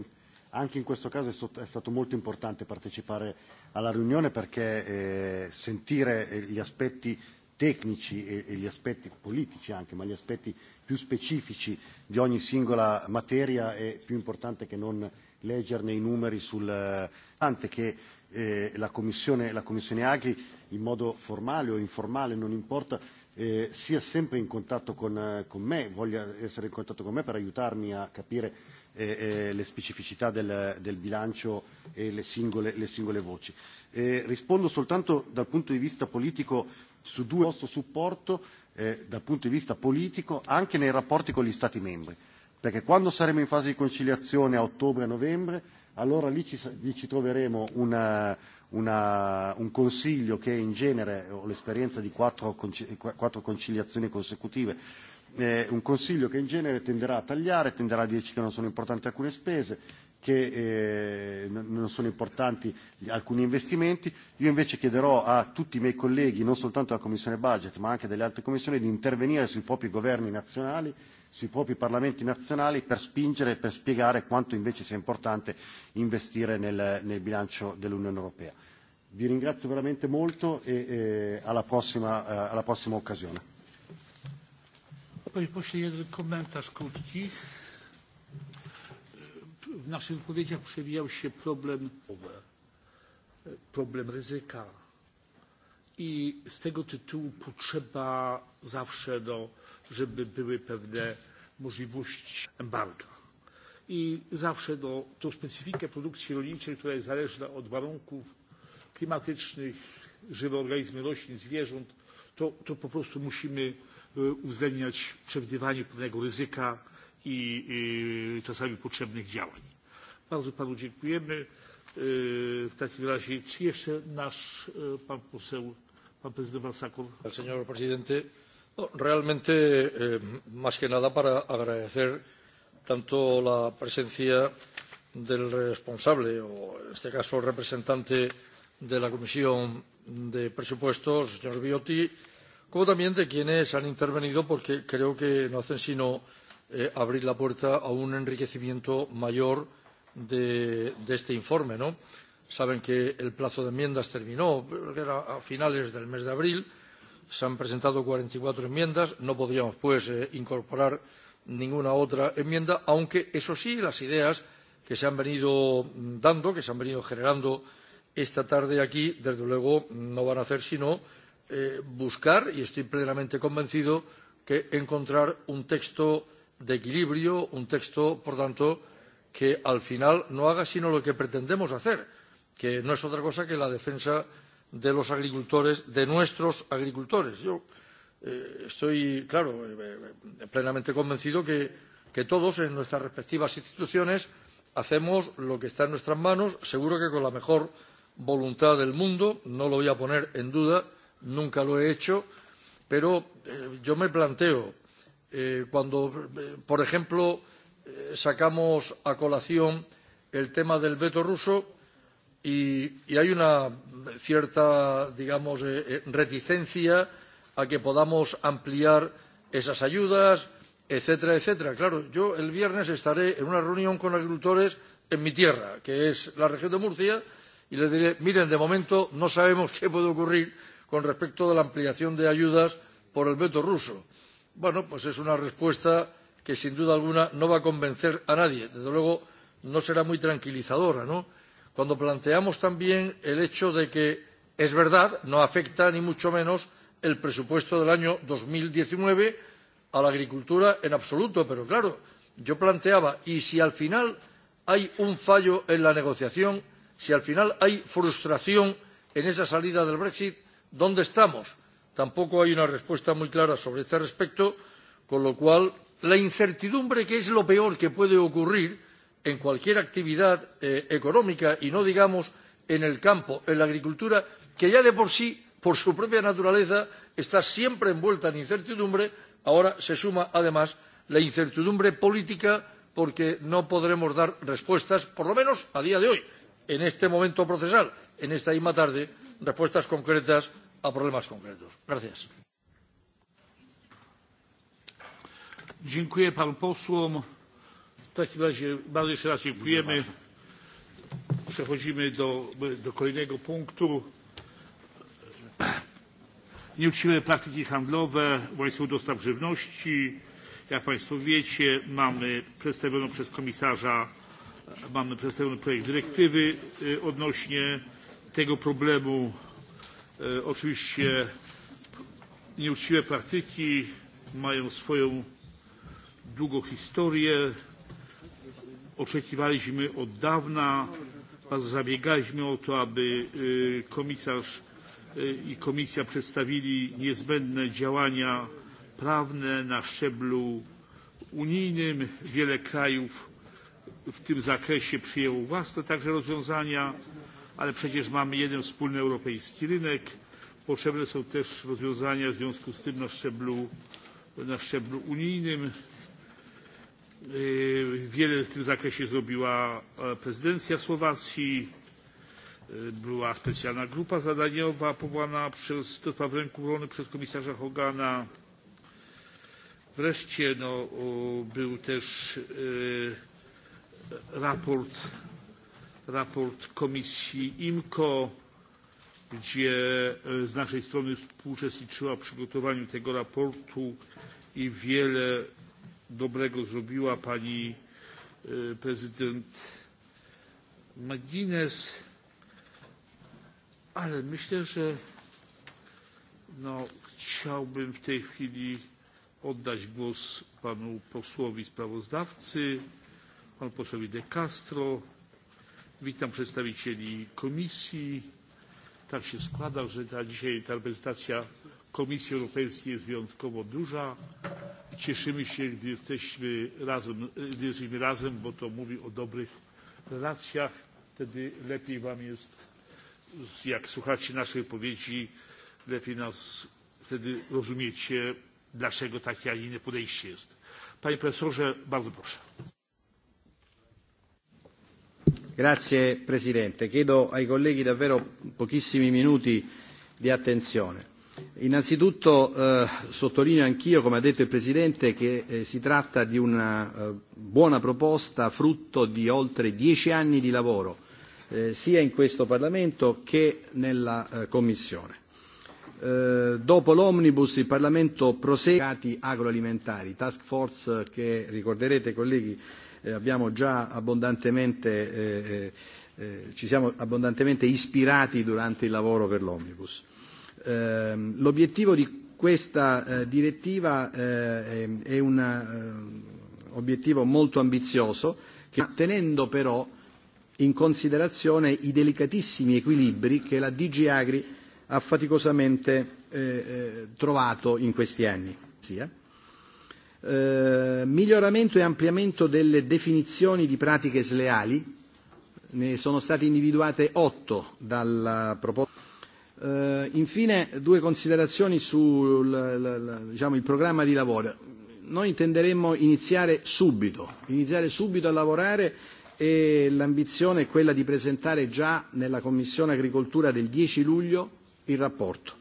anche in questo caso è, sot- è stato molto importante partecipare alla riunione perché eh, sentire eh, gli aspetti tecnici e, e gli aspetti politici anche, ma gli aspetti più specifici di ogni singola materia è più importante che non leggerne i numeri sul tante che eh, la Commissione, la Commissione Aghi in modo formale o informale, non importa, eh, sia sempre in contatto con, eh, con me, voglia essere in contatto con me per aiutarmi a capire eh, eh, le specificità del, del bilancio e le singole, le singole voci. Eh, rispondo soltanto dal punto di vista politico su due vostro supporto eh, dal punto di vista politico anche nei rapporti con gli Stati membri, perché quando saremo in fase di conciliazione a ottobre e novembre allora lì ci, lì ci troveremo una, una, un consiglio che in genere, ho l'esperienza di quattro, quattro conciliazioni consecutive, eh, un consiglio che in genere tenderà a tagliare, tenderà a dirci che non sono importanti alcune spese, che eh, non sono importanti alcuni investimenti. Io invece chiederò a tutti i miei colleghi, non soltanto della Commissione Budget, ma anche delle altre commissioni, di intervenire sui propri governi nazionali sui propri parlamenti nazionali per spingere e per spiegare quanto invece sia importante investire nel, nel bilancio dell'Unione Europea. Vi ringrazio veramente molto e, e alla, prossima, eh, alla prossima occasione. Panie pośle, jeden komentarz krótki. W naszych wypowiedziach przewijał się problem, e, problem ryzyka i z tego tytułu potrzeba zawsze no, żeby były pewne możliwości embarga. I zawsze no, tą specyfikę produkcji rolniczej, która jest zależna od warunków klimatycznych, żywe organizmy roślin, zwierząt, to, to po prostu musimy e, uwzględniać przewidywanie pewnego ryzyka i, i czasami potrzebnych działań. Bardzo panu dziękujemy. E, w takim razie, czy jeszcze nasz e, pan poseł, pan prezydent Wasakow? Señor presidente, Realmente, eh, más que nada para agradecer tanto la presencia del responsable, o en este caso representante de la Comisión de Presupuestos, señor Biotti, como también de quienes han intervenido, porque creo que no hacen sino eh, abrir la puerta a un enriquecimiento mayor de, de este informe. ¿no? Saben que el plazo de enmiendas terminó, creo que era a finales del mes de abril, se han presentado cuarenta y cuatro enmiendas no podíamos pues eh, incorporar ninguna otra enmienda aunque eso sí las ideas que se han venido mm, dando que se han venido generando esta tarde aquí desde luego no van a hacer sino eh, buscar y estoy plenamente convencido que encontrar un texto de equilibrio un texto por tanto que al final no haga sino lo que pretendemos hacer que no es otra cosa que la defensa de los agricultores, de nuestros agricultores. Yo eh, estoy, claro, eh, eh, plenamente convencido que, que todos en nuestras respectivas instituciones hacemos lo que está en nuestras manos, seguro que con la mejor voluntad del mundo, no lo voy a poner en duda, nunca lo he hecho, pero eh, yo me planteo, eh, cuando, eh, por ejemplo, eh, sacamos a colación el tema del veto ruso, y, y hay una cierta, digamos, eh, eh, reticencia a que podamos ampliar esas ayudas, etcétera, etcétera. Claro, yo el viernes estaré en una reunión con agricultores en mi tierra, que es la región de Murcia, y les diré, miren, de momento no sabemos qué puede ocurrir con respecto de la ampliación de ayudas por el veto ruso. Bueno, pues es una respuesta que sin duda alguna no va a convencer a nadie. Desde luego no será muy tranquilizadora, ¿no? cuando planteamos también el hecho de que es verdad no afecta ni mucho menos el presupuesto del año dos mil diecinueve a la agricultura en absoluto pero claro yo planteaba y si al final hay un fallo en la negociación si al final hay frustración en esa salida del brexit dónde estamos? tampoco hay una respuesta muy clara sobre este respecto con lo cual la incertidumbre que es lo peor que puede ocurrir en cualquier actividad eh, económica y no digamos en el campo, en la agricultura, que ya de por sí, por su propia naturaleza, está siempre envuelta en incertidumbre, ahora se suma además la incertidumbre política porque no podremos dar respuestas, por lo menos a día de hoy, en este momento procesal, en esta misma tarde, respuestas concretas a problemas concretos. Gracias. Dziękuję panu posłom takim razie bardzo jeszcze raz dziękujemy. Przechodzimy do, do kolejnego punktu. Nieuczciwe praktyki handlowe w łańcuchu dostaw żywności. Jak Państwo wiecie, mamy przedstawioną przez komisarza mamy przedstawiony projekt dyrektywy odnośnie tego problemu. Oczywiście nieuczciwe praktyki mają swoją długą historię oczekiwaliśmy od dawna, bardzo zabiegaliśmy o to, aby komisarz i komisja przedstawili niezbędne działania prawne na szczeblu unijnym. Wiele krajów w tym zakresie przyjęło własne także rozwiązania, ale przecież mamy jeden wspólny europejski rynek. Potrzebne są też rozwiązania w związku z tym na szczeblu, na szczeblu unijnym. Wiele w tym zakresie zrobiła e, prezydencja Słowacji, e, była specjalna grupa zadaniowa powołana przez, do spraw rynku wolnych przez komisarza Hogana. Wreszcie no, o, był też e, raport, raport komisji IMCO, gdzie e, z naszej strony współuczestniczyła w przygotowaniu tego raportu i wiele dobrego zrobiła pani e, prezydent mcguinness ale myślę że no, chciałbym w tej chwili oddać głos panu posłowi sprawozdawcy panu posłowi de castro. witam przedstawicieli komisji. tak się składa że ta dzisiaj ta reprezentacja komisji europejskiej jest wyjątkowo duża cieszymy się gdy jesteśmy razem, gdy jesteśmy razem bo to mówi o dobrych relacjach wtedy lepiej wam jest jak słuchacie naszej wypowiedzi lepiej nas wtedy rozumiecie dlaczego takie a nie inne podejście jest. Panie profesorze, bardzo proszę. Grazie Presidente. Chiedo ai colleghi davvero pochissimi minuti di attenzione Innanzitutto eh, sottolineo anch'io, come ha detto il Presidente, che eh, si tratta di una eh, buona proposta frutto di oltre dieci anni di lavoro, eh, sia in questo Parlamento che nella eh, Commissione. Eh, dopo l'omnibus il Parlamento prosegue agroalimentari, task force eh, che ricorderete colleghi eh, abbiamo già abbondantemente, eh, eh, eh, ci siamo abbondantemente ispirati durante il lavoro per l'omnibus. Eh, Eh, l'obiettivo di questa eh, direttiva eh, è un eh, obiettivo molto ambizioso, che, tenendo però in considerazione i delicatissimi equilibri che la DG Agri ha faticosamente eh, eh, trovato in questi anni. Sia. Eh, miglioramento e ampliamento delle definizioni di pratiche sleali, ne sono state individuate otto dalla proposta Eh, infine due considerazioni sul diciamo, il programma di lavoro. Noi intenderemmo iniziare subito, iniziare subito a lavorare e l'ambizione è quella di presentare già nella Commissione Agricoltura del 10 luglio il rapporto.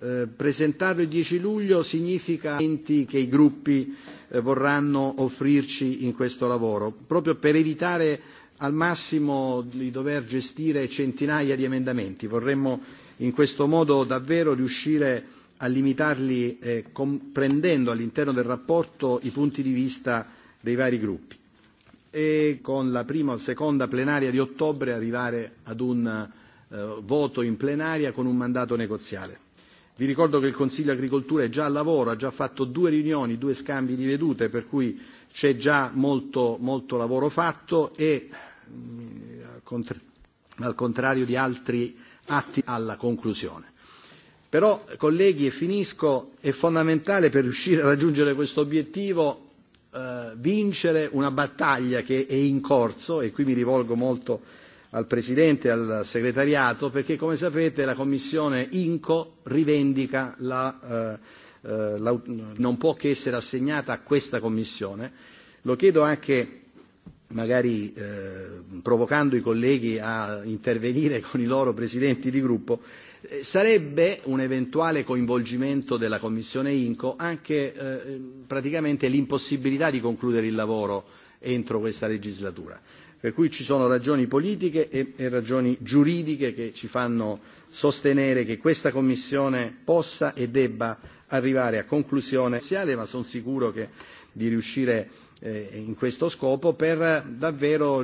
Eh, presentarlo il 10 luglio significa che i gruppi eh, vorranno offrirci in questo lavoro, proprio per evitare al massimo di dover gestire centinaia di emendamenti. Vorremmo in questo modo davvero riuscire a limitarli eh, comprendendo all'interno del rapporto i punti di vista dei vari gruppi e con la prima o seconda plenaria di ottobre arrivare ad un eh, voto in plenaria con un mandato negoziale. Vi ricordo che il Consiglio agricoltura è già al lavoro, ha già fatto due riunioni, due scambi di vedute, per cui c'è già molto, molto lavoro fatto e mh, mm, al contrario di altri atti alla conclusione. Però, colleghi, e finisco, è fondamentale per riuscire a raggiungere questo obiettivo eh, vincere una battaglia che è in corso, e qui mi rivolgo molto al Presidente e al Segretariato, perché come sapete la Commissione INCO rivendica la, eh, eh, la, non può che essere assegnata a questa Commissione. Lo chiedo anche magari eh, provocando i colleghi a intervenire con i loro presidenti di gruppo, eh, sarebbe un eventuale coinvolgimento della Commissione INCO anche eh, praticamente l'impossibilità di concludere il lavoro entro questa legislatura. Per cui ci sono ragioni politiche e, e ragioni giuridiche che ci fanno sostenere che questa Commissione possa e debba arrivare a conclusione iniziale, ma sono sicuro che di riuscire eh, in questo scopo per eh, davvero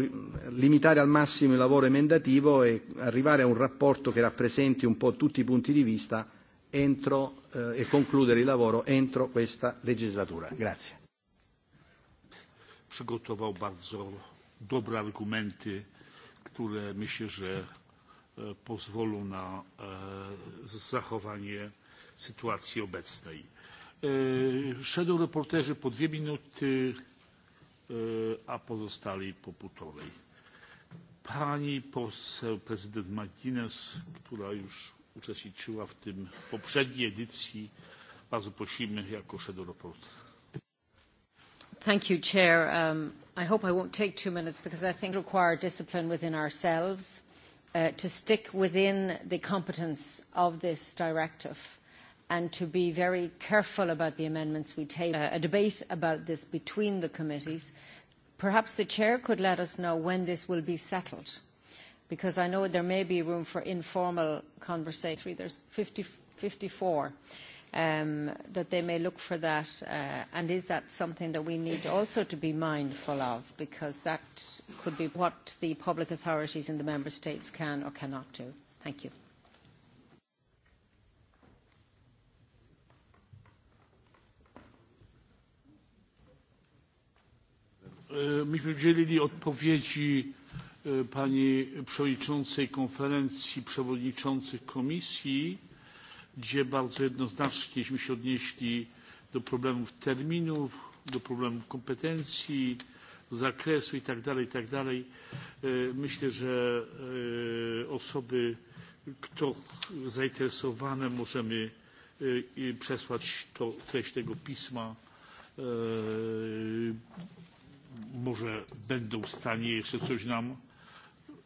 limitare al massimo il lavoro emendativo e arrivare a un rapporto che rappresenti un po' tutti i punti di vista entro, eh, e concludere il lavoro entro questa legislatura. Grazie. Przygotował bardzo dobre argumenty, które myślę, że e, pozwolą na e, zachowanie sytuacji obecnej. E, Shadow reporterzy po dwie minuty, a pozostali po półtorej. Pani poseł prezydent McGuinness, która już uczestniczyła w tym w poprzedniej edycji, bardzo prosimy jako shadow rapporteur. Thank you, Chair. Um, I hope I won't take two minutes because I think require discipline within ourselves uh, to stick within the competence of this directive and to be very careful about the amendments we take, uh, a debate about this between the committees. Perhaps the chair could let us know when this will be settled, because I know there may be room for informal conversation. There's 50, 54 um, that they may look for that, uh, and is that something that we need also to be mindful of, because that could be what the public authorities in the member states can or cannot do. Thank you. E, myśmy udzielili odpowiedzi e, pani przewodniczącej konferencji przewodniczących komisji gdzie bardzo jednoznacznie się odnieśliśmy do problemów terminów do problemów kompetencji zakresu itd. itd. E, myślę że osoby kto zainteresowane możemy przesłać to, treść tego pisma może będą w stanie jeszcze coś nam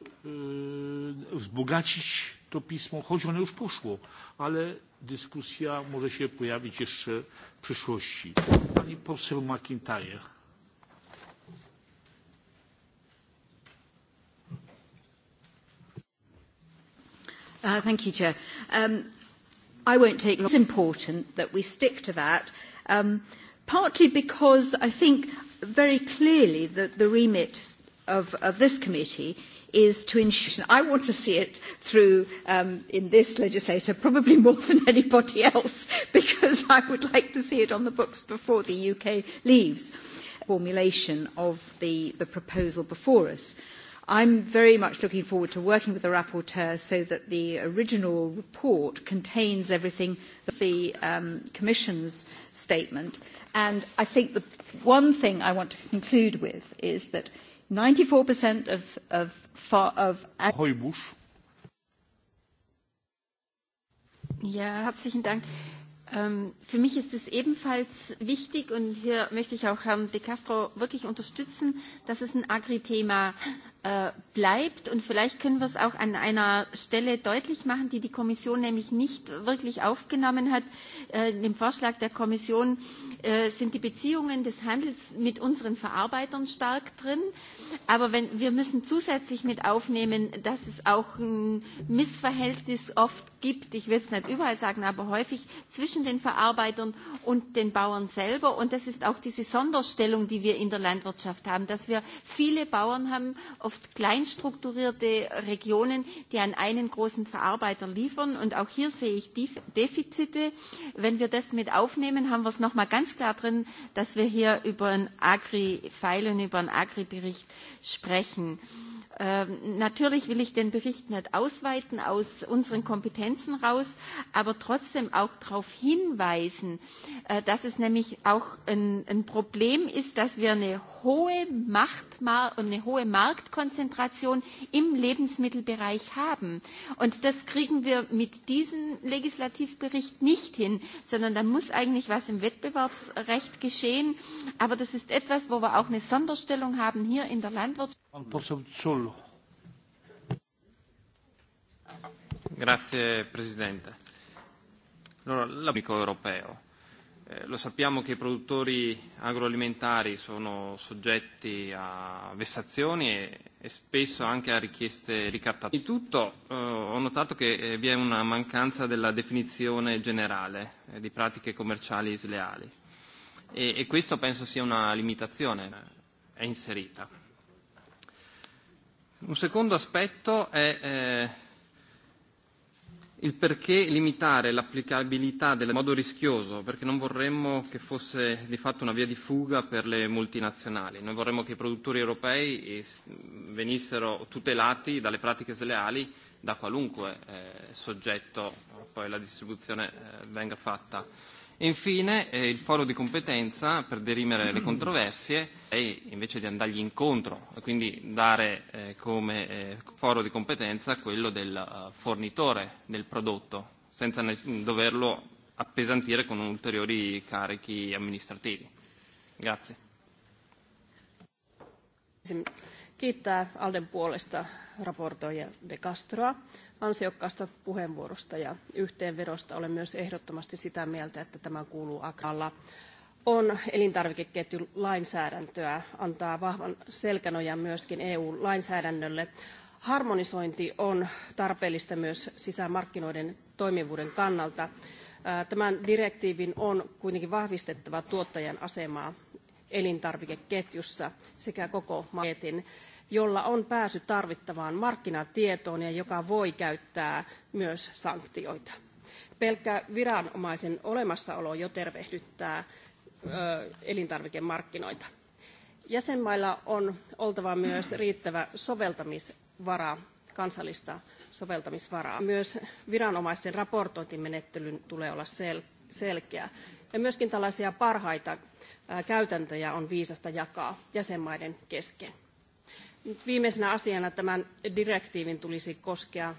e, wzbogacić to pismo, choć ono już poszło, ale dyskusja może się pojawić jeszcze w przyszłości. Pani poseł McIntyre. Uh, thank you, Chair. Um, I won't take long. It's important that we stick to that, um, partly because I think very clearly that the remit of, of this committee is to ensure. I want to see it through um, in this legislature, probably more than anybody else, because I would like to see it on the books before the UK leaves. Formulation of the, the proposal before us. I'm very much looking forward to working with the rapporteur so that the original report contains everything that the um, Commission's statement And I think the one thing I want to conclude with is that 94% of, of, of Heubusch. Ja, herzlichen Dank. Ähm, für mich ist es ebenfalls wichtig, und hier möchte ich auch Herrn De Castro wirklich unterstützen, dass es ein Agri-Thema äh, bleibt. Und vielleicht können wir es auch an einer Stelle deutlich machen, die die Kommission nämlich nicht wirklich aufgenommen hat, äh, dem Vorschlag der Kommission, äh, sind die Beziehungen des Handels mit unseren Verarbeitern stark drin. Aber wenn, wir müssen zusätzlich mit aufnehmen, dass es auch ein Missverhältnis oft gibt, ich will es nicht überall sagen, aber häufig zwischen den Verarbeitern und den Bauern selber. Und das ist auch diese Sonderstellung, die wir in der Landwirtschaft haben, dass wir viele Bauern haben, oft kleinstrukturierte Regionen, die an einen großen Verarbeiter liefern. Und auch hier sehe ich Defizite. Wenn wir das mit aufnehmen, haben wir es nochmal ganz ganz klar drin, dass wir hier über einen Agri-File und über einen Agri-Bericht sprechen. Ähm, natürlich will ich den Bericht nicht ausweiten aus unseren Kompetenzen raus, aber trotzdem auch darauf hinweisen, äh, dass es nämlich auch ein, ein Problem ist, dass wir eine hohe Macht und eine hohe Marktkonzentration im Lebensmittelbereich haben. Und das kriegen wir mit diesem Legislativbericht nicht hin, sondern da muss eigentlich was im Wettbewerbs Vertragsrecht geschehen. Aber das ist etwas, wo wir auch eine Sonderstellung haben hier in der Landwirtschaft. Grazie Presidente. Allora, l'amico europeo. Eh, lo sappiamo che i produttori agroalimentari sono soggetti a vessazioni e, e spesso anche a richieste ricattate. Di tutto eh, ho notato che eh, vi è una mancanza della definizione generale eh, di pratiche commerciali sleali e, e questo penso sia una limitazione, eh, è inserita. Un secondo aspetto è eh, il perché limitare l'applicabilità del modo rischioso, perché non vorremmo che fosse di fatto una via di fuga per le multinazionali. Noi vorremmo che i produttori europei eh, venissero tutelati dalle pratiche sleali da qualunque eh, soggetto poi la distribuzione eh, venga fatta. E infine eh, il foro di competenza per derimere le controversie e invece di andargli incontro e quindi dare eh, come eh, foro di competenza quello del uh, fornitore del prodotto senza ne- doverlo appesantire con ulteriori carichi amministrativi. Grazie. Kiittää Alden puolesta raportoija De Castroa ansiokkaasta puheenvuorosta ja yhteenvedosta. Olen myös ehdottomasti sitä mieltä, että tämä kuuluu Akralla on elintarvikeketjulainsäädäntöä, antaa vahvan selkänojan myöskin EU-lainsäädännölle. Harmonisointi on tarpeellista myös sisämarkkinoiden toimivuuden kannalta. Tämän direktiivin on kuitenkin vahvistettava tuottajan asemaa elintarvikeketjussa sekä koko maailman jolla on pääsy tarvittavaan markkinatietoon ja joka voi käyttää myös sanktioita. Pelkkä viranomaisen olemassaolo jo tervehdyttää ö, elintarvikemarkkinoita. Jäsenmailla on oltava myös riittävä soveltamisvara, kansallista soveltamisvaraa. Myös viranomaisten raportointimenettelyn tulee olla sel- selkeä. Ja myöskin tällaisia parhaita käytäntöjä on viisasta jakaa jäsenmaiden kesken. Viimeisenä asiana tämän direktiivin tulisi koskea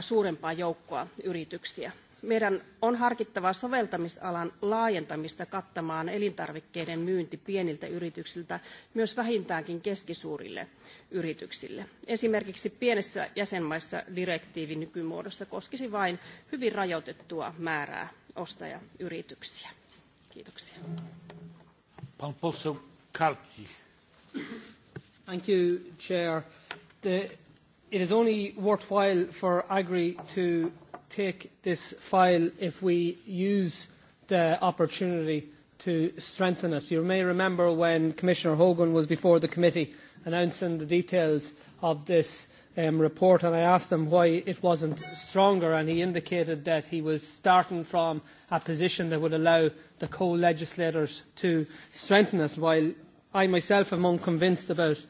suurempaa joukkoa yrityksiä. Meidän on harkittava soveltamisalan laajentamista kattamaan elintarvikkeiden myynti pieniltä yrityksiltä myös vähintäänkin keskisuurille yrityksille. Esimerkiksi pienessä jäsenmaissa direktiivi nykymuodossa koskisi vain hyvin rajoitettua määrää ostajayrityksiä. Kiitoksia. Pan poseł Karki. Thank you, Chair. The, it is only worthwhile for Agri to take this file if we use the opportunity to strengthen it. You may remember when Commissioner Hogan was before the committee announcing the details of this um, report and I asked him why it wasn't stronger and he indicated that he was starting from a position that would allow the co-legislators to strengthen it while I myself am unconvinced about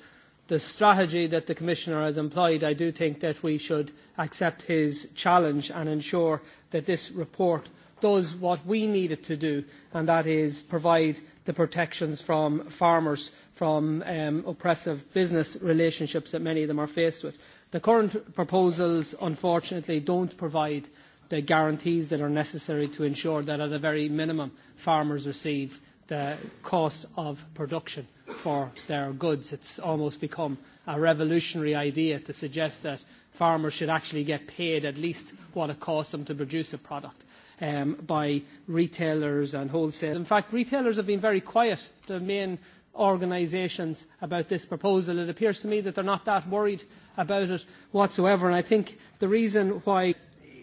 the strategy that the Commissioner has employed. I do think that we should accept his challenge and ensure that this report does what we need it to do, and that is provide the protections from farmers from um, oppressive business relationships that many of them are faced with. The current proposals, unfortunately, don't provide the guarantees that are necessary to ensure that, at a very minimum, farmers receive the cost of production for their goods. It's almost become a revolutionary idea to suggest that farmers should actually get paid at least what it costs them to produce a product um, by retailers and wholesalers. In fact, retailers have been very quiet, the main organisations, about this proposal. It appears to me that they're not that worried about it whatsoever. And I think the reason why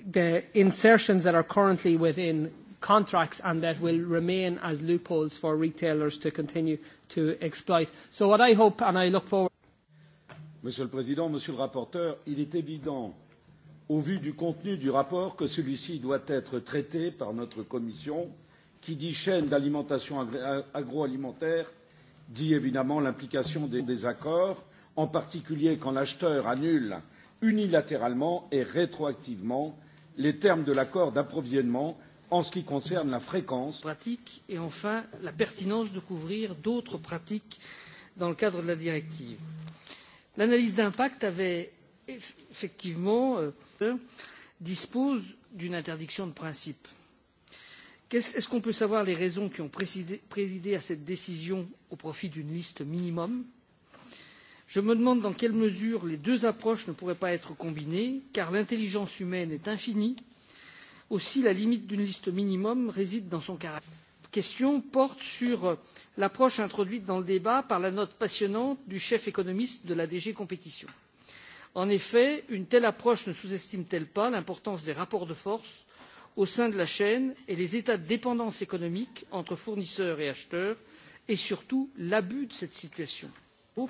the insertions that are currently within contracts and that will remain as loopholes for retailers to continue to exploit. So what I hope and I look forward. Monsieur le Président, Monsieur le rapporteur, il est évident, au vu du contenu du rapport, que celui-ci doit être traité par notre Commission, qui dit chaîne d'alimentation agroalimentaire, dit évidemment l'implication des, des accords, en particulier quand l'acheteur annule unilatéralement et rétroactivement les termes de l'accord d'approvisionnement en ce qui concerne la fréquence. pratique et enfin la pertinence de couvrir d'autres pratiques dans le cadre de la directive. l'analyse d'impact avait effectivement euh, dispose d'une interdiction de principe. Qu est ce, est -ce qu'on peut savoir les raisons qui ont présidé, présidé à cette décision au profit d'une liste minimum? je me demande dans quelle mesure les deux approches ne pourraient pas être combinées car l'intelligence humaine est infinie Aussi, la limite d'une liste minimum réside dans son caractère. La question porte sur euh, l'approche introduite dans le débat par la note passionnante du chef économiste de la DG Compétition. En effet, une telle approche ne sous-estime t elle pas l'importance des rapports de force au sein de la chaîne et les états de dépendance économique entre fournisseurs et acheteurs et surtout l'abus de cette situation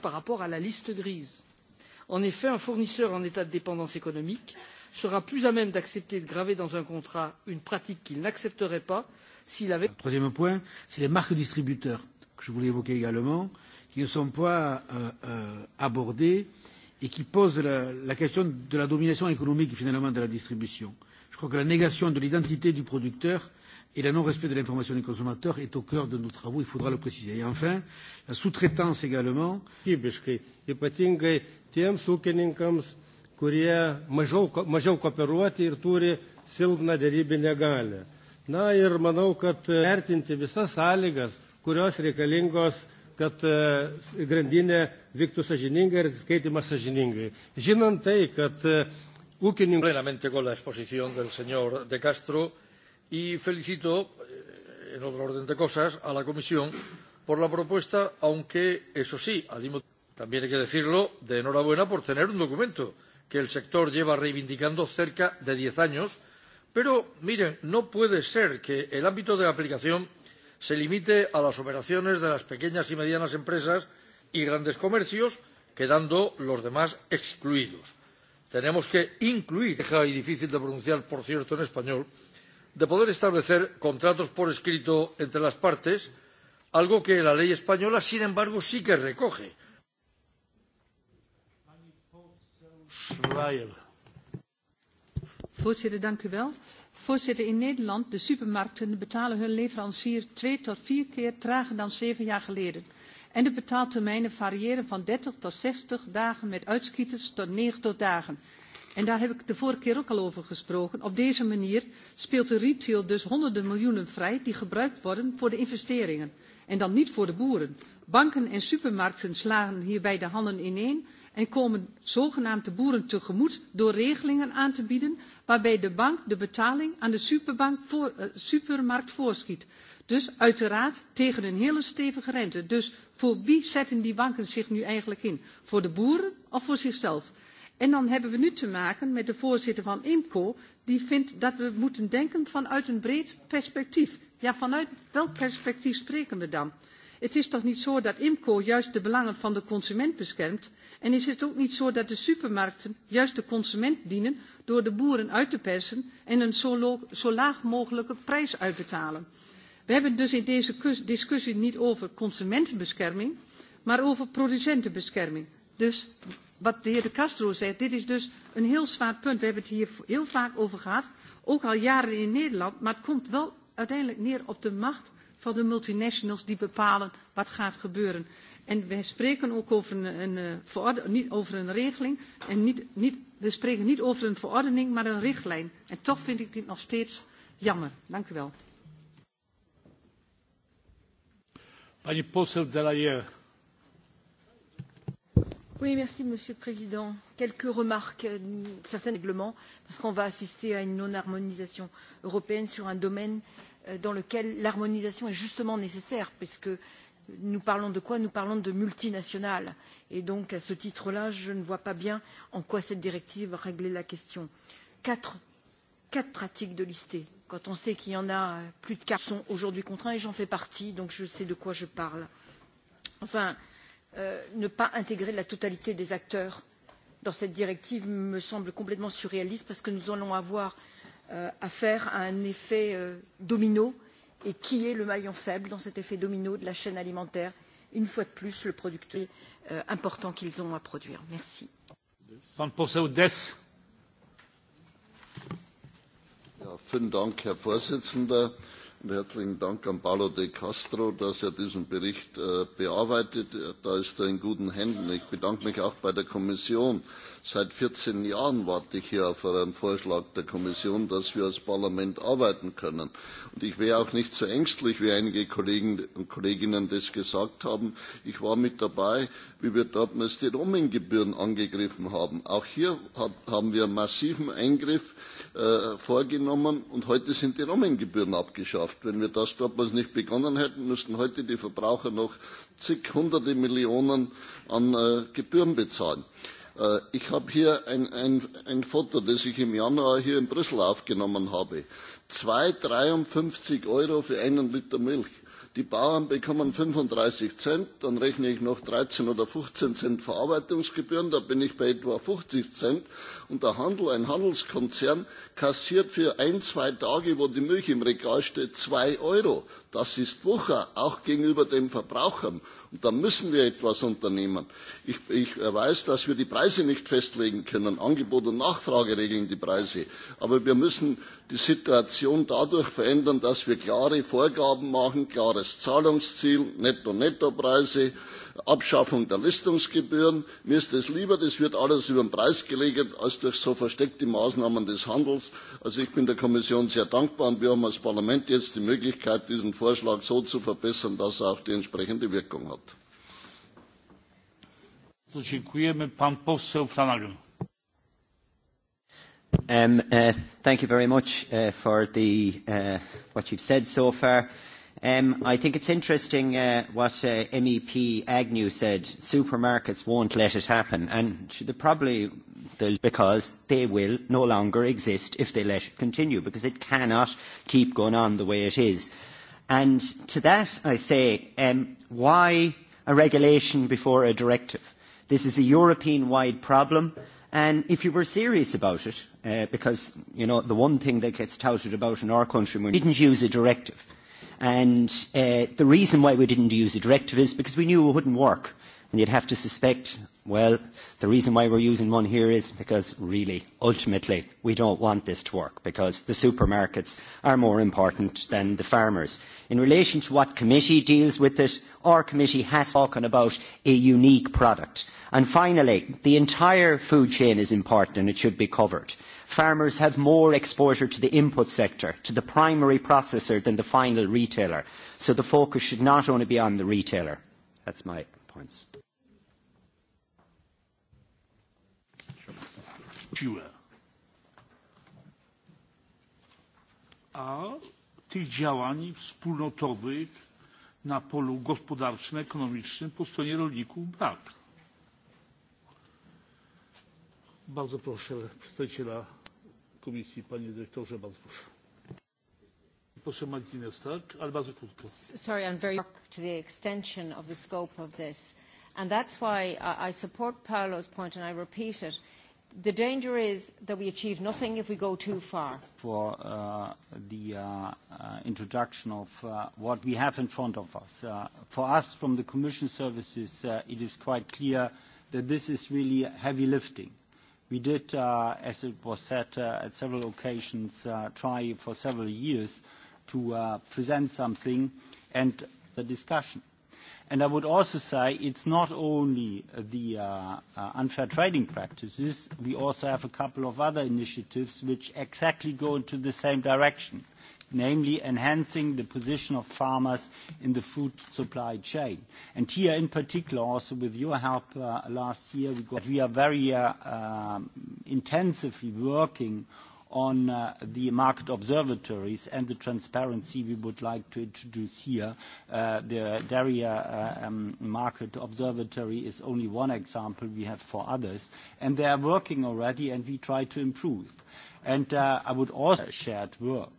par rapport à la liste grise? en effet un fournisseur en état de dépendance économique sera plus à même d'accepter de graver dans un contrat une pratique qu'il n'accepterait pas s'il avait. Troisième point, c'est les marques distributeurs que je voulais évoquer également, qui ne sont pas euh, euh, abordées et qui posent la, la question de la domination économique finalement de la distribution. Je crois que la négation de l'identité du producteur et le non-respect de l'information des consommateurs est au cœur de nos travaux, il faudra le préciser. Et enfin, la sous-traitance également. Ypatingai tiems ūkininkams, kurie mažiau, mažiau kooperuoti ir turi silpną dėrybinę galę. Na ir manau, kad e, vertinti visas sąlygas, kurios reikalingos, kad e, grandinė vyktų sažiningai ir atsiskaitimas sažiningai. Žinant tai, kad e, ūkininkai. Plenamente con la exposición del señor De Castro y felicito, eh, en otro orden de cosas, a la Comisión por la propuesta, aunque, eso sí, al mismo también hay que decirlo, de enhorabuena por tener un documento que el sector lleva reivindicando cerca de diez años pero miren no puede ser que el ámbito de aplicación se limite a las operaciones de las pequeñas y medianas empresas y grandes comercios quedando los demás excluidos. tenemos que incluir compleja y difícil de pronunciar por cierto en español de poder establecer contratos por escrito entre las partes algo que la ley española sin embargo sí que recoge Schreier. Voorzitter, dank u wel. Voorzitter, in Nederland, de supermarkten betalen hun leverancier twee tot vier keer trager dan zeven jaar geleden. En de betaaltermijnen variëren van 30 tot 60 dagen met uitschieters tot 90 dagen. En daar heb ik de vorige keer ook al over gesproken. Op deze manier speelt de retail dus honderden miljoenen vrij die gebruikt worden voor de investeringen. En dan niet voor de boeren. Banken en supermarkten slagen hierbij de handen ineen en komen zogenaamd de boeren tegemoet door regelingen aan te bieden waarbij de bank de betaling aan de voor, uh, supermarkt voorschiet. Dus uiteraard tegen een hele stevige rente. Dus voor wie zetten die banken zich nu eigenlijk in? Voor de boeren of voor zichzelf? En dan hebben we nu te maken met de voorzitter van IMCO, die vindt dat we moeten denken vanuit een breed perspectief. Ja, vanuit welk perspectief spreken we dan? Uh, Het is toch niet zo dat IMCO juist de belangen van de consument beschermt? En is het ook niet zo dat de supermarkten juist de consument dienen door de boeren uit te persen en een zo, zo laag mogelijke prijs uitbetalen? We hebben het dus in deze discussie niet over consumentenbescherming, maar over producentenbescherming. Dus wat de heer De Castro zegt, dit is dus een heel zwaar punt. We hebben het hier heel vaak over gehad, ook al jaren in Nederland, maar het komt wel uiteindelijk neer op de macht van de multinationals die bepalen wat gaat gebeuren. En we spreken ook over een, een, eh, verorde, niet over een regeling. En niet, niet, we spreken niet over een verordening, maar een richtlijn. En toch vind ik dit nog steeds jammer. Dank u wel. Pani poseł Delayer. Oui, merci, Monsieur le Président. Quelques remarques, euh, certains règlements, parce qu'on va assister à une non-harmonisation européenne sur un domaine euh, Euh, dans lequel l'harmonisation est justement nécessaire puisque nous parlons de quoi nous parlons de multinationales et donc à ce titre là je ne vois pas bien en quoi cette directive va régler la question. quatre, quatre pratiques de listées quand on sait qu'il y en a plus de quatre sont aujourd'hui contraints et j'en fais partie donc je sais de quoi je parle. enfin euh, ne pas intégrer la totalité des acteurs dans cette directive me semble complètement surréaliste parce que nous allons avoir euh, euh, affaire à un effet euh, domino et qui est le maillon faible dans cet effet domino de la chaîne alimentaire une fois de plus le producteur euh, important qu'ils ont à produire. Merci. Ja, vielen Dank, Herr Vorsitzender und herzlichen Dank an Paulo de Castro, dass er diesen Bericht äh, bearbeitet. Da ist er in guten Händen. Ich bedanke mich auch bei der Kommission. Seit 14 Jahren warte ich hier auf einen Vorschlag der Kommission, dass wir als Parlament arbeiten können. Und ich wäre auch nicht so ängstlich, wie einige Kollegen und Kolleginnen das gesagt haben. Ich war mit dabei, wie wir damals die Roaminggebühren angegriffen haben. Auch hier hat, haben wir einen massiven Eingriff äh, vorgenommen und heute sind die Roaminggebühren abgeschafft Wirtschaft. Wenn wir das damals nicht begonnen hätten, müssten heute die Verbraucher noch zig hunderte Millionen an äh, Gebühren bezahlen. Äh, ich habe hier ein, ein, ein Foto, das ich im Januar hier in Brüssel aufgenommen habe. 2,53 Euro für einen Liter Milch Die Bauern bekommen 35 Cent, dann rechne ich noch 13 oder 15 Cent Verarbeitungsgebühren, da bin ich bei etwa 50 Cent. Und der Handel, ein Handelskonzern, kassiert für ein, zwei Tage, wo die Milch im Regal steht, 2 Euro. Das ist Wucher, auch gegenüber den Verbrauchern. Und da müssen wir etwas unternehmen. Ich, ich weiß, dass wir die Preise nicht festlegen können. Angebot und Nachfrage regeln die Preise. Aber wir müssen die Situation dadurch verändern, dass wir klare Vorgaben machen, klares Zahlungsziel, Netto-Netto-Preise. netto netto preise Abschaffung der Listungsgebühren. Mir ist es lieber, das wird alles über den Preis gelegt, als durch so versteckte Maßnahmen des Handels. Also ich bin der Kommission sehr dankbar und wir haben als Parlament jetzt die Möglichkeit, diesen Vorschlag so zu verbessern, dass er auch die entsprechende Wirkung hat. So, dziękujemy. Pan poseł Flanagan. Um, uh, thank you very much uh, for the, uh, what you've said so far. Um, I think it's interesting uh, what uh, MEP Agnew said. Supermarkets won't let it happen, and the probably the, because they will no longer exist if they let it continue, because it cannot keep going on the way it is. And to that I say, um, why a regulation before a directive? This is a European-wide problem, and if you were serious about it, uh, because you know the one thing that gets touted about in our country, we didn't use a directive. Uh, And uh, the reason why we didn't use a directive is because we knew it wouldn't work. And you'd have to suspect, well, the reason why we're using one here is because really, ultimately, we don't want this to work because the supermarkets are more important than the farmers. In relation to what committee deals with it, our committee has talking about a unique product. And finally, the entire food chain is important and it should be covered farmers have more exposure to the input sector, to the primary processor than the final retailer. So the focus should not only be on the retailer. That's my points. Siłę. A tych działań wspólnotowych na polu gospodarczym, ekonomicznym po stronie rolników brak. Bardzo proszę przedstawiciela komisji. Panie dyrektorze, bardzo proszę. Proszę Martinez, tak? Ale bardzo krótko. Sorry, I'm very to the extension of the scope of this. And that's why I, I support Paolo's point and I repeat it. The danger is that we achieve nothing if we go too far. For uh, the uh, uh, introduction of uh, what we have in front of us. Uh, for us, from the Commission services, uh, it is quite clear that this is really heavy lifting. We did, uh, as it was said uh, at several occasions, uh, try for several years to uh, present something and the discussion. And I would also say it's not only the uh, uh, unfair trading practices, we also have a couple of other initiatives which exactly go into the same direction namely enhancing the position of farmers in the food supply chain. And here, in particular, also with your help uh, last year, we, got, we are very uh, um, intensively working on uh, the market observatories and the transparency we would like to introduce here. Uh, the dairy uh, um, market observatory is only one example. We have four others, and they are working already, and we try to improve. And, uh, I would also shared work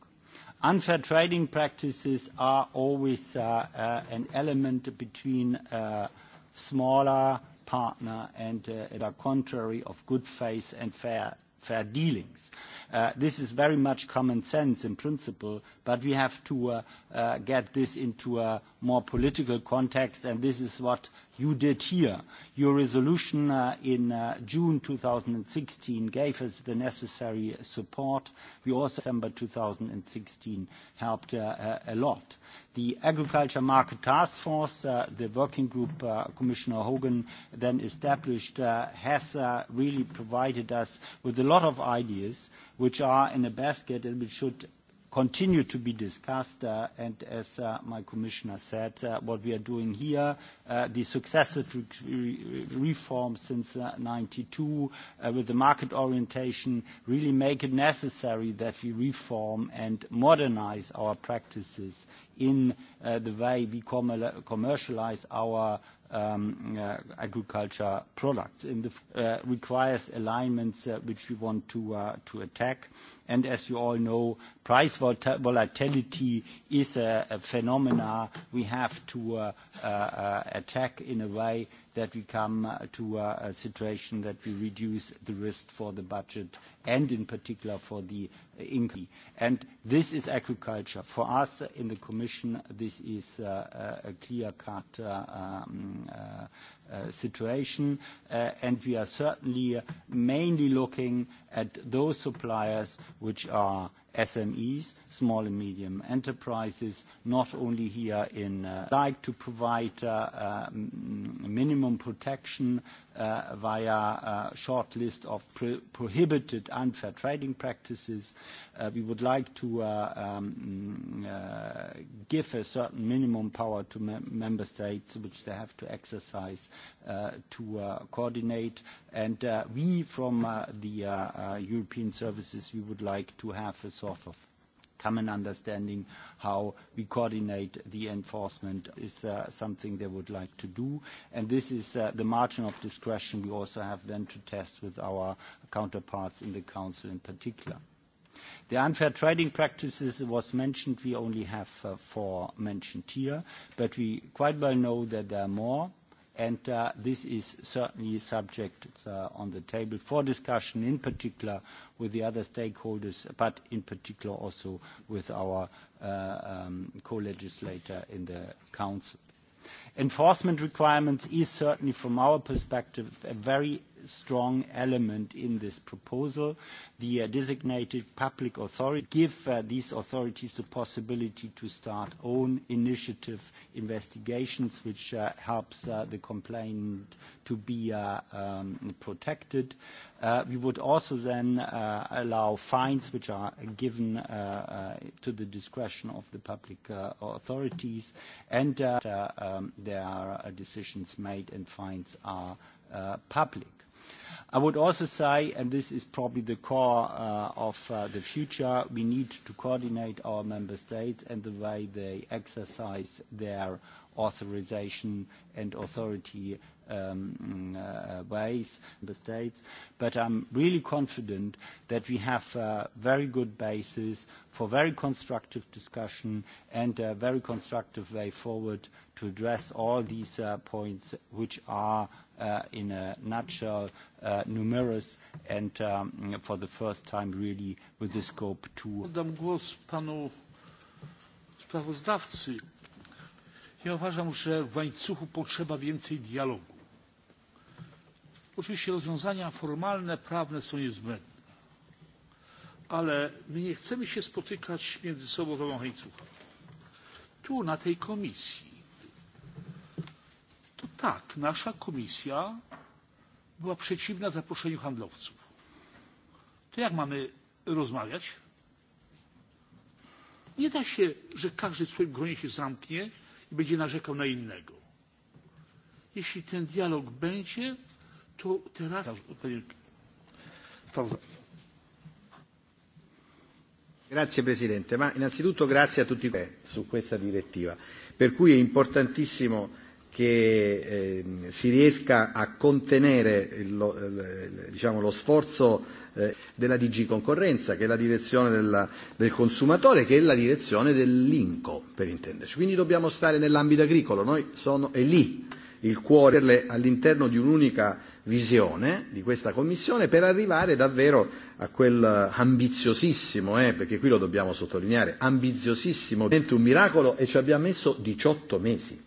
Unfair trading practices are always uh, uh, an element between uh, smaller partner and uh, at a contrary of good faith and fair, fair dealings. Uh, this is very much common sense in principle, but we have to uh, get this into a more political context, and this is what you did here. Your resolution uh, in uh, June 2016 gave us the necessary support. We also, December 2016, helped uh, uh, a lot. The Agriculture Market Task Force, uh, the working group uh, Commissioner Hogan then established, has really provided us with a lot of ideas which are in a basket and which should continue to be discussed. Uh, and as uh, my commissioner said, uh, what we are doing here, uh, the successive re re reforms since 1992 uh, uh, with the market orientation really make it necessary that we reform and modernize our practices in the way we com commercialize our Um, uh, agriculture products. It uh, requires alignments uh, which we want to, to attack. And as you all know, price volatility is a, a phenomena we have to uh, uh, attack in a way that we come uh, to a, a situation that we reduce the risk for the budget and in particular for the income. And this is agriculture. For us in the Commission, this is uh, uh, a clear-cut uh, um, situation. And we are certainly mainly looking at those suppliers which are SMEs, small and medium enterprises, not only here in uh, like to provide uh, uh, minimum protection uh, via a uh, short list of pro prohibited unfair trading practices. Uh, we would like to uh, um, mm, uh, give a certain minimum power to me member states, which they have to exercise uh, to uh, coordinate. And uh, we, from uh, the uh, uh, European services, we would like to have a sort of common understanding how we coordinate the enforcement is uh, something they would like to do. And this is uh, the margin of discretion we also have then to test with our counterparts in the Council in particular. The unfair trading practices was mentioned. We only have uh, four mentioned here, but we quite well know that there are more and uh, this is certainly subject uh, on the table for discussion, in particular with the other stakeholders, but in particular also with our uh, um, co-legislator in the council. Enforcement requirements is certainly, from our perspective, a very strong element in this proposal. The uh, designated public authority give uh, these authorities the possibility to start own initiative investigations, which uh, helps uh, the complainant to be uh, um, protected. Uh, we would also then uh, allow fines, which are given uh, uh, to the discretion of the public uh, authorities, and uh, um, there are uh, decisions made and fines are uh, public. I would also say, and this is probably the core uh, of uh, the future, we need to coordinate our member states and the way they exercise their authorization and authority um, mm, uh, ways, the states. But I'm really confident that we have a uh, very good basis for very constructive discussion and a very constructive way forward to address all these uh, points, which are uh, in a nutshell, uh, numerous and um, for the first time really with the scope to. Oddam głos panu sprawozdawcy. Ja uważam, że w łańcuchu potrzeba więcej dialogu. Oczywiście rozwiązania formalne, prawne są niezbędne, ale my nie chcemy się spotykać między sobą w ramach łańcucha. Tu, na tej komisji, tak, nasza komisja była przeciwna zaproszeniu handlowców. To jak mamy rozmawiać? Nie da się, że każdy w swoim gronie się zamknie i będzie narzekał na innego. Jeśli ten dialog będzie, to teraz Grazie Presidente, ma innanzitutto grazie a tutti su questa direttiva, per cui è importantissimo che eh, si riesca a contenere lo, eh, diciamo, lo sforzo eh, della DG Concorrenza, che è la direzione della, del consumatore, che è la direzione dell'INCO, per intenderci. Quindi dobbiamo stare nell'ambito agricolo, noi sono, è lì il cuore all'interno di un'unica visione di questa Commissione per arrivare davvero a quel ambiziosissimo, eh, perché qui lo dobbiamo sottolineare, ambiziosissimo, un miracolo e ci abbiamo messo 18 mesi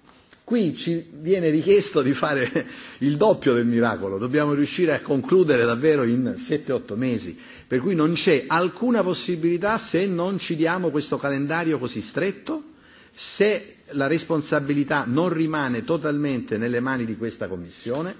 Qui ci viene richiesto di fare il doppio del miracolo, dobbiamo riuscire a concludere davvero in 7-8 mesi, per cui non c'è alcuna possibilità se non ci diamo questo calendario così stretto, se la responsabilità non rimane totalmente nelle mani di questa Commissione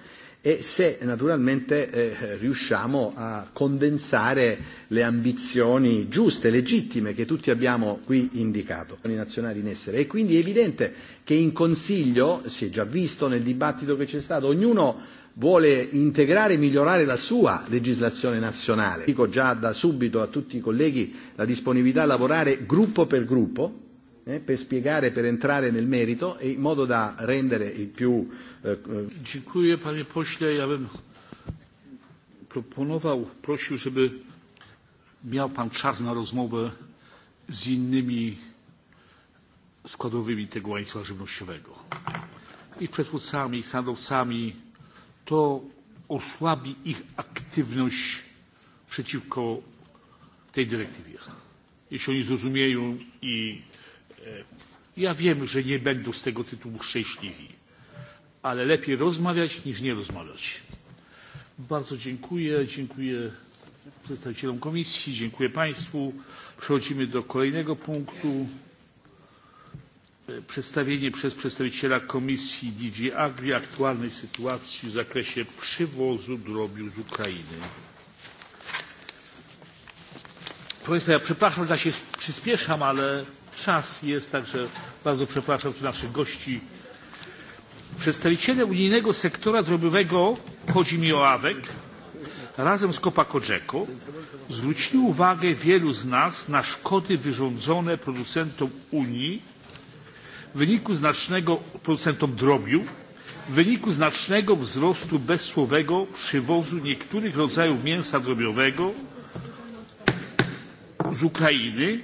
e se naturalmente eh, riusciamo a condensare le ambizioni giuste, legittime che tutti abbiamo qui indicato, i nazionali in essere. E quindi è evidente che in Consiglio, si è già visto nel dibattito che c'è stato, ognuno vuole integrare e migliorare la sua legislazione nazionale. Dico già da subito a tutti i colleghi la disponibilità a lavorare gruppo per gruppo, eh, per spiegare, per entrare nel merito e in modo da rendere il più... Eh, eh, Dziękuję panie pośle, ja bym proponował, prosił, żeby miał pan czas na rozmowę z innymi składowymi tego łańcucha żywnościowego i przetwórcami, i handlowcami, to osłabi ich aktywność przeciwko tej dyrektywie. Jeśli oni zrozumieją i E, ja wiem że nie będą z tego tytułu szczęśliwi ale lepiej rozmawiać niż nie rozmawiać. bardzo dziękuję dziękuję przedstawicielom komisji dziękuję państwu. przechodzimy do kolejnego punktu e, przedstawienie przez przedstawiciela komisji dg agri aktualnej sytuacji w zakresie przywozu drobiu z ukrainy. proszę państwa ja przepraszam że ja się przyspieszam ale czas jest, także bardzo przepraszam tu naszych gości. Przedstawiciele unijnego sektora drobowego, chodzi mi o AWEC, razem z Copa Cogeco zwrócili uwagę wielu z nas na szkody wyrządzone producentom Unii w wyniku znacznego producentom drobiu w wyniku znacznego wzrostu bezcłowego przywozu niektórych rodzajów mięsa drobiowego z Ukrainy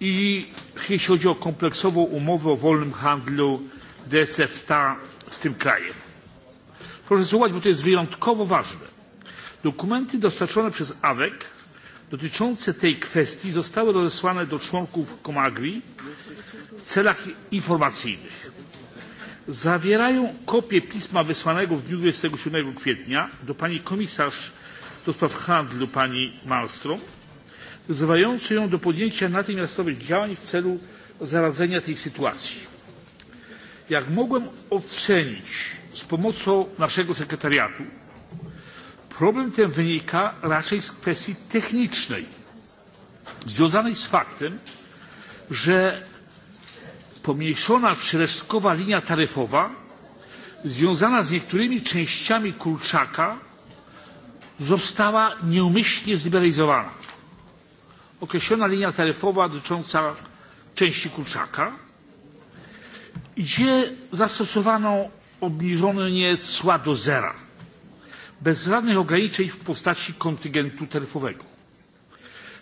i jeśli chodzi o kompleksową umowę o wolnym handlu dcfta z tym krajem. proszę słuchać bo to jest wyjątkowo ważne. dokumenty dostarczone przez awec dotyczące tej kwestii zostały rozesłane do członków comagri w celach informacyjnych. zawierają kopię pisma wysłanego w dniu dwadzieścia siedem kwietnia do pani komisarz do spraw handlu pani malmstrm wzywający ją do podjęcia natychmiastowych działań w celu zaradzenia tej sytuacji. jak mogłem ocenić z pomocą naszego sekretariatu problem ten wynika raczej z kwestii technicznej związanej z faktem że pomniejszona czy resztkowa linia taryfowa związana z niektórymi częściami kurczaka została nieumyślnie zliberalizowana określona linia taryfowa dotycząca części kurczaka gdzie zastosowano obniżenie cła do zera bez żadnych ograniczeń w postaci kontyngentu taryfowego.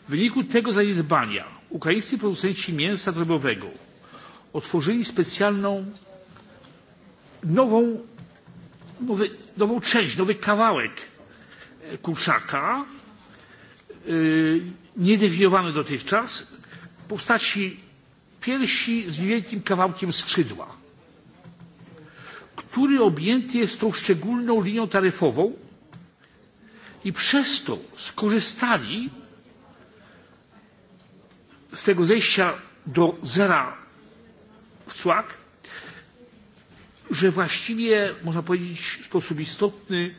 w wyniku tego zaniedbania ukraińscy producenci mięsa drobiowego otworzyli specjalną nową, nowy, nową część nowy kawałek kurczaka niedefiniowany dotychczas w postaci piersi z niewielkim kawałkiem skrzydła który objęty jest tą szczególną linią taryfową i przez to skorzystali z tego zejścia do zera w cłach, że właściwie można powiedzieć w sposób istotny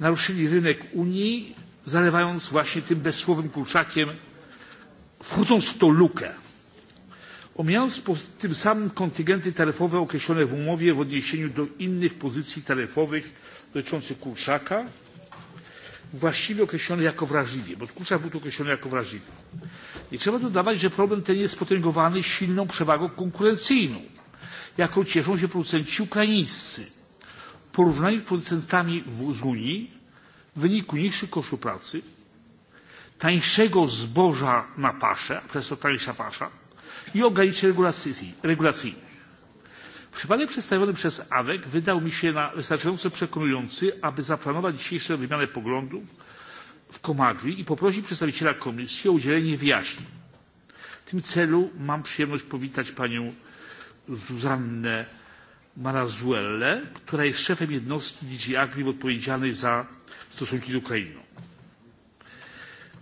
naruszyli rynek Unii, zalewając właśnie tym bezsłowym kurczakiem wchodząc w tą lukę omijając tym samym kontyngenty taryfowe określone w umowie w odniesieniu do innych pozycji taryfowych dotyczących kurczaka właściwie określonych jako wrażliwie bo kurczak był tu określony jako wrażliwy. nie trzeba dodawać że problem ten jest potęgowany silną przewagą konkurencyjną jaką cieszą się producenci ukraińscy w porównaniu z producentami z unii w wyniku niższych kosztów pracy, tańszego zboża na paszę, a przez to tańsza pasza i ograniczeń regulacyjnych. Przypadek przedstawiony przez AWEC wydał mi się na wystarczająco przekonujący, aby zaplanować dzisiejszą wymianę poglądów w Komagri i poprosić przedstawiciela komisji o udzielenie wyjaśnień. W tym celu mam przyjemność powitać panią Zuzannę Marazuelle, która jest szefem jednostki DG Agri odpowiedzialnej za stosunki z Ukrainą.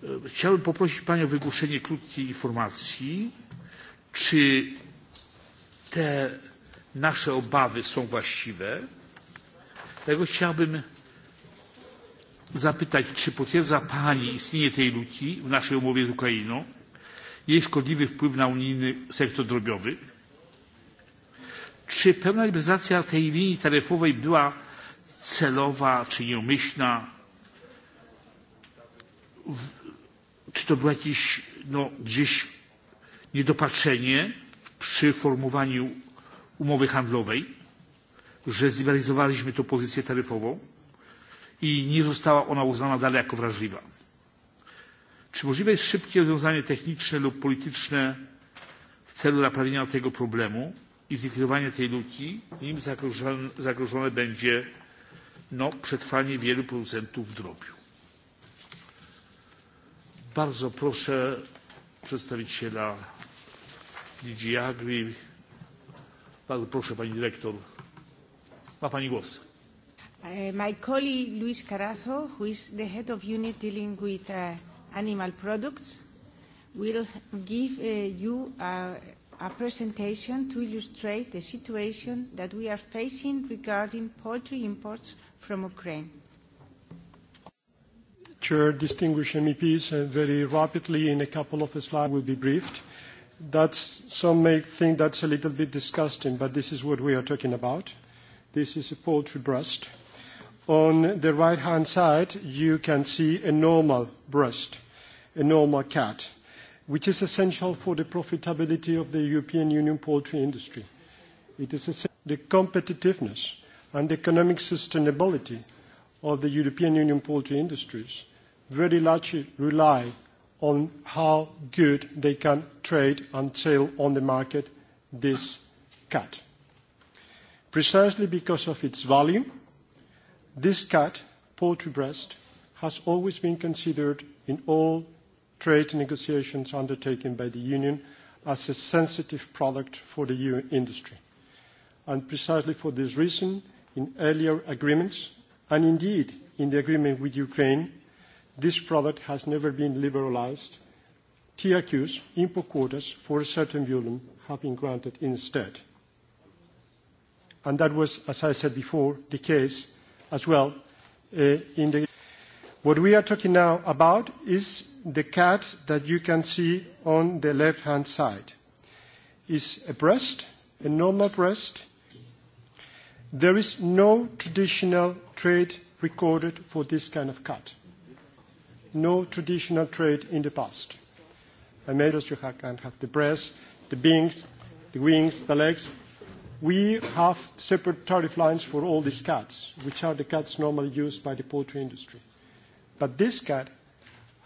E, chciałbym poprosić Panią o wygłoszenie krótkiej informacji, czy te nasze obawy są właściwe. Dlatego chciałbym zapytać, czy potwierdza Pani istnienie tej luki w naszej umowie z Ukrainą, jej szkodliwy wpływ na unijny sektor drobiowy? Czy pełna liberalizacja tej linii taryfowej była celowa czy nieumyślna? czy to było jakieś no, gdzieś niedopatrzenie przy formułowaniu umowy handlowej, że zliberalizowaliśmy tę pozycję taryfową i nie została ona uznana dalej jako wrażliwa. Czy możliwe jest szybkie rozwiązanie techniczne lub polityczne w celu naprawienia tego problemu i zlikwidowania tej luki, nim zagrożone, zagrożone będzie no, przetrwanie wielu producentów w drobiu? Bardzo proszę przedstawiciela DG Agri. Bardzo proszę pani dyrektor. Ma pani głos. Uh, my colleague Luis Carazo, who is the head of unit dealing with uh, animal products, will give uh, you a, a presentation to illustrate the situation that we are facing regarding poultry imports from Ukraine. Chair, distinguished MEPs, and uh, very rapidly in a couple of slides will be briefed. That's, some may think that's a little bit disgusting, but this is what we are talking about. This is a poultry breast. On the right-hand side, you can see a normal breast, a normal cat, which is essential for the profitability of the European Union poultry industry. It is the competitiveness and economic sustainability of the European Union poultry industries very largely rely on how good they can trade and sell on the market this cat. Precisely because of its value, this cat, poultry breast, has always been considered in all trade negotiations undertaken by the union as a sensitive product for the EU industry. And precisely for this reason, in earlier agreements, and indeed in the agreement with Ukraine, This product has never been liberalized. TRQs, import quotas for a certain volume, have been granted instead. And that was, as I said before, the case as well uh, in the. What we are talking now about is the cat that you can see on the left-hand side. It's a breast, a normal breast. There is no traditional trade recorded for this kind of cat no traditional trade in the past. And medals, you have, can have the breast, the wings, the wings, the legs. We have separate tariff lines for all these cuts, which are the cuts normally used by the poultry industry. But this cut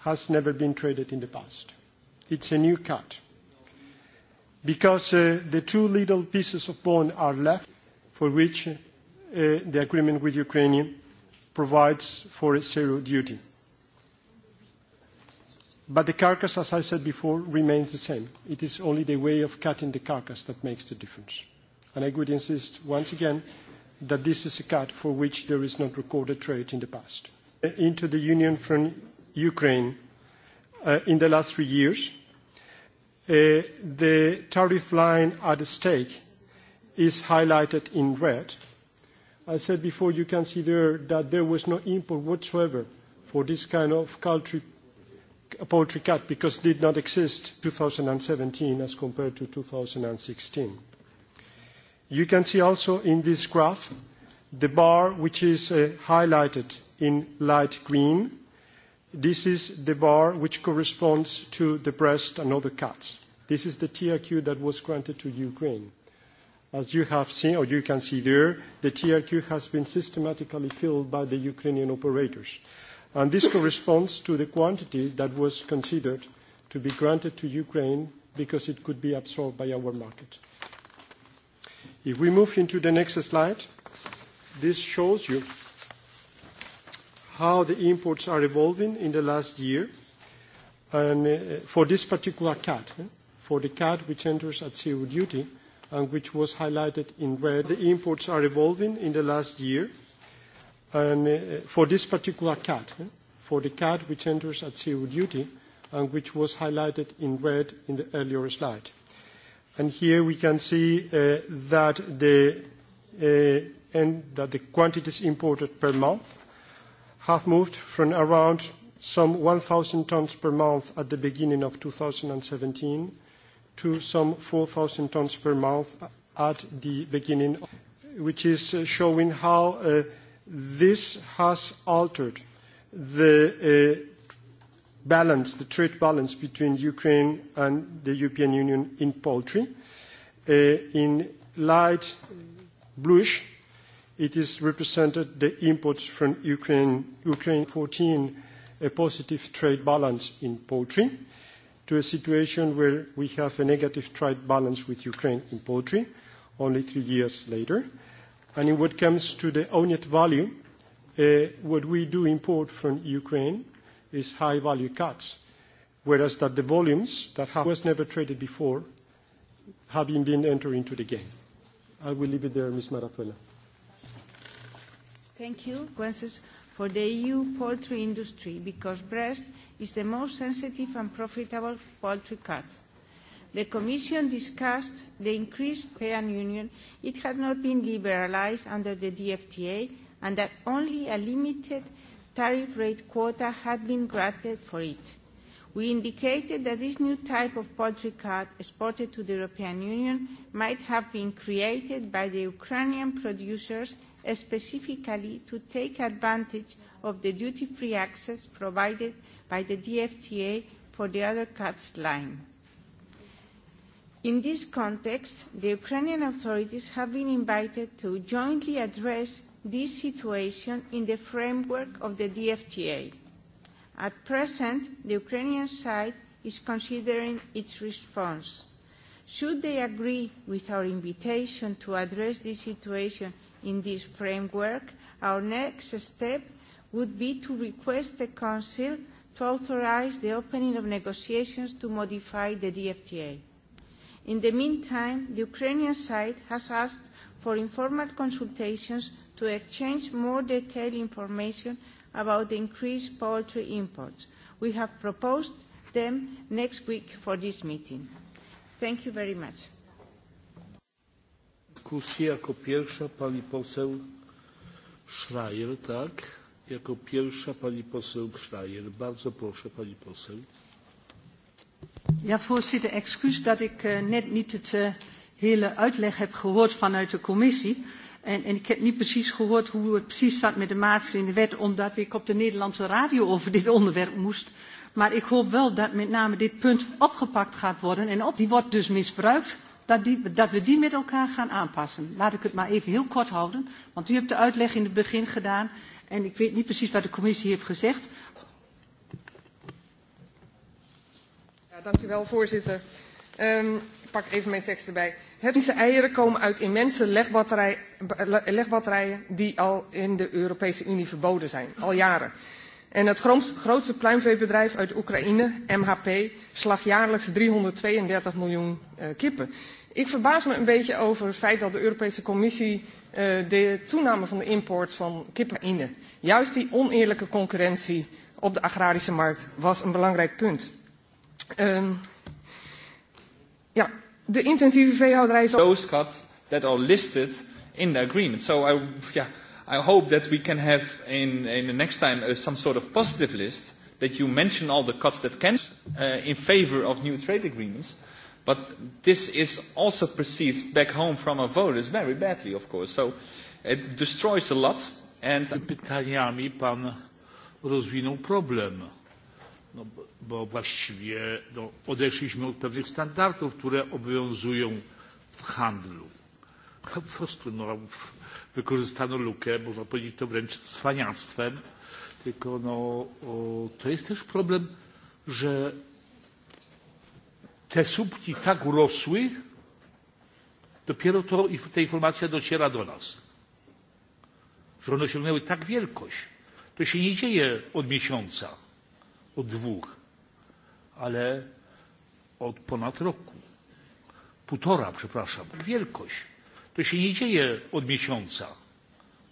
has never been traded in the past. It's a new cut. Because uh, the two little pieces of bone are left for which uh, the agreement with Ukraine provides for a zero duty. But the carcass, as I said before, remains the same. It is only the way of cutting the carcass that makes the difference. And I would insist once again that this is a cut for which there is not recorded trade in the past. Uh, into the Union from Ukraine uh, in the last three years, uh, the tariff line at stake is highlighted in red. I said before, you can see there that there was no import whatsoever for this kind of country poultry cut because it did not exist 2017 as compared to 2016. You can see also in this graph the bar which is uh, highlighted in light green. This is the bar which corresponds to the breast and other cuts. This is the TRQ that was granted to Ukraine. As you have seen, or you can see there, the TRQ has been systematically filled by the Ukrainian operators and this corresponds to the quantity that was considered to be granted to Ukraine because it could be absorbed by our market. If we move into the next slide, this shows you how the imports are evolving in the last year, and uh, for this particular cat, eh? for the cat which enters at zero duty and which was highlighted in red. The imports are evolving in the last year, and um, uh, for this particular cat, eh? for the cat which enters at zero duty and which was highlighted in red in the earlier slide. And here we can see uh, that, the, uh, and that the quantities imported per month have moved from around some 1,000 tons per month at the beginning of 2017 to some 4,000 tons per month at the beginning, which is showing how uh, This has altered the uh, balance, the trade balance between Ukraine and the European Union in poultry. Uh, in light bluish, it is represented the imports from Ukraine, Ukraine 14, a positive trade balance in poultry, to a situation where we have a negative trade balance with Ukraine in poultry only three years later. Uh, And in what comes to the own-net value, uh, what we do import from Ukraine is high-value cuts, whereas that the volumes that have, was never traded before have been entering into the game. I will leave it there, Ms. Marafella. Thank you, Guences, for the EU poultry industry, because breast is the most sensitive and profitable poultry cut The Commission discussed the increased payan union. It had not been liberalized under the DFTA and that only a limited tariff rate quota had been granted for it. We indicated that this new type of poultry cut exported to the European Union might have been created by the Ukrainian producers specifically to take advantage of the duty-free access provided by the DFTA for the other cuts line. In this context, the Ukrainian authorities have been invited to jointly address this situation in the framework of the DFTA. At present, the Ukrainian side is considering its response. Should they agree with our invitation to address this situation in this framework, our next step would be to request the Council to authorize the opening of negotiations to modify the DFTA. In the meantime, the Ukrainian side has asked for informal consultations to exchange more detailed information about the increased poultry imports. We have proposed them next week for this meeting. Thank you very much. Dyskusję jako pierwsza pani poseł Schreier, tak? Jako pierwsza pani poseł Schreier. Bardzo proszę pani poseł. Ja, voorzitter, excuus dat ik uh, net niet het uh, hele uitleg heb gehoord vanuit de commissie. En, en ik heb niet precies gehoord hoe het precies zat met de maatregelen in de wet, omdat ik op de Nederlandse radio over dit onderwerp moest. Maar ik hoop wel dat met name dit punt opgepakt gaat worden. En op, die wordt dus misbruikt, dat, die, dat we die met elkaar gaan aanpassen. Laat ik het maar even heel kort houden, want u hebt de uitleg in het begin gedaan. En ik weet niet precies wat de commissie heeft gezegd. Dank u wel, voorzitter. Um, ik pak even mijn tekst erbij. Hetnische eieren komen uit immense legbatterij, legbatterijen die al in de Europese Unie verboden zijn, al jaren. En het grootste pluimveebedrijf uit Oekraïne, MHP, slacht jaarlijks 332 miljoen uh, kippen. Ik verbaas me een beetje over het feit dat de Europese Commissie uh, de toename van de import van kippen... Juist die oneerlijke concurrentie op de agrarische markt was een belangrijk punt. Um, ehm, yeah, the intensieve veehouderij is... Those cuts that are listed in the agreement. So I, yeah, I hope that we can have in, in the next time uh, some sort of positive list that you mention all the cuts that can uh, in favor of new trade agreements. But this is also perceived back home from our voters very badly, of course. So it destroys a lot. And pytaniami pan rozwinął problem no bo, bo właściwie no, odeszliśmy od pewnych standardów, które obowiązują w handlu. Po prostu no, wykorzystano lukę, można powiedzieć to wręcz cwaniactwem, tylko no, o, to jest też problem, że te słupki tak urosły, dopiero to, i ta informacja dociera do nas, że one osiągnęły tak wielkość. To się nie dzieje od miesiąca od dwóch, ale od ponad roku. Półtora, przepraszam, wielkość. To się nie dzieje od miesiąca,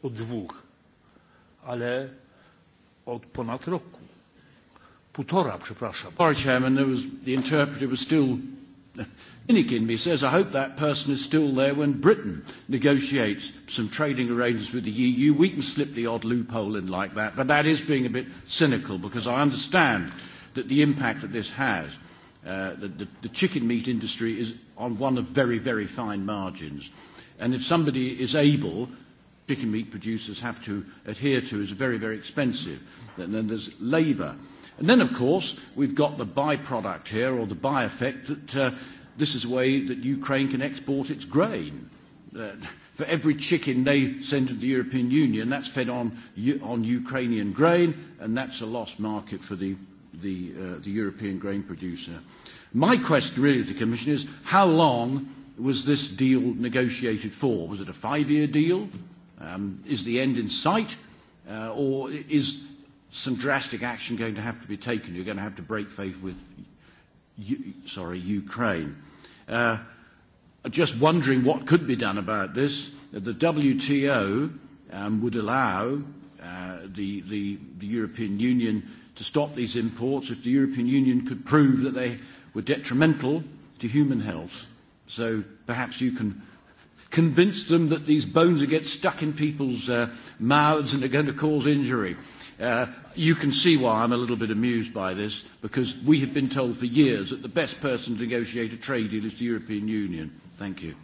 od dwóch, ale od ponad roku. Półtora, przepraszam. Sorry, Chairman, was, the interpreter was still Inikin says, I hope that person is still there when Britain negotiates some trading arrangements with the EU. We can slip the odd loophole in like that, but that is being a bit cynical because I understand that the impact that this has. Uh, the, the, the chicken meat industry is on one of very, very fine margins. And if somebody is able, chicken meat producers have to adhere to is very, very expensive. And then there's labour. Uh, And then, of course, we've got the byproduct here, or the by effect, that uh, this is a way that Ukraine can export its grain. Uh, for every chicken they send to the European Union, that's fed on, on Ukrainian grain, and that's a lost market for the, the, uh, the European grain producer. My question really to the Commission is, how long was this deal negotiated for? Was it a five-year deal? Um, is the end in sight? Uh, or is some drastic action going to have to be taken. You're going to have to break faith with, U- sorry, Ukraine. Uh, just wondering what could be done about this. The WTO um, would allow uh, the, the, the European Union to stop these imports if the European Union could prove that they were detrimental to human health. So perhaps you can convince them that these bones are get stuck in people's uh, mouths and are going to cause injury. Uh, Uh, you can see why I'm a little bit amused by this, because we have been told for years that the best person to negotiate a trade deal is the European Union. Thank you.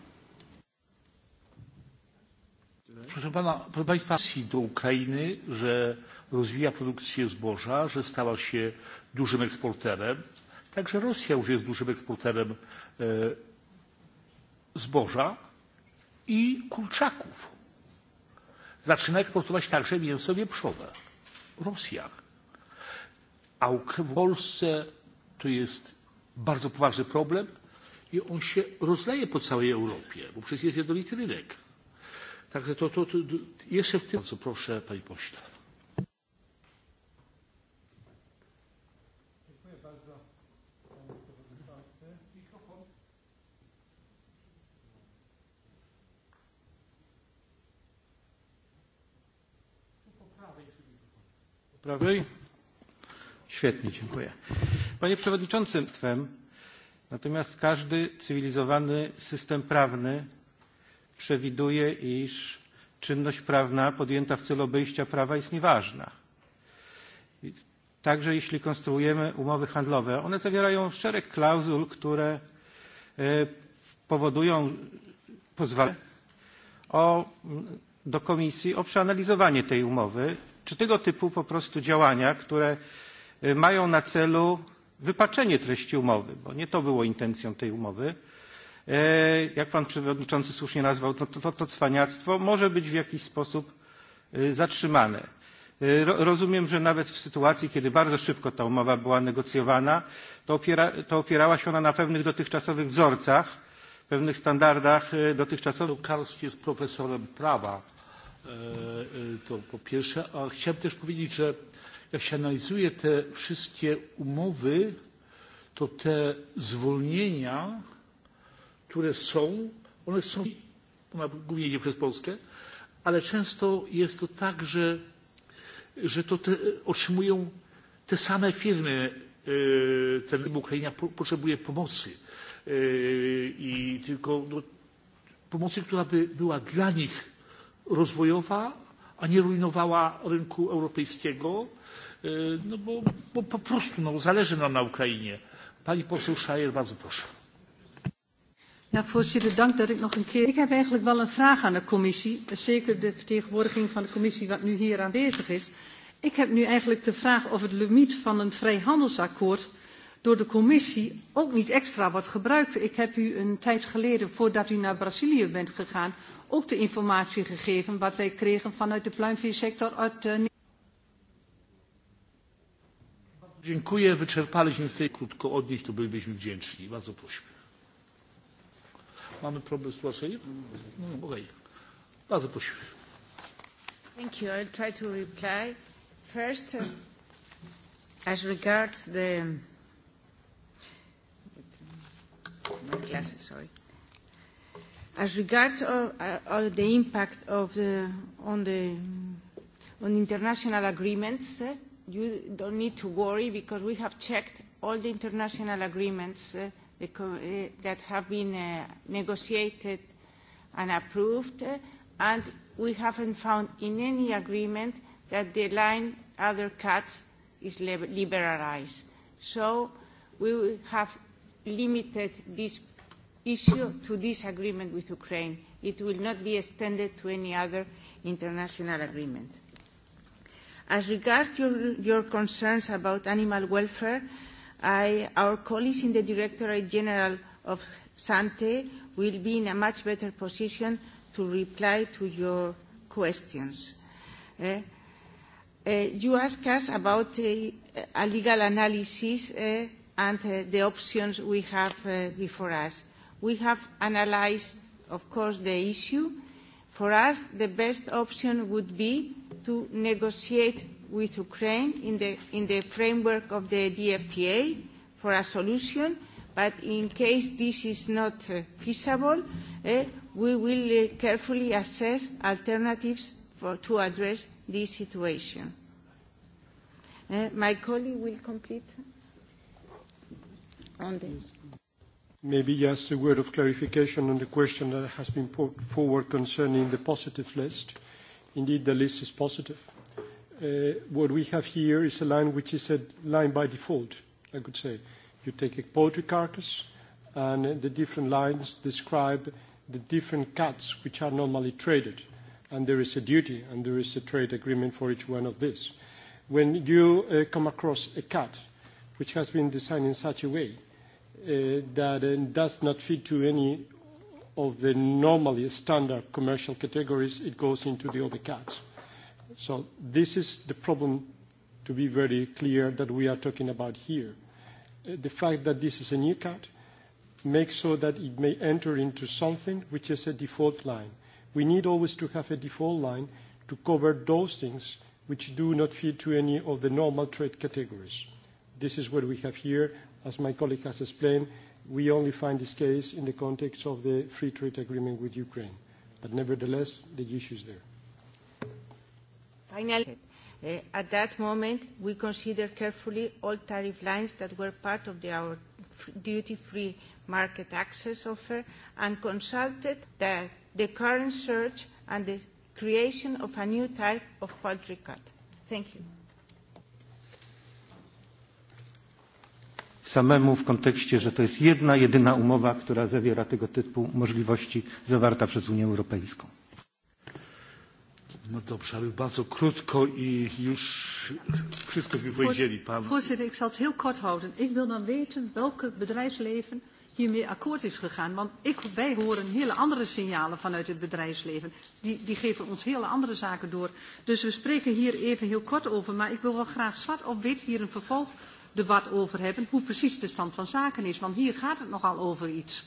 Proszę pana, proszę państwa, do Ukrainy, że rozwija produkcję zboża, że stała się dużym eksporterem. Także Rosja już jest dużym eksporterem e, zboża i kurczaków. Zaczyna eksportować także mięso wieprzowe. Rosjan. A w Polsce to jest bardzo poważny problem i on się rozleje po całej Europie, bo przecież jest jednolity rynek. Także to, to, to jeszcze w tym, co proszę, panie pośle. prawej? Świetnie, dziękuję. Panie Przewodniczący, natomiast każdy cywilizowany system prawny przewiduje, iż czynność prawna podjęta w celu obejścia prawa jest nieważna. Także jeśli konstruujemy umowy handlowe, one zawierają szereg klauzul, które e, powodują, pozwalają do Komisji o przeanalizowanie tej umowy czy tego typu po prostu działania, które mają na celu wypaczenie treści umowy, bo nie to było intencją tej umowy. E, jak pan przewodniczący słusznie nazwał, to, to, to, to cwaniactwo może być w jakiś sposób zatrzymane. E, rozumiem, że nawet w sytuacji, kiedy bardzo szybko ta umowa była negocjowana, to, opiera, to opierała się ona na pewnych dotychczasowych wzorcach, pewnych standardach e, dotychczasowych. Karski jest profesorem prawa, E, e, to po pierwsze. A chciałem też powiedzieć, że jak się analizuje te wszystkie umowy, to te zwolnienia, które są, one są głównie idzie przez Polskę, ale często jest to tak, że, że to te, otrzymują te same firmy, yy, e, ten Ukraina po, potrzebuje pomocy yy, i tylko no, pomocy, która by była dla nich rozwojowa, a nie rujnowała rynku europejskiego, e, no bo, bo po prostu no, zależy nam na Ukrainie. Pani poseł Szajer, bardzo proszę. Ja, voorzitter, dank dat ik nog een keer. Ik heb eigenlijk wel een vraag aan de commissie, zeker de vertegenwoordiging van de commissie wat nu hier aanwezig is. Ik heb nu eigenlijk de vraag of het limiet van een vrijhandelsakkoord door de commissie ook niet extra wordt gebruikt. Ik heb u een tijd geleden, voordat u naar Brazilië bent gegaan, ook de informatie gegeven wat wij kregen vanuit de pluimveesector uit. Uh... Dziękuję. Wyczerpaliśmy tutaj krótko. Odnieść to bylibyśmy wdzięczni. Bardzo prosimy. Mamy problem z tłumaczeniem? No, mm, okej. Okay. Bardzo prosimy. Thank you. I'll try to reply. First, uh, as regards the not classes, sorry. As regards of, uh, of the impact of the, on the on international agreements, uh, you don't need to worry because we have checked all the international agreements uh, the co- uh, that have been uh, negotiated and approved, uh, and we haven't found in any agreement that the line other cuts is liberalized. So we have limited this issue to this agreement with Ukraine. It will not be extended to any other international agreement. As regards your, your concerns about animal welfare, I, our colleagues in the Directorate General of Sante will be in a much better position to reply to your questions. Uh, uh, you asked us about uh, a legal analysis uh, and uh, the options we have uh, before us. We have analyzed, of course, the issue. For us, the best option would be to negotiate with Ukraine in the, in the framework of the DFTA for a solution, but in case this is not uh, feasible, uh, we will uh, carefully assess alternatives for, to address this situation. Uh, my colleague will complete on this. Maybe just a word of clarification on the question that has been put forward concerning the positive list. Indeed, the list is positive. Uh, what we have here is a line which is a line by default, I could say. You take a poultry carcass, and the different lines describe the different cuts which are normally traded, and there is a duty, and there is a trade agreement for each one of these. When you uh, come across a cut which has been designed in such a way Uh, that uh, does not fit to any of the normally standard commercial categories, it goes into the other cats. So this is the problem, to be very clear, that we are talking about here. Uh, the fact that this is a new cat makes so that it may enter into something which is a default line. We need always to have a default line to cover those things which do not fit to any of the normal trade categories. This is what we have here, as my colleague has explained, we only find this case in the context of the free trade agreement with Ukraine. But nevertheless, the issue is there. Finally, uh, at that moment, we considered carefully all tariff lines that were part of the, our duty-free market access offer and consulted the, the current search and the creation of a new type of poultry cut. Thank you. samemu w kontekście, że to jest jedna, jedyna umowa, która zawiera tego typu możliwości zawarta przez Unię Europejską. No dobrze, ale bardzo krótko i już wszystko mi powiedzieli pan. Voorzitter, ik zal het heel kort houden. Ik wil dan weten welke bedrijfsleven hiermee akkoord is gegaan. Want ik, wij horen hele andere signalen vanuit het bedrijfsleven. Die, die geven ons hele andere zaken door. Dus we spreken hier even heel kort over. Maar ik wil wel graag zwart op wit hier een vervolg debat over hebben, hoe precies de stand van zaken is. Want hier gaat het nogal over iets.